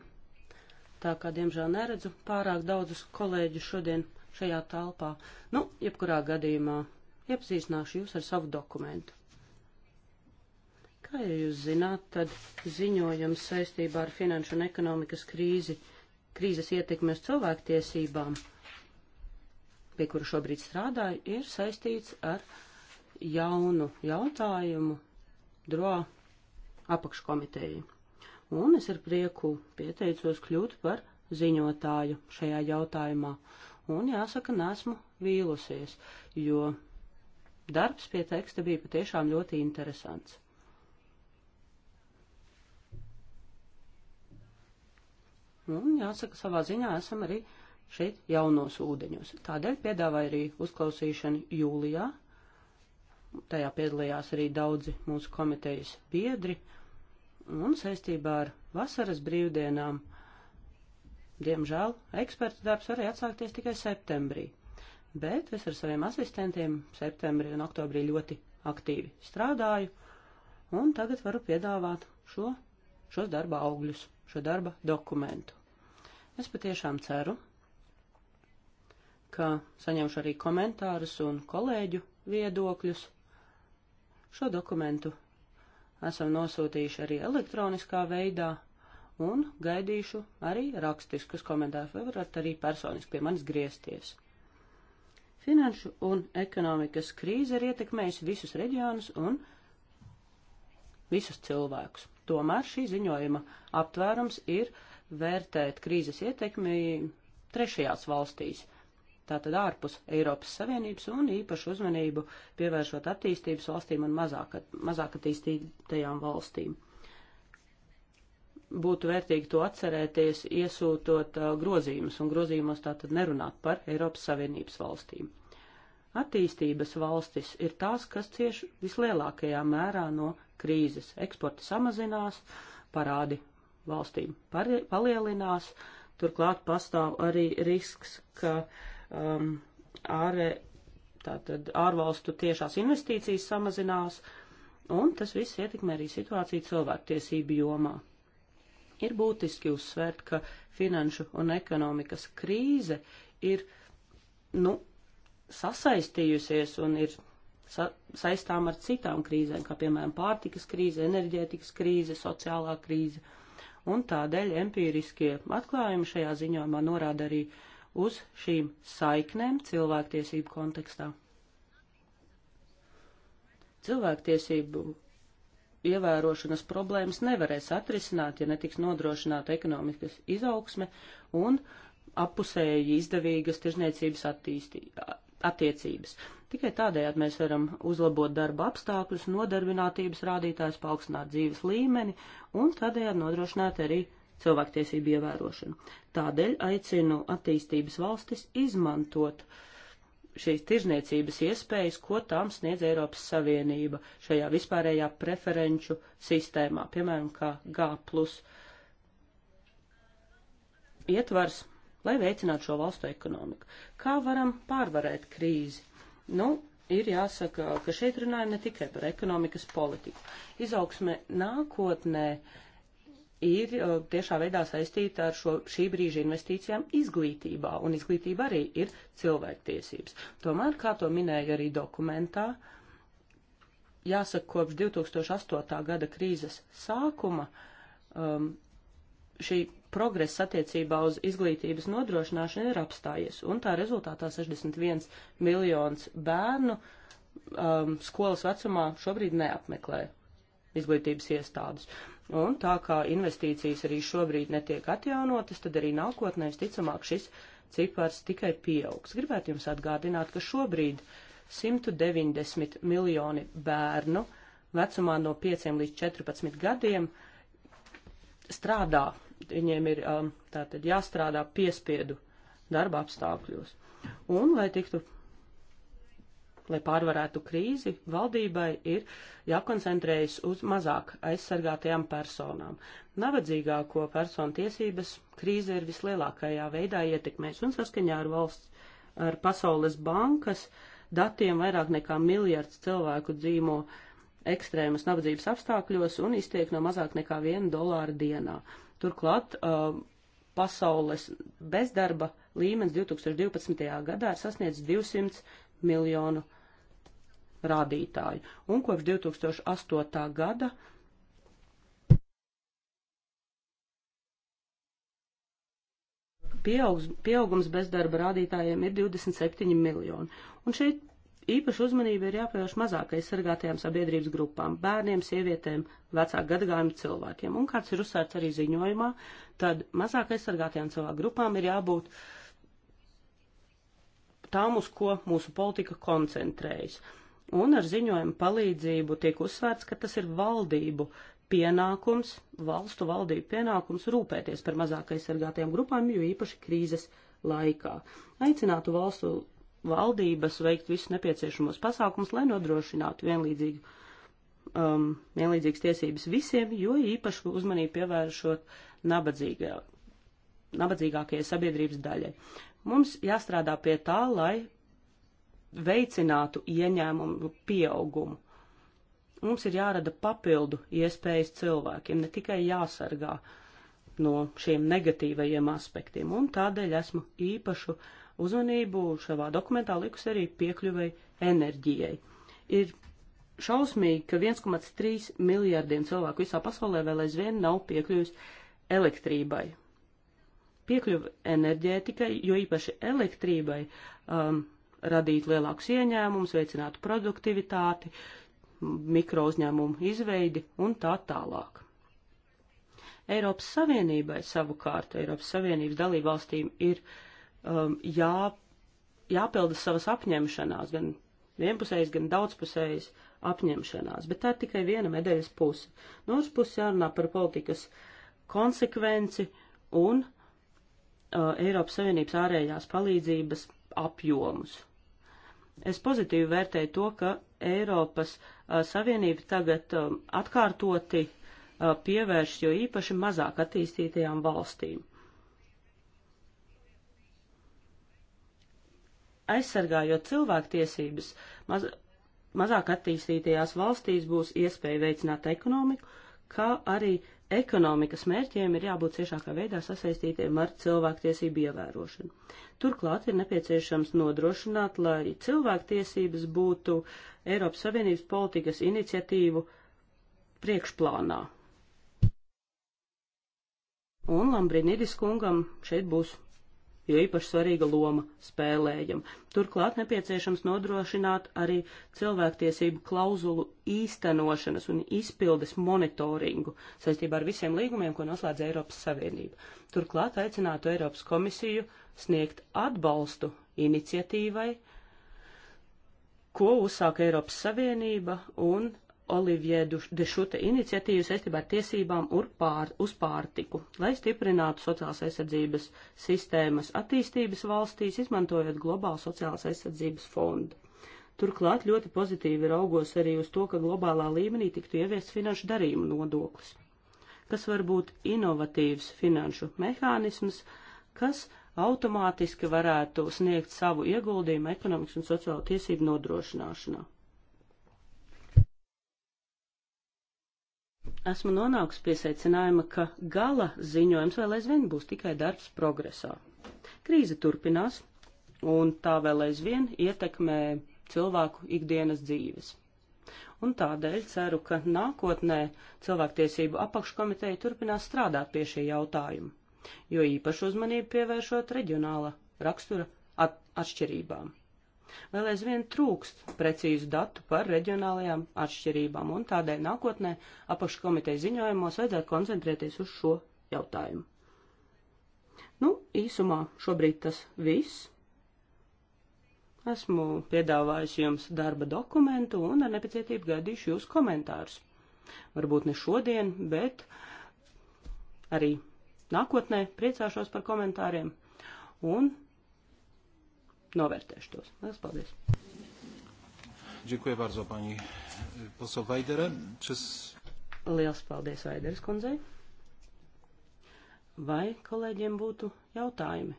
Tā kā, diemžēl, neredzu pārāk daudzus kolēģus šodien šajā telpā. Nu, jebkurā gadījumā iepazīstināšu jūs ar savu dokumentu. Kā jau jūs zināt, tad ziņojums saistībā ar finanšu un ekonomikas krīzi, krīzes ietekmi uz cilvēktiesībām pie kura šobrīd strādāju, ir saistīts ar jaunu jautājumu DRO apakškomiteju. Un es ar prieku pieteicos kļūt par ziņotāju šajā jautājumā. Un jāsaka, nesmu vīlusies, jo darbs pie teksta bija patiešām ļoti interesants. Un jāsaka, savā ziņā esam arī uh, šeit jaunos ūdeņos. Tādēļ piedāvāja arī uzklausīšanu jūlijā. Tajā piedalījās arī daudzi mūsu komitejas biedri. Un saistībā ar vasaras brīvdienām, diemžēl, ekspertu darbs varēja atsākties tikai septembrī. Bet es ar saviem asistentiem septembrī un oktobrī ļoti aktīvi strādāju, un tagad varu piedāvāt šo, šos darba augļus, šo darba dokumentu. Es patiešām ceru, ka saņemšu arī komentārus un kolēģu viedokļus. Šo dokumentu esam nosūtījuši arī elektroniskā veidā un gaidīšu arī rakstiskus komentārus, vai varat arī personiski pie manis griezties. Finanšu un ekonomikas krīze ir ietekmējusi visus reģionus un visus cilvēkus. Tomēr šī ziņojuma aptvērums ir vērtēt krīzes ietekmi trešajās valstīs – tātad ārpus Eiropas Savienības un īpašu uzmanību pievēršot attīstības valstīm un mazāk, mazāk attīstītajām valstīm. Būtu vērtīgi to atcerēties, iesūtot uh, grozījumus un grozījumos tātad nerunāt par Eiropas Savienības valstīm. Attīstības valstis ir tās, kas cieši vislielākajā mērā no krīzes. Eksporti samazinās, parādi valstīm palielinās, turklāt pastāv arī risks, ka uh, um, ārē, tātad ārvalstu tiešās investīcijas samazinās, un tas viss ietekmē arī situāciju cilvēktiesību jomā. Ir būtiski uzsvērt, ka finanšu un ekonomikas krīze ir, nu, sasaistījusies un ir sa saistām ar citām krīzēm, kā piemēram pārtikas krīze, enerģētikas krīze, sociālā krīze. Un tādēļ empiriskie atklājumi šajā ziņojumā norāda arī uz šīm saiknēm cilvēktiesību kontekstā. Cilvēktiesību ievērošanas problēmas nevarēs atrisināt, ja netiks nodrošināta ekonomikas izaugsme un apusēji izdevīgas tirzniecības attiecības. Tikai tādējādi mēs varam uzlabot darba apstākļus, nodarbinātības rādītājs, paaugstināt dzīves līmeni un tādējādi nodrošināt arī cilvēktiesību ievērošanu. Tādēļ aicinu attīstības valstis izmantot šīs tirzniecības iespējas, ko tām sniedz Eiropas Savienība šajā vispārējā preferenču sistēmā, piemēram, kā G plus ietvars, lai veicinātu šo valstu ekonomiku. Kā varam pārvarēt krīzi? Nu, ir jāsaka, ka šeit runājam ne tikai par ekonomikas politiku. Izaugsme nākotnē uh, ir uh, tiešā veidā saistīta ar šo šī brīža investīcijām izglītībā, un izglītība arī ir cilvēktiesības. Tomēr, kā to minēja arī dokumentā, jāsaka, kopš 2008. gada krīzes sākuma um, šī progress attiecībā uz izglītības nodrošināšanu ir apstājies, un tā rezultātā 61 miljons bērnu um, skolas vecumā šobrīd neapmeklē izglītības iestādes. Un tā kā investīcijas arī šobrīd netiek atjaunotas, tad arī nākotnē visticamāk šis cipars tikai pieaugs. Gribētu jums atgādināt, ka šobrīd 190 miljoni bērnu vecumā no 5 līdz 14 gadiem strādā. Viņiem ir um, tātad jāstrādā piespiedu darba apstākļos. Un, lai tiktu lai pārvarētu krīzi, valdībai ir jākoncentrējas uz mazāk aizsargātajām personām. Nabadzīgāko personu tiesības krīze ir vislielākajā veidā ietekmējusi un saskaņā ar valsts, ar Pasaules bankas datiem vairāk nekā miljards cilvēku dzīvo ekstrēmas nabadzības apstākļos un iztiek no mazāk nekā viena dolāra dienā. Turklāt uh, pasaules bezdarba līmenis 2012. gadā ir sasniedzis 200 miljonu rādītāju. Un kopš 2008. gada pieaugs, pieaugums bezdarba rādītājiem ir 27 miljoni. Un šeit īpaši uzmanība ir jāpievērš mazākai sargātajām sabiedrības grupām - bērniem, sievietēm, vecāku gadagājumu cilvēkiem. Un kāds ir uzsvērts arī ziņojumā, tad mazākai sargātajām cilvēku grupām ir jābūt tām, uz ko mūsu politika koncentrējas. Un ar ziņojumu palīdzību tiek uzsvērts, ka tas ir valdību pienākums, valstu valdību pienākums rūpēties par mazāk aizsargātajām grupām, jo īpaši krīzes laikā. Aicinātu valstu valdības veikt visus nepieciešamos pasākums, lai nodrošinātu vienlīdzīgu, um, vienlīdzīgas tiesības visiem, jo īpaši uzmanību pievēršot nabadzīgākajai sabiedrības daļai. Mums jāstrādā pie tā, lai veicinātu ieņēmumu pieaugumu. Mums ir jārada papildu iespējas cilvēkiem, ne tikai jāsargā no šiem negatīvajiem aspektiem, un tādēļ esmu īpašu uzmanību šajā dokumentā likus arī piekļuvai enerģijai. Ir šausmīgi, ka 1,3 miljārdiem cilvēku visā pasaulē vēl aizvien nav piekļuvis elektrībai. Piekļuva enerģētikai, jo īpaši elektrībai, um, radīt lielākus ieņēmumus, veicinātu produktivitāti, mikro uzņēmumu izveidi un tā tālāk. Eiropas Savienībai savukārt, Eiropas Savienības dalībvalstīm ir um, jā, jāpilda savas apņemšanās, gan vienpusējas, gan daudzpusējas apņemšanās, bet tā ir tikai viena medaļas puse. No otras puses jārunā par politikas konsekvenci un uh, Eiropas Savienības ārējās palīdzības apjomus. Es pozitīvi vērtēju to, ka Eiropas a, Savienība tagad a, atkārtoti a, pievērš jo īpaši mazāk attīstītajām valstīm. Aizsargājot cilvēktiesības, maz, mazāk attīstītajās valstīs būs iespēja veicināt ekonomiku, kā arī ekonomikas mērķiem ir jābūt ciešākā veidā sasaistītiem ar cilvēktiesību ievērošanu. Turklāt ir nepieciešams nodrošināt, lai cilvēktiesības būtu Eiropas Savienības politikas iniciatīvu priekšplānā. Un Lambrinidis kungam šeit būs jo īpaši svarīga loma spēlējam. Turklāt nepieciešams nodrošināt arī cilvēktiesību klauzulu īstenošanas un izpildes monitoringu saistībā ar visiem līgumiem, ko noslēdz Eiropas Savienība. Turklāt aicinātu Eiropas komisiju sniegt atbalstu iniciatīvai, ko uzsāka Eiropas Savienība un Olivier Dešuta iniciatīvu saistībā ar tiesībām pār, uz pārtiku, lai stiprinātu sociālās aizsardzības sistēmas attīstības valstīs, izmantojot globālu sociālās aizsardzības fondu. Turklāt ļoti pozitīvi raugos arī uz to, ka globālā līmenī tiktu ieviests finanšu darījumu nodoklis, kas var būt inovatīvs finanšu mehānisms, kas automātiski varētu sniegt savu ieguldījumu ekonomikas un sociālo tiesību nodrošināšanā. esmu nonākusi pie secinājuma, ka gala ziņojums vēl aizvien būs tikai darbs progresā. Krīze turpinās, un tā vēl aizvien ietekmē cilvēku ikdienas dzīves. Un tādēļ ceru, ka nākotnē cilvēktiesību apakškomiteja turpinās strādāt pie šī jautājuma, jo īpašu uzmanību pievēršot reģionāla rakstura at atšķirībām. Vēl aizvien trūkst precīzu datu par reģionālajām atšķirībām, un tādēļ nākotnē apakškomiteja ziņojumos vajadzētu koncentrēties uz šo jautājumu. Nu, īsumā šobrīd tas viss. Esmu piedāvājis jums darba dokumentu un ar nepacietību gaidīšu jūs komentārus. Varbūt ne šodien, bet arī nākotnē priecāšos par komentāriem. Un novērtēšu tos. Lielas paldies! Dziękuję bardzo pani poseł Wajdere. Czy... Liels paldies Vaideres kundzei. Vai kolēģiem būtu jautājumi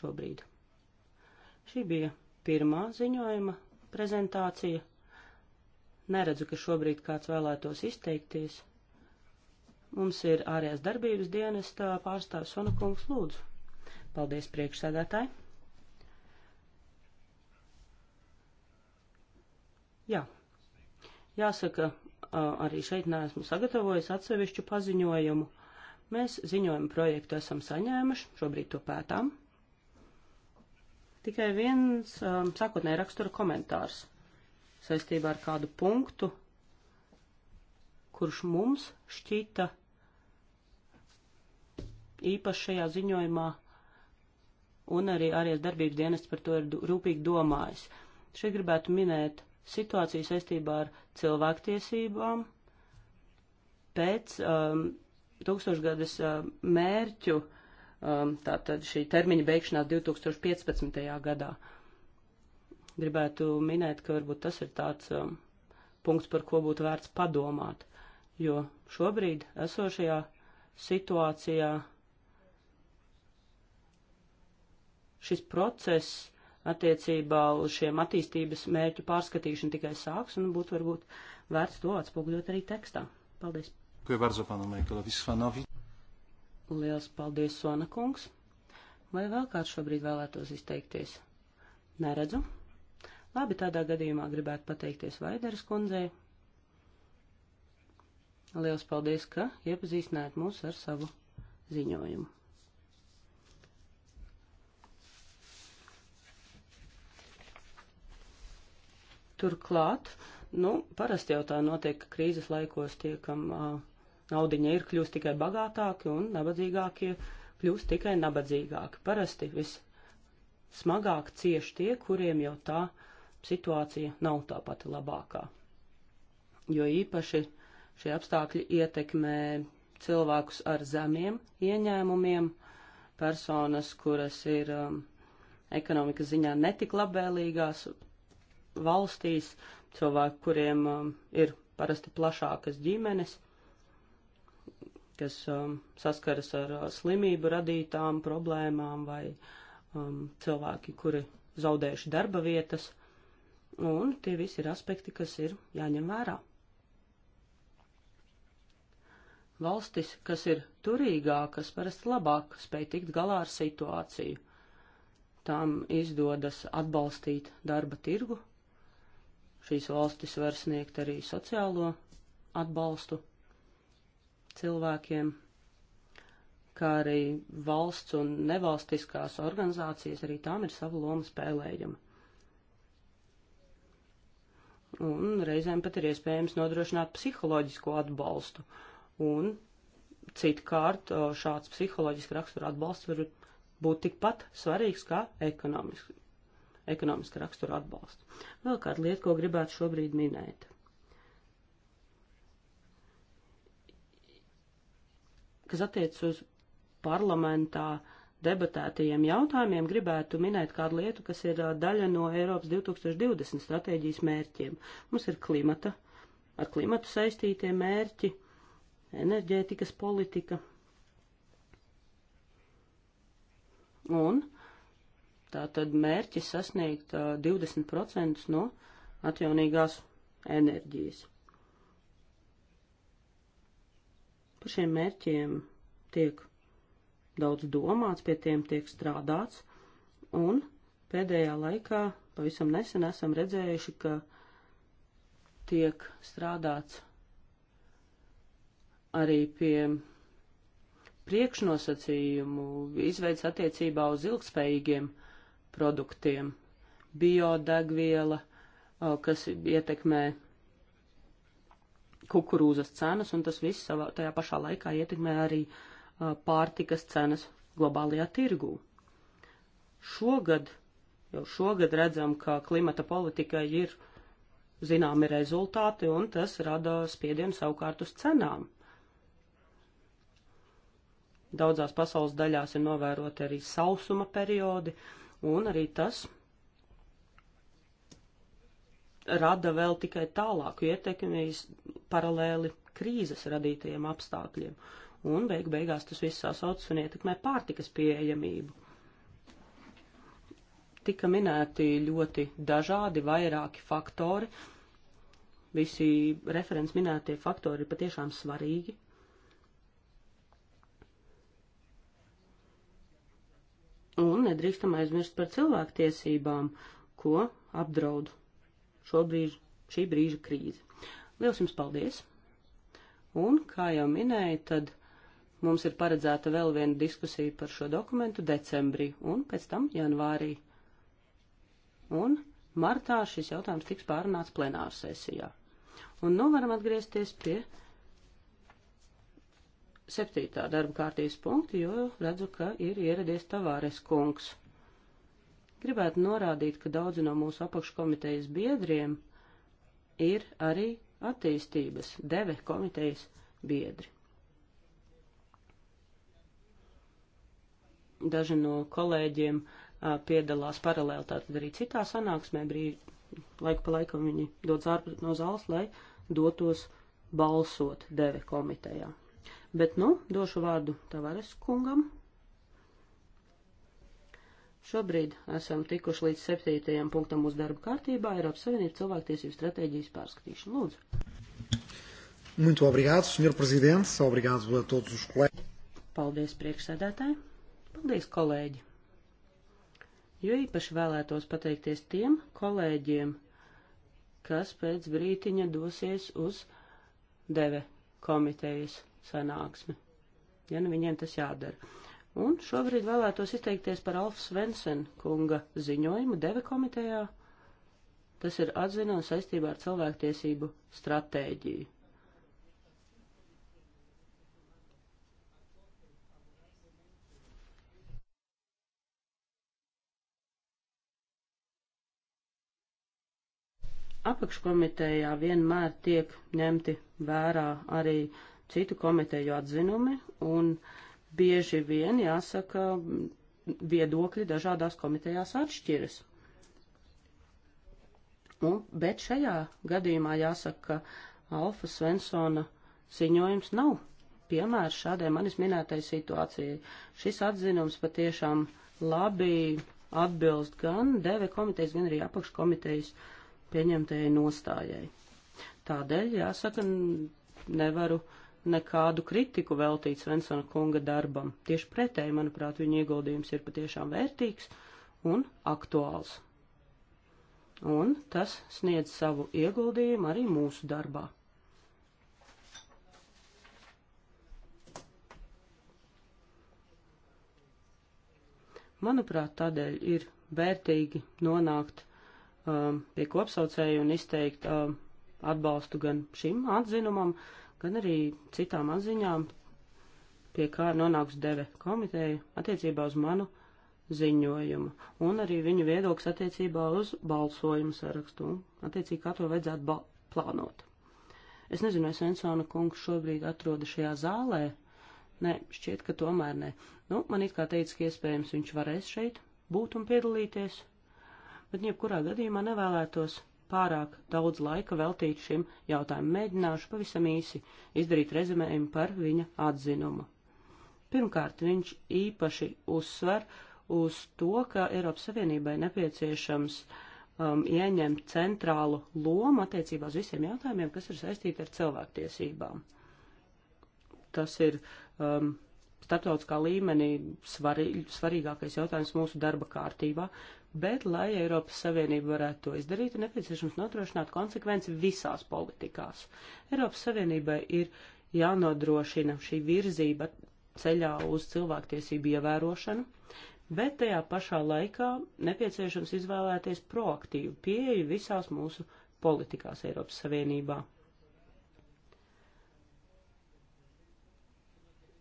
šobrīd? Šī bija pirmā ziņojuma prezentācija. Neredzu, ka šobrīd kāds vēlētos izteikties. Mums ir ārējās darbības dienas pārstāvs Sonakungs Lūdzu. Paldies priekšsēdētāji! Jā. Jāsaka, arī šeit neesmu sagatavojis atsevišķu paziņojumu. Mēs ziņojumu projektu esam saņēmuši, šobrīd to pētām. Tikai viens um, sākotnēji rakstura komentārs saistībā ar kādu punktu, kurš mums šķita īpaši šajā ziņojumā, un arī ārējās darbības dienests par to ir rūpīgi domājis. Šeit gribētu minēt situāciju saistībā ar cilvēktiesībām pēc um, tūkstošgadas um, mērķu, um, tātad šī termiņa beigšanās 2015. gadā. Gribētu minēt, ka varbūt tas ir tāds um, punkts, par ko būtu vērts padomāt, jo šobrīd esošajā situācijā šis process attiecībā uz šiem attīstības mērķu pārskatīšanu tikai sāks un būtu varbūt vērts to atspūgļot arī tekstā. Paldies. Lielas paldies, Sona kungs. Vai vēl kāds šobrīd vēlētos izteikties? Neredzu. Labi, tādā gadījumā gribētu pateikties Vaideras kundzei. Liels paldies, ka iepazīstinājāt mūs ar savu ziņojumu. Turklāt, nu, parasti jau tā notiek, ka krīzes laikos tiekam naudiņa ir kļūst tikai bagātāki un nabadzīgākie kļūst tikai nabadzīgāki. Parasti vissmagāk cieši tie, kuriem jau tā situācija nav tā pati labākā. Jo īpaši šie apstākļi ietekmē cilvēkus ar zemiem ieņēmumiem, personas, kuras ir um, ekonomikas ziņā netik labvēlīgās, valstīs, cilvēki, kuriem um, ir parasti plašākas ģimenes, kas um, saskaras ar uh, slimību radītām problēmām vai um, cilvēki, kuri zaudējuši darba vietas, un tie visi ir aspekti, kas ir jāņem vērā. Valstis, kas ir turīgākas, parasti labāk spēj tikt galā ar situāciju. Tām izdodas atbalstīt darba tirgu Šīs valstis var sniegt arī sociālo atbalstu cilvēkiem, kā arī valsts un nevalstiskās organizācijas, arī tām ir sava loma spēlējama. Un reizēm pat ir iespējams nodrošināt psiholoģisko atbalstu. Un citkārt šāds psiholoģiski rakstura atbalsts var būt tikpat svarīgs kā ekonomisks, ekonomiska rakstura atbalstu. Vēl kāda lieta, ko gribētu šobrīd minēt. Kas attiec uz parlamentā debatētajiem jautājumiem, gribētu minēt kādu lietu, kas ir daļa no Eiropas 2020 stratēģijas mērķiem. Mums ir klimata, ar klimatu saistītie mērķi, enerģētikas politika. Un Tātad mērķis sasniegt uh, 20% no atjaunīgās enerģijas. Par šiem mērķiem tiek daudz domāts, pie tiem tiek strādāts, un pēdējā laikā pavisam nesen esam redzējuši, ka tiek strādāts arī pie priekšnosacījumu izveids attiecībā uz ilgspējīgiem produktiem. Biodegviela, kas ietekmē kukurūzas cenas, un tas viss savā, tajā pašā laikā ietekmē arī pārtikas cenas globālajā tirgū. Šogad, jau šogad redzam, ka klimata politikai ir zināmi rezultāti, un tas rada spiedienu savukārt uz cenām. Daudzās pasaules daļās ir novēroti arī sausuma periodi, uh, un arī tas rada vēl tikai tālāku ietekmi paralēli krīzes radītajiem apstākļiem, un beig beigās tas viss sasaucas un ietekmē pārtikas pieejamību. Tika minēti ļoti dažādi vairāki faktori, visi referents minētie faktori ir patiešām svarīgi, Un nedrīkstam aizmirst par cilvēktiesībām, ko apdraud šobrīd šī brīža krīze. Liels jums paldies! Un, kā jau minēju, tad mums ir paredzēta vēl viena diskusija par šo dokumentu decembrī un pēc tam janvārī. Un martā šis jautājums tiks pārunāts plenāru sesijā. Un nu varam atgriezties pie septītā darba kārtības punkta, jo redzu, ka ir ieradies Tavāres kungs. Gribētu norādīt, ka daudzi no mūsu apakškomitejas biedriem ir arī attīstības deve komitejas biedri. Daži no kolēģiem a, piedalās paralēli tātad arī citā sanāksmē, brīd laiku pa laikam viņi dodas ārpus no zāles, lai dotos balsot deve komitejā. Bet, nu, došu vārdu Tavares kungam. Šobrīd esam tikuši līdz septītajam punktam mūsu darba kārtībā Eiropas Savienības cilvēktiesību stratēģijas pārskatīšana. Lūdzu. Muito obrigado, senhor presidente. Obrigado a todos os colegas. Paldies, priekšsēdētāji. Paldies, kolēģi. Jo īpaši vēlētos pateikties tiem kolēģiem, kas pēc brītiņa dosies uz deve komitejas sanāksmi, ja nu viņiem tas jādara. Un šobrīd vēlētos izteikties par Alfa Svensen kunga ziņojumu deve komitejā. Tas ir atzinums saistībā ar cilvēktiesību stratēģiju. apakškomitejā vienmēr tiek ņemti vērā arī citu komiteju atzinumi, un bieži vien, jāsaka, viedokļi dažādās komitejās atšķiras. Un, bet šajā gadījumā jāsaka, ka Alfa Svensona ziņojums nav piemērs šādai manis minētai situācijai. Šis atzinums patiešām labi atbilst gan DV komitejas, gan arī apakškomitejas pieņemtajai nostājai. Tādēļ, jāsaka, nevaru uh, nekādu kritiku veltīt Svensona kunga darbam. Tieši pretēji, manuprāt, viņa ieguldījums ir patiešām vērtīgs un aktuāls. Un tas sniedz savu ieguldījumu arī mūsu darbā. Manuprāt, tādēļ ir vērtīgi nonākt um, pie kopsaucēju un izteikt um, atbalstu gan šim atzinumam, uh, gan arī citām atziņām, pie kā nonāks deve komiteja attiecībā uz manu ziņojumu, un arī viņu viedoklis attiecībā uz balsojumu sarakstu, un attiecīgi kā to vajadzētu plānot. Es nezinu, vai Svensona kungs šobrīd atroda šajā zālē. Nē, šķiet, ka tomēr nē. Nu, man it kā teica, ka iespējams viņš varēs šeit būt un piedalīties, bet jebkurā gadījumā nevēlētos pārāk daudz laika veltīt šim jautājumam. Mēģināšu pavisam īsi izdarīt rezumējumu par viņa atzinumu. Pirmkārt, viņš īpaši uzsver uz to, ka Eiropas Savienībai nepieciešams um, ieņemt centrālu lomu attiecībā uz visiem jautājumiem, kas ir saistīti ar cilvēktiesībām. Tas ir um, starptautiskā līmenī svarī, svarīgākais jautājums mūsu darba kārtībā, bet, lai Eiropas Savienība varētu to izdarīt, ir nepieciešams nodrošināt konsekvenci visās politikās. Eiropas Savienībai ir jānodrošina šī virzība ceļā uz cilvēktiesību ievērošanu, bet tajā pašā laikā nepieciešams izvēlēties proaktīvu pieeju visās mūsu politikās Eiropas Savienībā.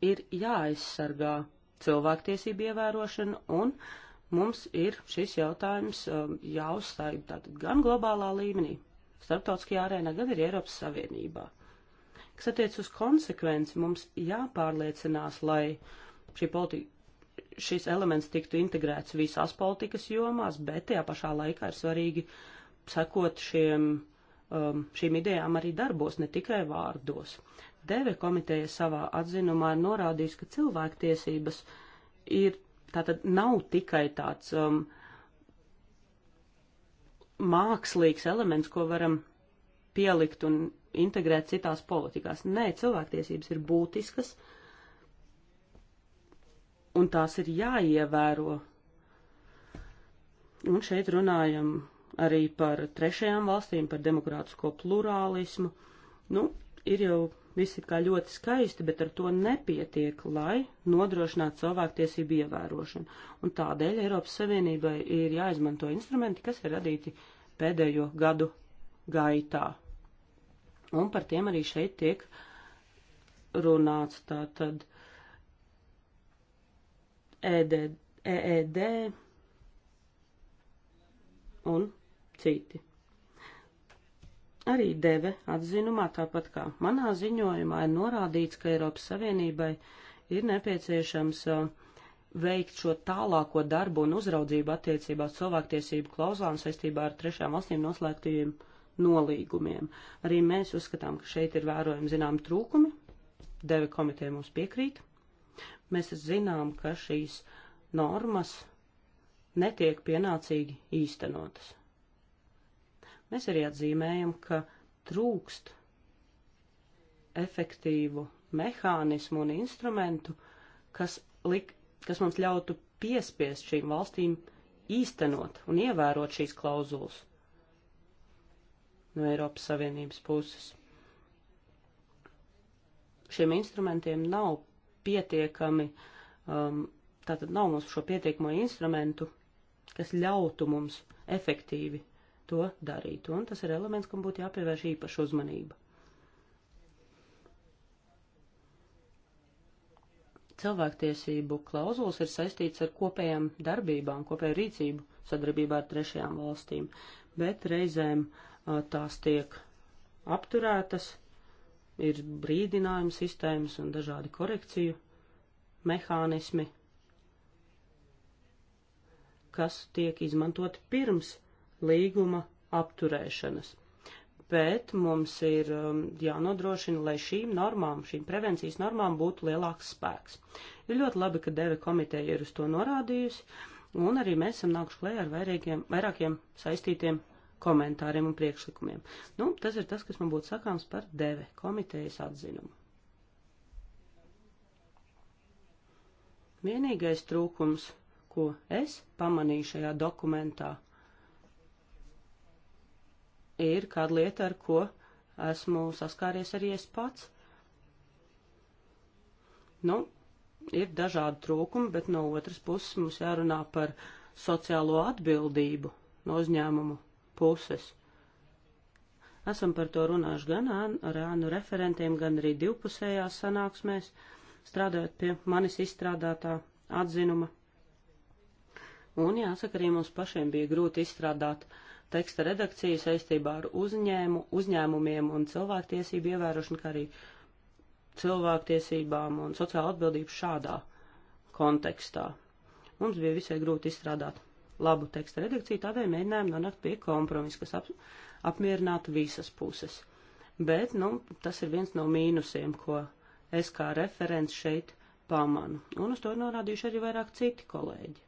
ir jāaizsargā cilvēktiesību ievērošana un mums ir šis jautājums um, jāuzstāj tātad gan globālā līmenī, starptautiskajā arēnā, gan arī Eiropas Savienībā. Kas attiec uz konsekvenci, mums jāpārliecinās, lai šī politika, šis elements tiktu integrēts visās politikas jomās, bet tajā pašā laikā ir svarīgi sekot šiem um, šīm idejām arī darbos, ne tikai vārdos. Deve komiteja savā atzinumā ir norādījis, ka cilvēktiesības ir, tātad nav tikai tāds um, mākslīgs elements, ko varam pielikt un integrēt citās politikās. Nē, cilvēktiesības ir būtiskas, un tās ir jāievēro. Un šeit runājam arī par trešajām valstīm, par demokrātisko plurālismu. Nu, ir jau viss ir kā ļoti skaisti, bet ar to nepietiek, lai nodrošinātu cilvēktiesību ievērošanu. Un tādēļ Eiropas Savienībai ir jāizmanto instrumenti, kas ir radīti pēdējo gadu gaitā. Un par tiem arī šeit tiek runāts tātad ED, EED un citi. Arī deve atzinumā, tāpat kā manā ziņojumā, ir norādīts, ka Eiropas Savienībai ir nepieciešams veikt šo tālāko darbu un uzraudzību attiecībā uz cilvēktiesību klauzulām saistībā ar trešām valstīm noslēgtajiem nolīgumiem. Arī mēs uzskatām, ka šeit ir vērojami zinām trūkumi. Deve komiteja mums piekrīt. Mēs zinām, ka šīs normas netiek pienācīgi īstenotas. Mēs arī atzīmējam, ka trūkst efektīvu mehānismu un instrumentu, kas, lik, kas mums ļautu piespiest šīm valstīm īstenot un ievērot šīs klauzulas no Eiropas Savienības puses. Šiem instrumentiem nav pietiekami, um, tātad nav mums šo pietiekamo instrumentu, kas ļautu mums efektīvi to darītu, un tas ir elements, kam būtu jāpievērš īpaša uzmanība. Cilvēktiesību klauzulas ir saistīts ar kopējām darbībām, kopēju rīcību sadarbībā ar trešajām valstīm, bet reizēm tās tiek apturētas, ir brīdinājuma sistēmas un dažādi korekciju mehānismi, kas tiek izmantoti pirms līguma apturēšanas. Bet mums ir um, jānodrošina, lai šīm normām, šīm prevencijas normām būtu lielāks spēks. Ir ļoti labi, ka Deve komiteja ir uz to norādījusi, un arī mēs esam nākuši klējā ar vairākiem, vairākiem saistītiem komentāriem un priekšlikumiem. Nu, tas ir tas, kas man būtu sakāms par Deve komitejas atzinumu. Vienīgais trūkums, ko es pamanīju šajā dokumentā, ir kāda lieta, ar ko esmu saskāries arī es pats. Nu, ir dažādi trūkumi, bet no otras puses mums jārunā par sociālo atbildību no uzņēmumu puses. Esam par to runājuši gan ar ānu referentiem, gan arī divpusējās sanāksmēs, strādājot pie manis izstrādātā atzinuma. Un jāsaka, arī mums pašiem bija grūti izstrādāt uh, teksta redakciju saistībā ar uzņēmu, uzņēmumiem un cilvēktiesību ievērošanu, kā arī cilvēktiesībām un sociālo atbildību šādā kontekstā. Mums bija visai grūti izstrādāt labu teksta redakciju, tādēļ mēģinājām nonākt pie kompromisa, kas ap, apmierinātu visas puses. Bet, nu, tas ir viens no mīnusiem, ko es kā referents šeit pamanu, un uz to norādījuši arī vairāk citi kolēģi.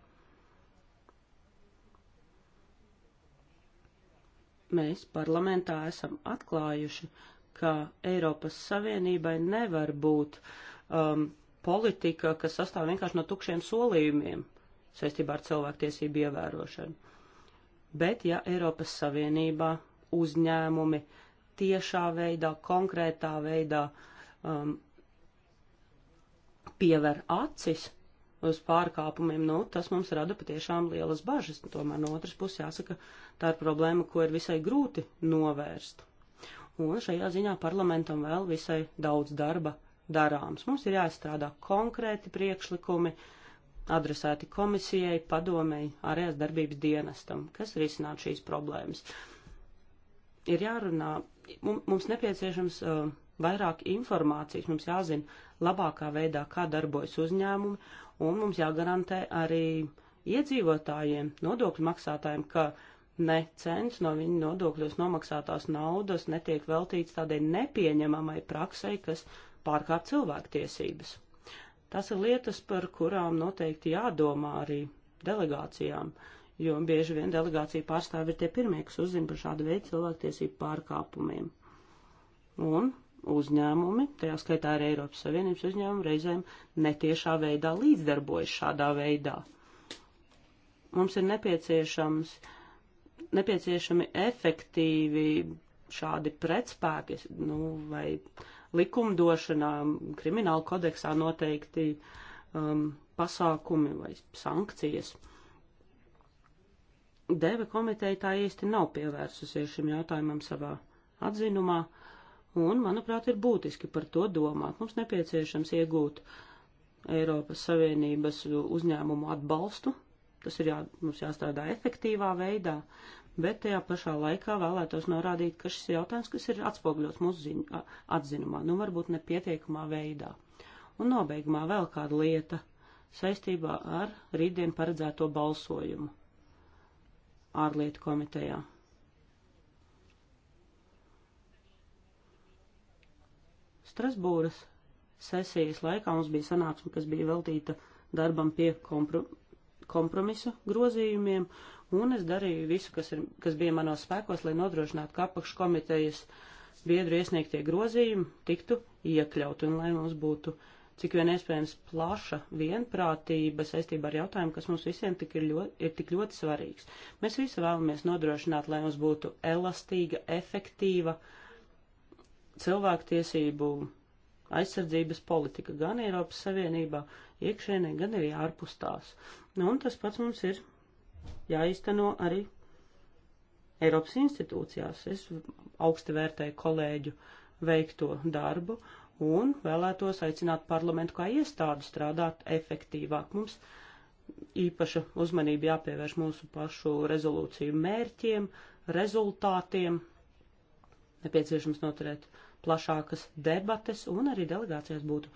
mēs parlamentā esam atklājuši, ka Eiropas Savienībai nevar būt um, politika, kas sastāv vienkārši no tukšiem solījumiem saistībā ar cilvēktiesību ievērošanu. Bet, ja Eiropas Savienībā uzņēmumi tiešā veidā, konkrētā veidā um, piever acis uz pārkāpumiem, nu, tas mums rada patiešām lielas bažas. Tomēr no otras puses jāsaka, tā ir problēma, ko ir visai grūti novērst. Un šajā ziņā parlamentam vēl visai daudz darba darāms. Mums ir jāizstrādā konkrēti priekšlikumi, adresēti komisijai, padomēji, ārējās darbības dienestam, kas risinātu šīs problēmas. Ir jārunā, mums nepieciešams uh, vairāk informācijas, mums jāzina labākā veidā, kā darbojas uzņēmumi, un mums jāgarantē arī iedzīvotājiem, nodokļu maksātājiem, ka ne cents no viņu nodokļos nomaksātās naudas netiek veltīts tādai nepieņemamai praksei, kas pārkāp cilvēktiesības. Tas ir lietas, par kurām noteikti jādomā arī delegācijām, jo bieži vien delegācija pārstāvi ir tie pirmie, kas uzzina par šādu veidu cilvēktiesību pārkāpumiem. Un uzņēmumi, tajā skaitā arī Eiropas Savienības uzņēmumi, reizēm netiešā veidā līdzdarbojas šādā veidā. Mums ir nepieciešams, nepieciešami efektīvi šādi pretspēki, nu, vai likumdošanā, krimināla kodeksā noteikti um, pasākumi vai sankcijas. Deve komiteja tā īsti nav pievērsusies šim jautājumam savā atzinumā. Uh, Un, manuprāt, ir būtiski par to domāt. Mums nepieciešams iegūt Eiropas Savienības uzņēmumu atbalstu. Tas ir jā, mums jāstrādā efektīvā veidā, bet tajā pašā laikā vēlētos norādīt, ka šis jautājums, kas ir atspogļots mūsu ziņu, atzinumā, nu varbūt nepietiekamā veidā. Un nobeigumā vēl kāda lieta saistībā ar rītdien paredzēto balsojumu ārlietu komitejā. Strasbūras sesijas laikā mums bija sanāksme, kas bija veltīta darbam pie kompro, kompromisu grozījumiem, un es darīju visu, kas, ir, kas bija manos spēkos, lai nodrošinātu, ka apakškomitejas biedru iesniegtie grozījumi tiktu iekļaut un lai mums būtu cik vien iespējams plaša vienprātība saistībā ar jautājumu, kas mums visiem tik ir, ļoti, ir tik ļoti svarīgs. Mēs visi vēlamies nodrošināt, lai mums būtu elastīga, efektīva uh, cilvēktiesību aizsardzības politika gan Eiropas Savienībā iekšēnē, gan arī ārpus tās. Nu, un tas pats mums ir jāizteno arī Eiropas institūcijās. Es augsti vērtēju kolēģu veikto darbu un vēlētos aicināt parlamentu kā iestādi strādāt efektīvāk. Mums īpaša uzmanība jāpievērš mūsu pašu rezolūciju mērķiem, rezultātiem. Nepieciešams noturēt uh, plašākas debates un arī delegācijās būtu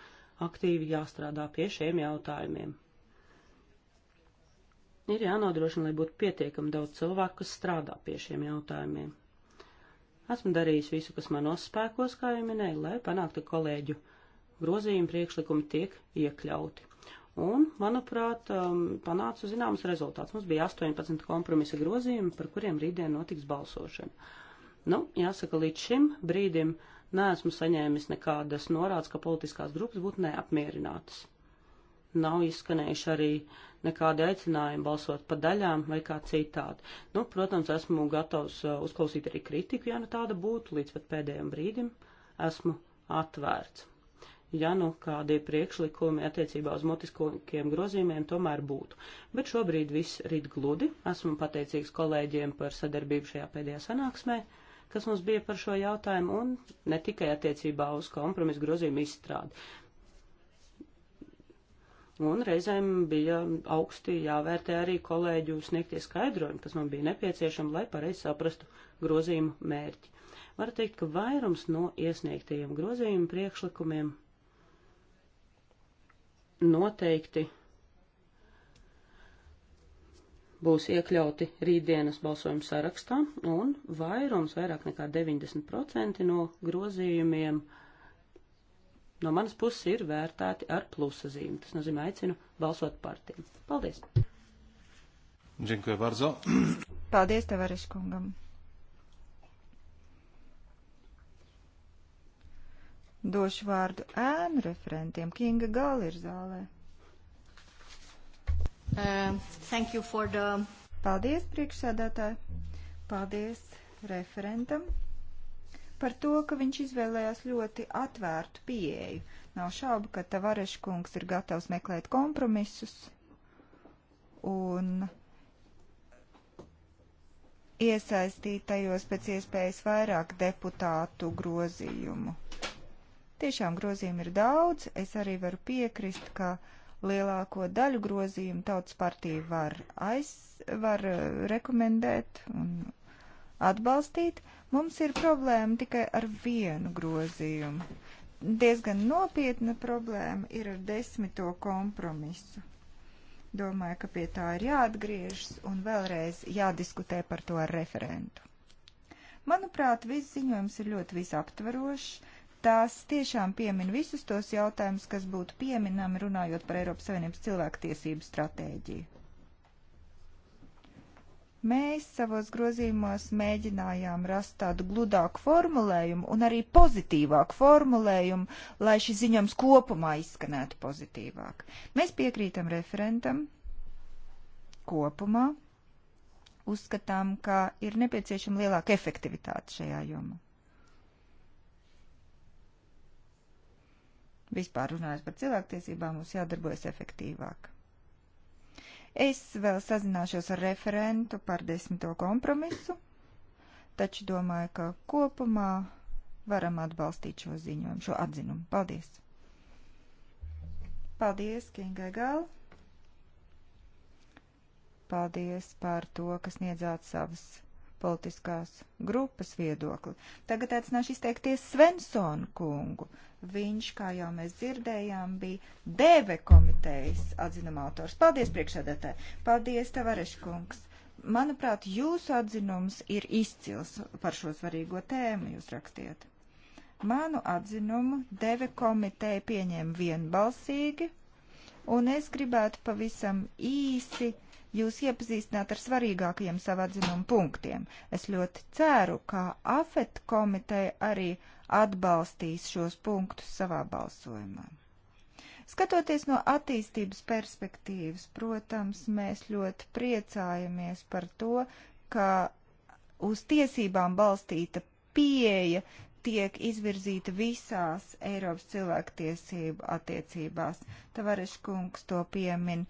aktīvi jāstrādā pie šiem jautājumiem. Ir jānodrošina, lai būtu pietiekami daudz cilvēku, kas strādā pie šiem jautājumiem. Esmu darījis visu, kas manos spēkos, kā jau minēju, lai panāktu kolēģu grozījumu priekšlikumi tiek iekļauti. Un, manuprāt, um, panāca zināms rezultāts. Mums bija 18 kompromisa grozījumi, par kuriem rītdien notiks balsošana. Nu, jāsaka, līdz šim brīdim uh, neesmu saņēmis nekādas norādes, ka politiskās grupas būtu neapmierinātas. Nav izskanējuši arī nekādi aicinājumi balsot pa daļām vai kā citādi. Nu, protams, esmu gatavs uh, uzklausīt arī kritiku, ja nu tāda būtu, līdz pat pēdējiem brīdim esmu atvērts. Ja nu kādi priekšlikumi attiecībā uz motiskiem grozījumiem tomēr būtu. Bet šobrīd viss rit gludi. Esmu pateicīgs kolēģiem par sadarbību šajā pēdējā sanāksmē. Uh, kas mums bija par šo jautājumu un ne tikai attiecībā uz kompromisu grozījumu izstrādi. Un reizēm bija augsti jāvērtē arī kolēģu sniegtie skaidrojumi, kas man bija nepieciešami, lai pareizi saprastu grozījumu mērķi. Var teikt, ka vairums no iesniegtajiem grozījumu priekšlikumiem noteikti būs iekļauti rītdienas balsojuma sarakstā, un vairums, vairāk nekā 90% no grozījumiem no manas puses ir vērtēti ar plusa zīmi. Tas nozīmē, aicinu balsot par tiem. Paldies! Dziękuję bardzo. Paldies, Tavares kungam. Došu vārdu ēnu referentiem. Kinga Gala ir zālē. Uh, the... Paldies, priekšsēdētāji. Paldies referentam par to, ka viņš izvēlējās ļoti atvērtu pieeju. Nav šaubu, ka Tavareškungs ir gatavs meklēt kompromisus un iesaistītajos pēc iespējas vairāk deputātu grozījumu. Tiešām grozījumu ir daudz, es arī varu piekrist, ka uh, Lielāko daļu grozījumu tautas partija var, aiz, var eh, rekomendēt un atbalstīt. Mums ir problēma tikai ar vienu grozījumu. Diezgan nopietna problēma ir ar desmito kompromisu. Domāju, ka pie tā ir jāatgriežas un vēlreiz jādiskutē par to ar referentu. Manuprāt, viss ziņojums ir ļoti visaptverošs Tās tiešām piemin visus tos jautājumus, kas būtu pieminami runājot par Eiropas Savienības cilvēktiesību stratēģiju. Mēs savos grozījumos mēģinājām rast tādu gludāku formulējumu un arī pozitīvāku formulējumu, lai šis ziņojums kopumā izskanētu pozitīvāk. Mēs piekrītam referentam kopumā, uzskatām, ka ir nepieciešama lielāka efektivitāte šajā jomā. Vispār runājot par cilvēktiesībām, mums jādarbojas efektīvāk. Es vēl sazināšos ar referentu par desmito kompromisu, taču domāju, ka kopumā varam atbalstīt šo ziņojumu, šo atzinumu. Paldies! Paldies, Kinga Gala! Paldies par to, kas niedzāt savas politiskās grupas viedokli. Tagad aicināšu izteikties Svensonu kungu. Viņš, kā jau mēs dzirdējām, bija DV komitejas atzinuma autors. Paldies, priekšsēdētāji! Paldies, Tavareša kungs! Manuprāt, jūsu atzinums ir izcils par šo svarīgo tēmu, jūs rakstiet. Manu atzinumu DV komiteja pieņēma vienbalsīgi, un es gribētu pavisam īsi jūs iepazīstināt ar svarīgākajiem savā atzinuma punktiem. Es ļoti ceru, ka AFET komiteja arī atbalstīs šos punktus savā balsojumā. Skatoties no attīstības perspektīvas, protams, mēs ļoti priecājamies par to, ka uz tiesībām balstīta pieeja tiek izvirzīta visās Eiropas cilvēktiesību attiecībās. Tavareša kungs to piemin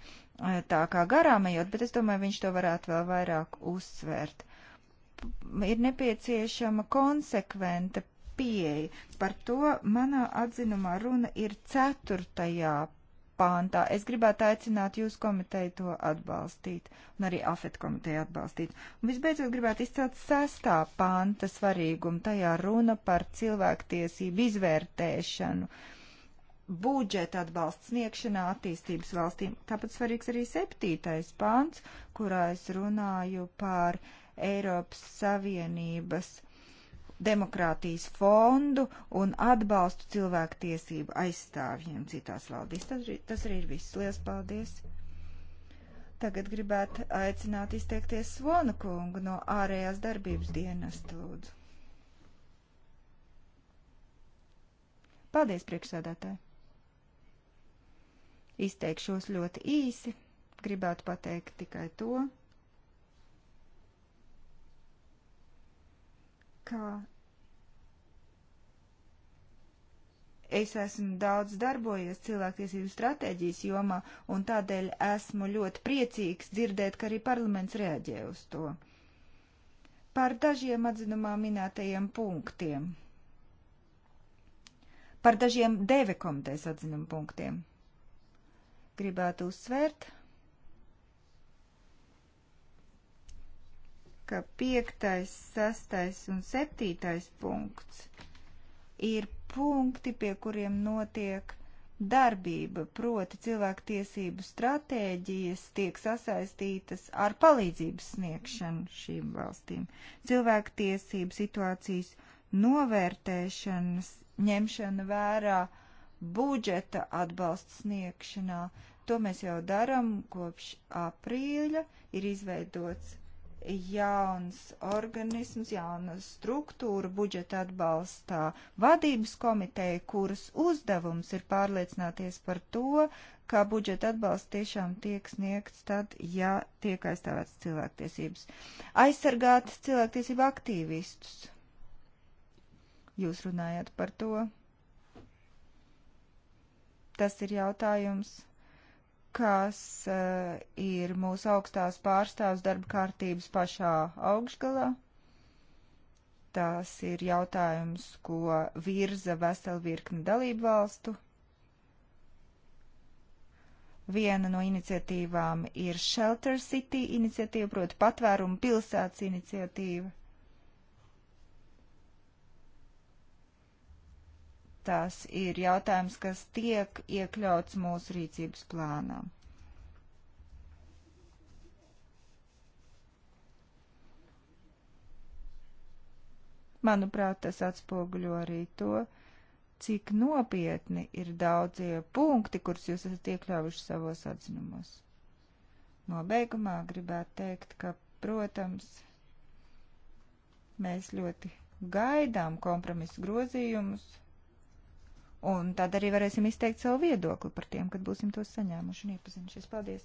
tā kā garām ejot, bet es domāju, viņš to varētu vēl vairāk uzsvērt. Ir nepieciešama konsekventa pieeja. Par to manā atzinumā runa ir ceturtajā pāntā. Es gribētu aicināt jūs komiteju to atbalstīt un arī afet komiteju atbalstīt. Un visbeidzot gribētu izcelt sestā pānta svarīgumu. Tajā runa par cilvēktiesību izvērtēšanu. Uh, budžeta atbalsts sniegšanā attīstības valstīm. Tāpat svarīgs arī septītais pāns, kurā es runāju par Eiropas Savienības demokrātijas fondu un atbalstu cilvēktiesību aizstāvjiem citās valdīs. Tas arī, tas arī ir viss. Lielas paldies! Tagad gribētu aicināt izteikties Svona kungu no ārējās darbības dienesta lūdzu. Paldies, priekšsēdētāji! Izteikšos ļoti īsi, gribētu pateikt tikai to, ka es esmu daudz darbojies cilvēktiesību stratēģijas jomā, un tādēļ esmu ļoti priecīgs dzirdēt, ka arī parlaments reaģē uz to. Par dažiem atzinumā minētajiem punktiem. Par dažiem deve komitejas atzinumu punktiem gribētu uzsvērt, ka piektais, sastais un septītais punkts ir punkti, pie kuriem notiek darbība, proti cilvēktiesību stratēģijas tiek sasaistītas ar palīdzības sniegšanu šīm valstīm. Cilvēktiesību situācijas novērtēšanas ņemšana vērā uh, budžeta atbalsts sniegšanā. To mēs jau darām kopš aprīļa. Ir izveidots jauns organisms, jauna struktūra budžeta atbalstā, vadības komiteja, kuras uzdevums ir pārliecināties par to, ka budžeta atbalsts tiešām tiek sniegts tad, ja tiek aizstāvēts cilvēktiesības. Aizsargāt cilvēktiesību aktīvistus. Jūs runājat par to. Tas ir jautājums, kas uh, ir mūsu augstās pārstāvs darba kārtības pašā augšgalā. Tas ir jautājums, ko virza vesela virkne dalību valstu. Viena no iniciatīvām ir Shelter City iniciatīva, proti patvērumu pilsētas iniciatīva. tas ir jautājums, kas tiek iekļauts mūsu rīcības plānā. Manuprāt, tas atspoguļo arī to, cik nopietni ir daudzie punkti, kurus jūs esat iekļāvuši savos atzinumos. Nobeigumā gribētu teikt, ka, protams, mēs ļoti gaidām kompromisu grozījumus, Un tad arī varēsim izteikt savu viedokli par tiem, kad būsim tos saņēmuši un iepazinušies. Paldies!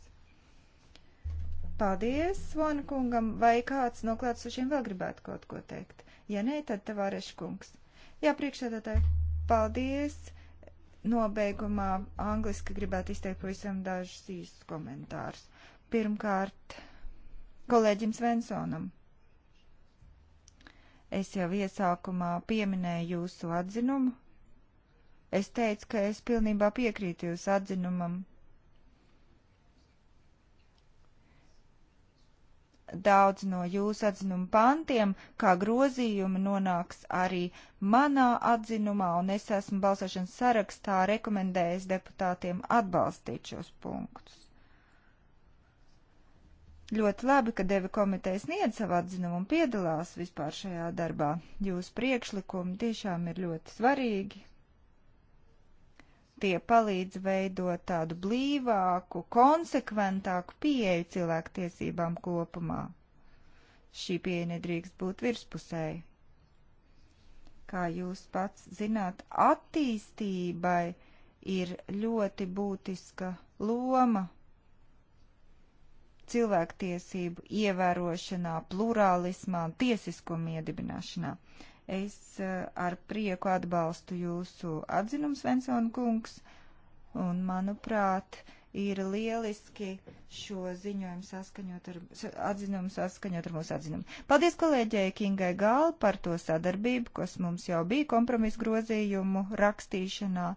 Paldies, Svona kungam! Vai kāds no klātsošiem vēl gribētu kaut ko teikt? Ja nē, tad tavāreša kungs. Jā, priekšsēdētāji, paldies! Nobeigumā angliski gribētu izteikt pavisam dažus īsus komentārus. Pirmkārt, kolēģim Svensonam. Es jau iesākumā pieminēju jūsu atzinumu Es teicu, ka es pilnībā piekrītu jūsu atzinumam. Daudz no jūsu atzinuma pantiem, kā grozījumi, nonāks arī manā atzinumā, un es esmu balsošanas sarakstā rekomendējis deputātiem atbalstīt šos punktus. Ļoti labi, ka Deve komiteja sniedz savu atzinumu un piedalās vispār šajā darbā. Jūsu priekšlikumi tiešām ir ļoti svarīgi tie palīdz veidot tādu blīvāku, konsekventāku pieeju cilvēktiesībām kopumā. Šī pieeja nedrīkst būt virspusēji. Kā jūs pats zināt, attīstībai ir ļoti būtiska loma cilvēktiesību ievērošanā, plurālismā, tiesiskuma iedibināšanā. Es eh, ar prieku atbalstu jūsu atzinums, Vensona kungs, un manuprāt, ir lieliski šo ziņojumu saskaņot ar, atzinumu saskaņot ar mūsu atzinumu. Paldies kolēģei Kingai Gāli par to sadarbību, kas mums jau bija kompromisu grozījumu rakstīšanā.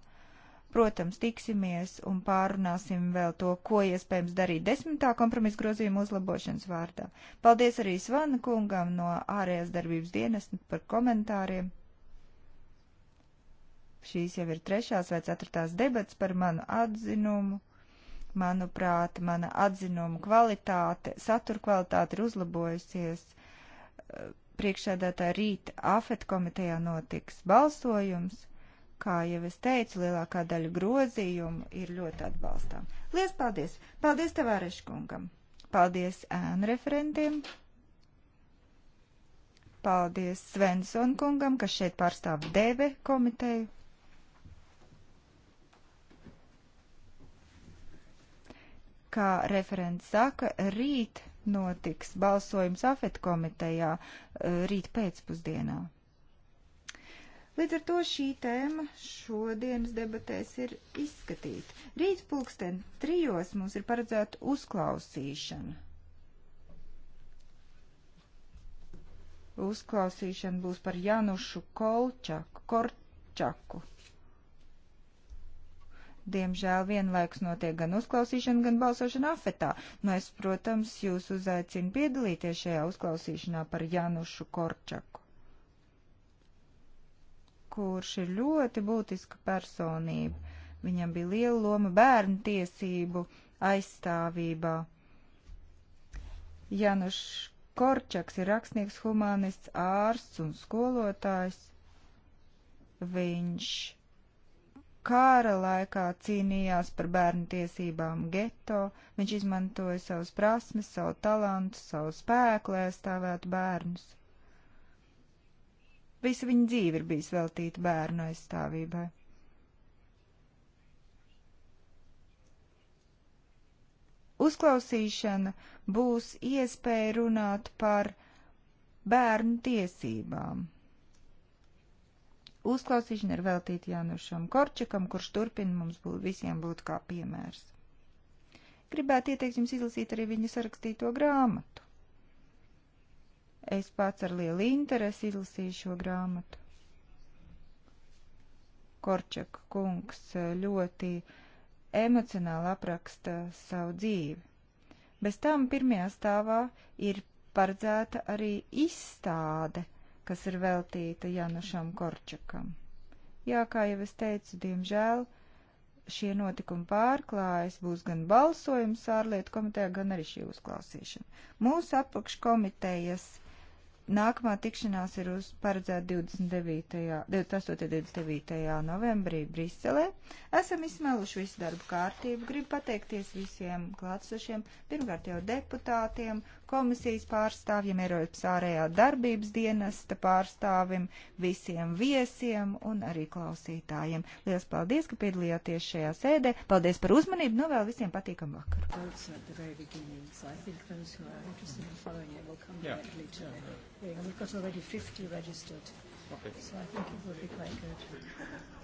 Protams, tiksimies un pārunāsim vēl to, ko iespējams darīt desmitā kompromisa grozījuma uzlabošanas vārdā. Paldies arī Svana kungam no ārējās darbības dienas par komentāriem. Šīs jau ir trešās vai ceturtās debats par manu atzinumu. Manuprāt, mana atzinuma kvalitāte, satura kvalitāte ir uzlabojusies priekšsēdētāja rīta AFET komitejā notiks balsojums, Kā jau es teicu, lielākā daļa grozījumu ir ļoti atbalstām. Lies paldies! Paldies tev, Areškungam! Paldies ēnu referentiem! Paldies Svensson kungam, kas šeit pārstāv DB komiteju! kā referents saka, rīt notiks balsojums afet komitejā, eh, rīt pēcpusdienā. Līdz ar to šī tēma šodienas debatēs ir izskatīta. Rīt pulksten trijos mums ir paredzēta uzklausīšana. Uzklausīšana būs par Janušu Kolčaku, Korčaku. Diemžēl vienlaiks notiek gan uzklausīšana, gan balsošana afetā. Nu, es, protams, jūs uzaicinu piedalīties šajā uzklausīšanā par Janušu Korčaku kurš ir ļoti būtiska personība. Viņam bija liela loma bērnu tiesību aizstāvībā. Janušs Korčaks ir rakstnieks, humanists, ārsts un skolotājs. Viņš kāra laikā cīnījās par bērnu tiesībām geto, viņš izmantoja savas prasmes, savu talantu, savu spēku, lai aizstāvētu bērnus. Visa viņa dzīve ir bijis veltīta bērnu aizstāvībai. Uzklausīšana būs iespēja runāt par bērnu tiesībām. Uzklausīšana ir veltīta Janušam Korčakam, kurš turpina mums būt, visiem būt kā piemērs. Gribētu ieteikt jums izlasīt arī viņa sarakstīto grāmatu. Es pats ar lielu interesi izlasīju šo grāmatu. Korčak kungs eh, ļoti emocionāli apraksta savu dzīvi. Bez tam pirmajā stāvā ir paredzēta arī izstāde, kas ir veltīta Janušam Korčakam. Jā, kā jau es teicu, diemžēl šie notikumi pārklājas, būs gan balsojums ārlietu komitejā, gan arī šī uzklausīšana. Mūsu apakškomitejas Nākamā tikšanās ir uz paredzēta 29. 28. 29. novembrī Briselē. Esam izsmēluši visu darbu kārtību. Gribu pateikties visiem klātsošiem, pirmkārt jau deputātiem komisijas pārstāvjiem, Eiropas ārējā darbības dienesta pārstāvim, visiem viesiem un arī klausītājiem. Lielas paldies, ka piedalījāties šajā sēdē. Paldies par uzmanību. Nu vēl visiem patīkam vakaru. Yeah. Yeah. We've got already 50 registered, okay. so I think it would be quite good.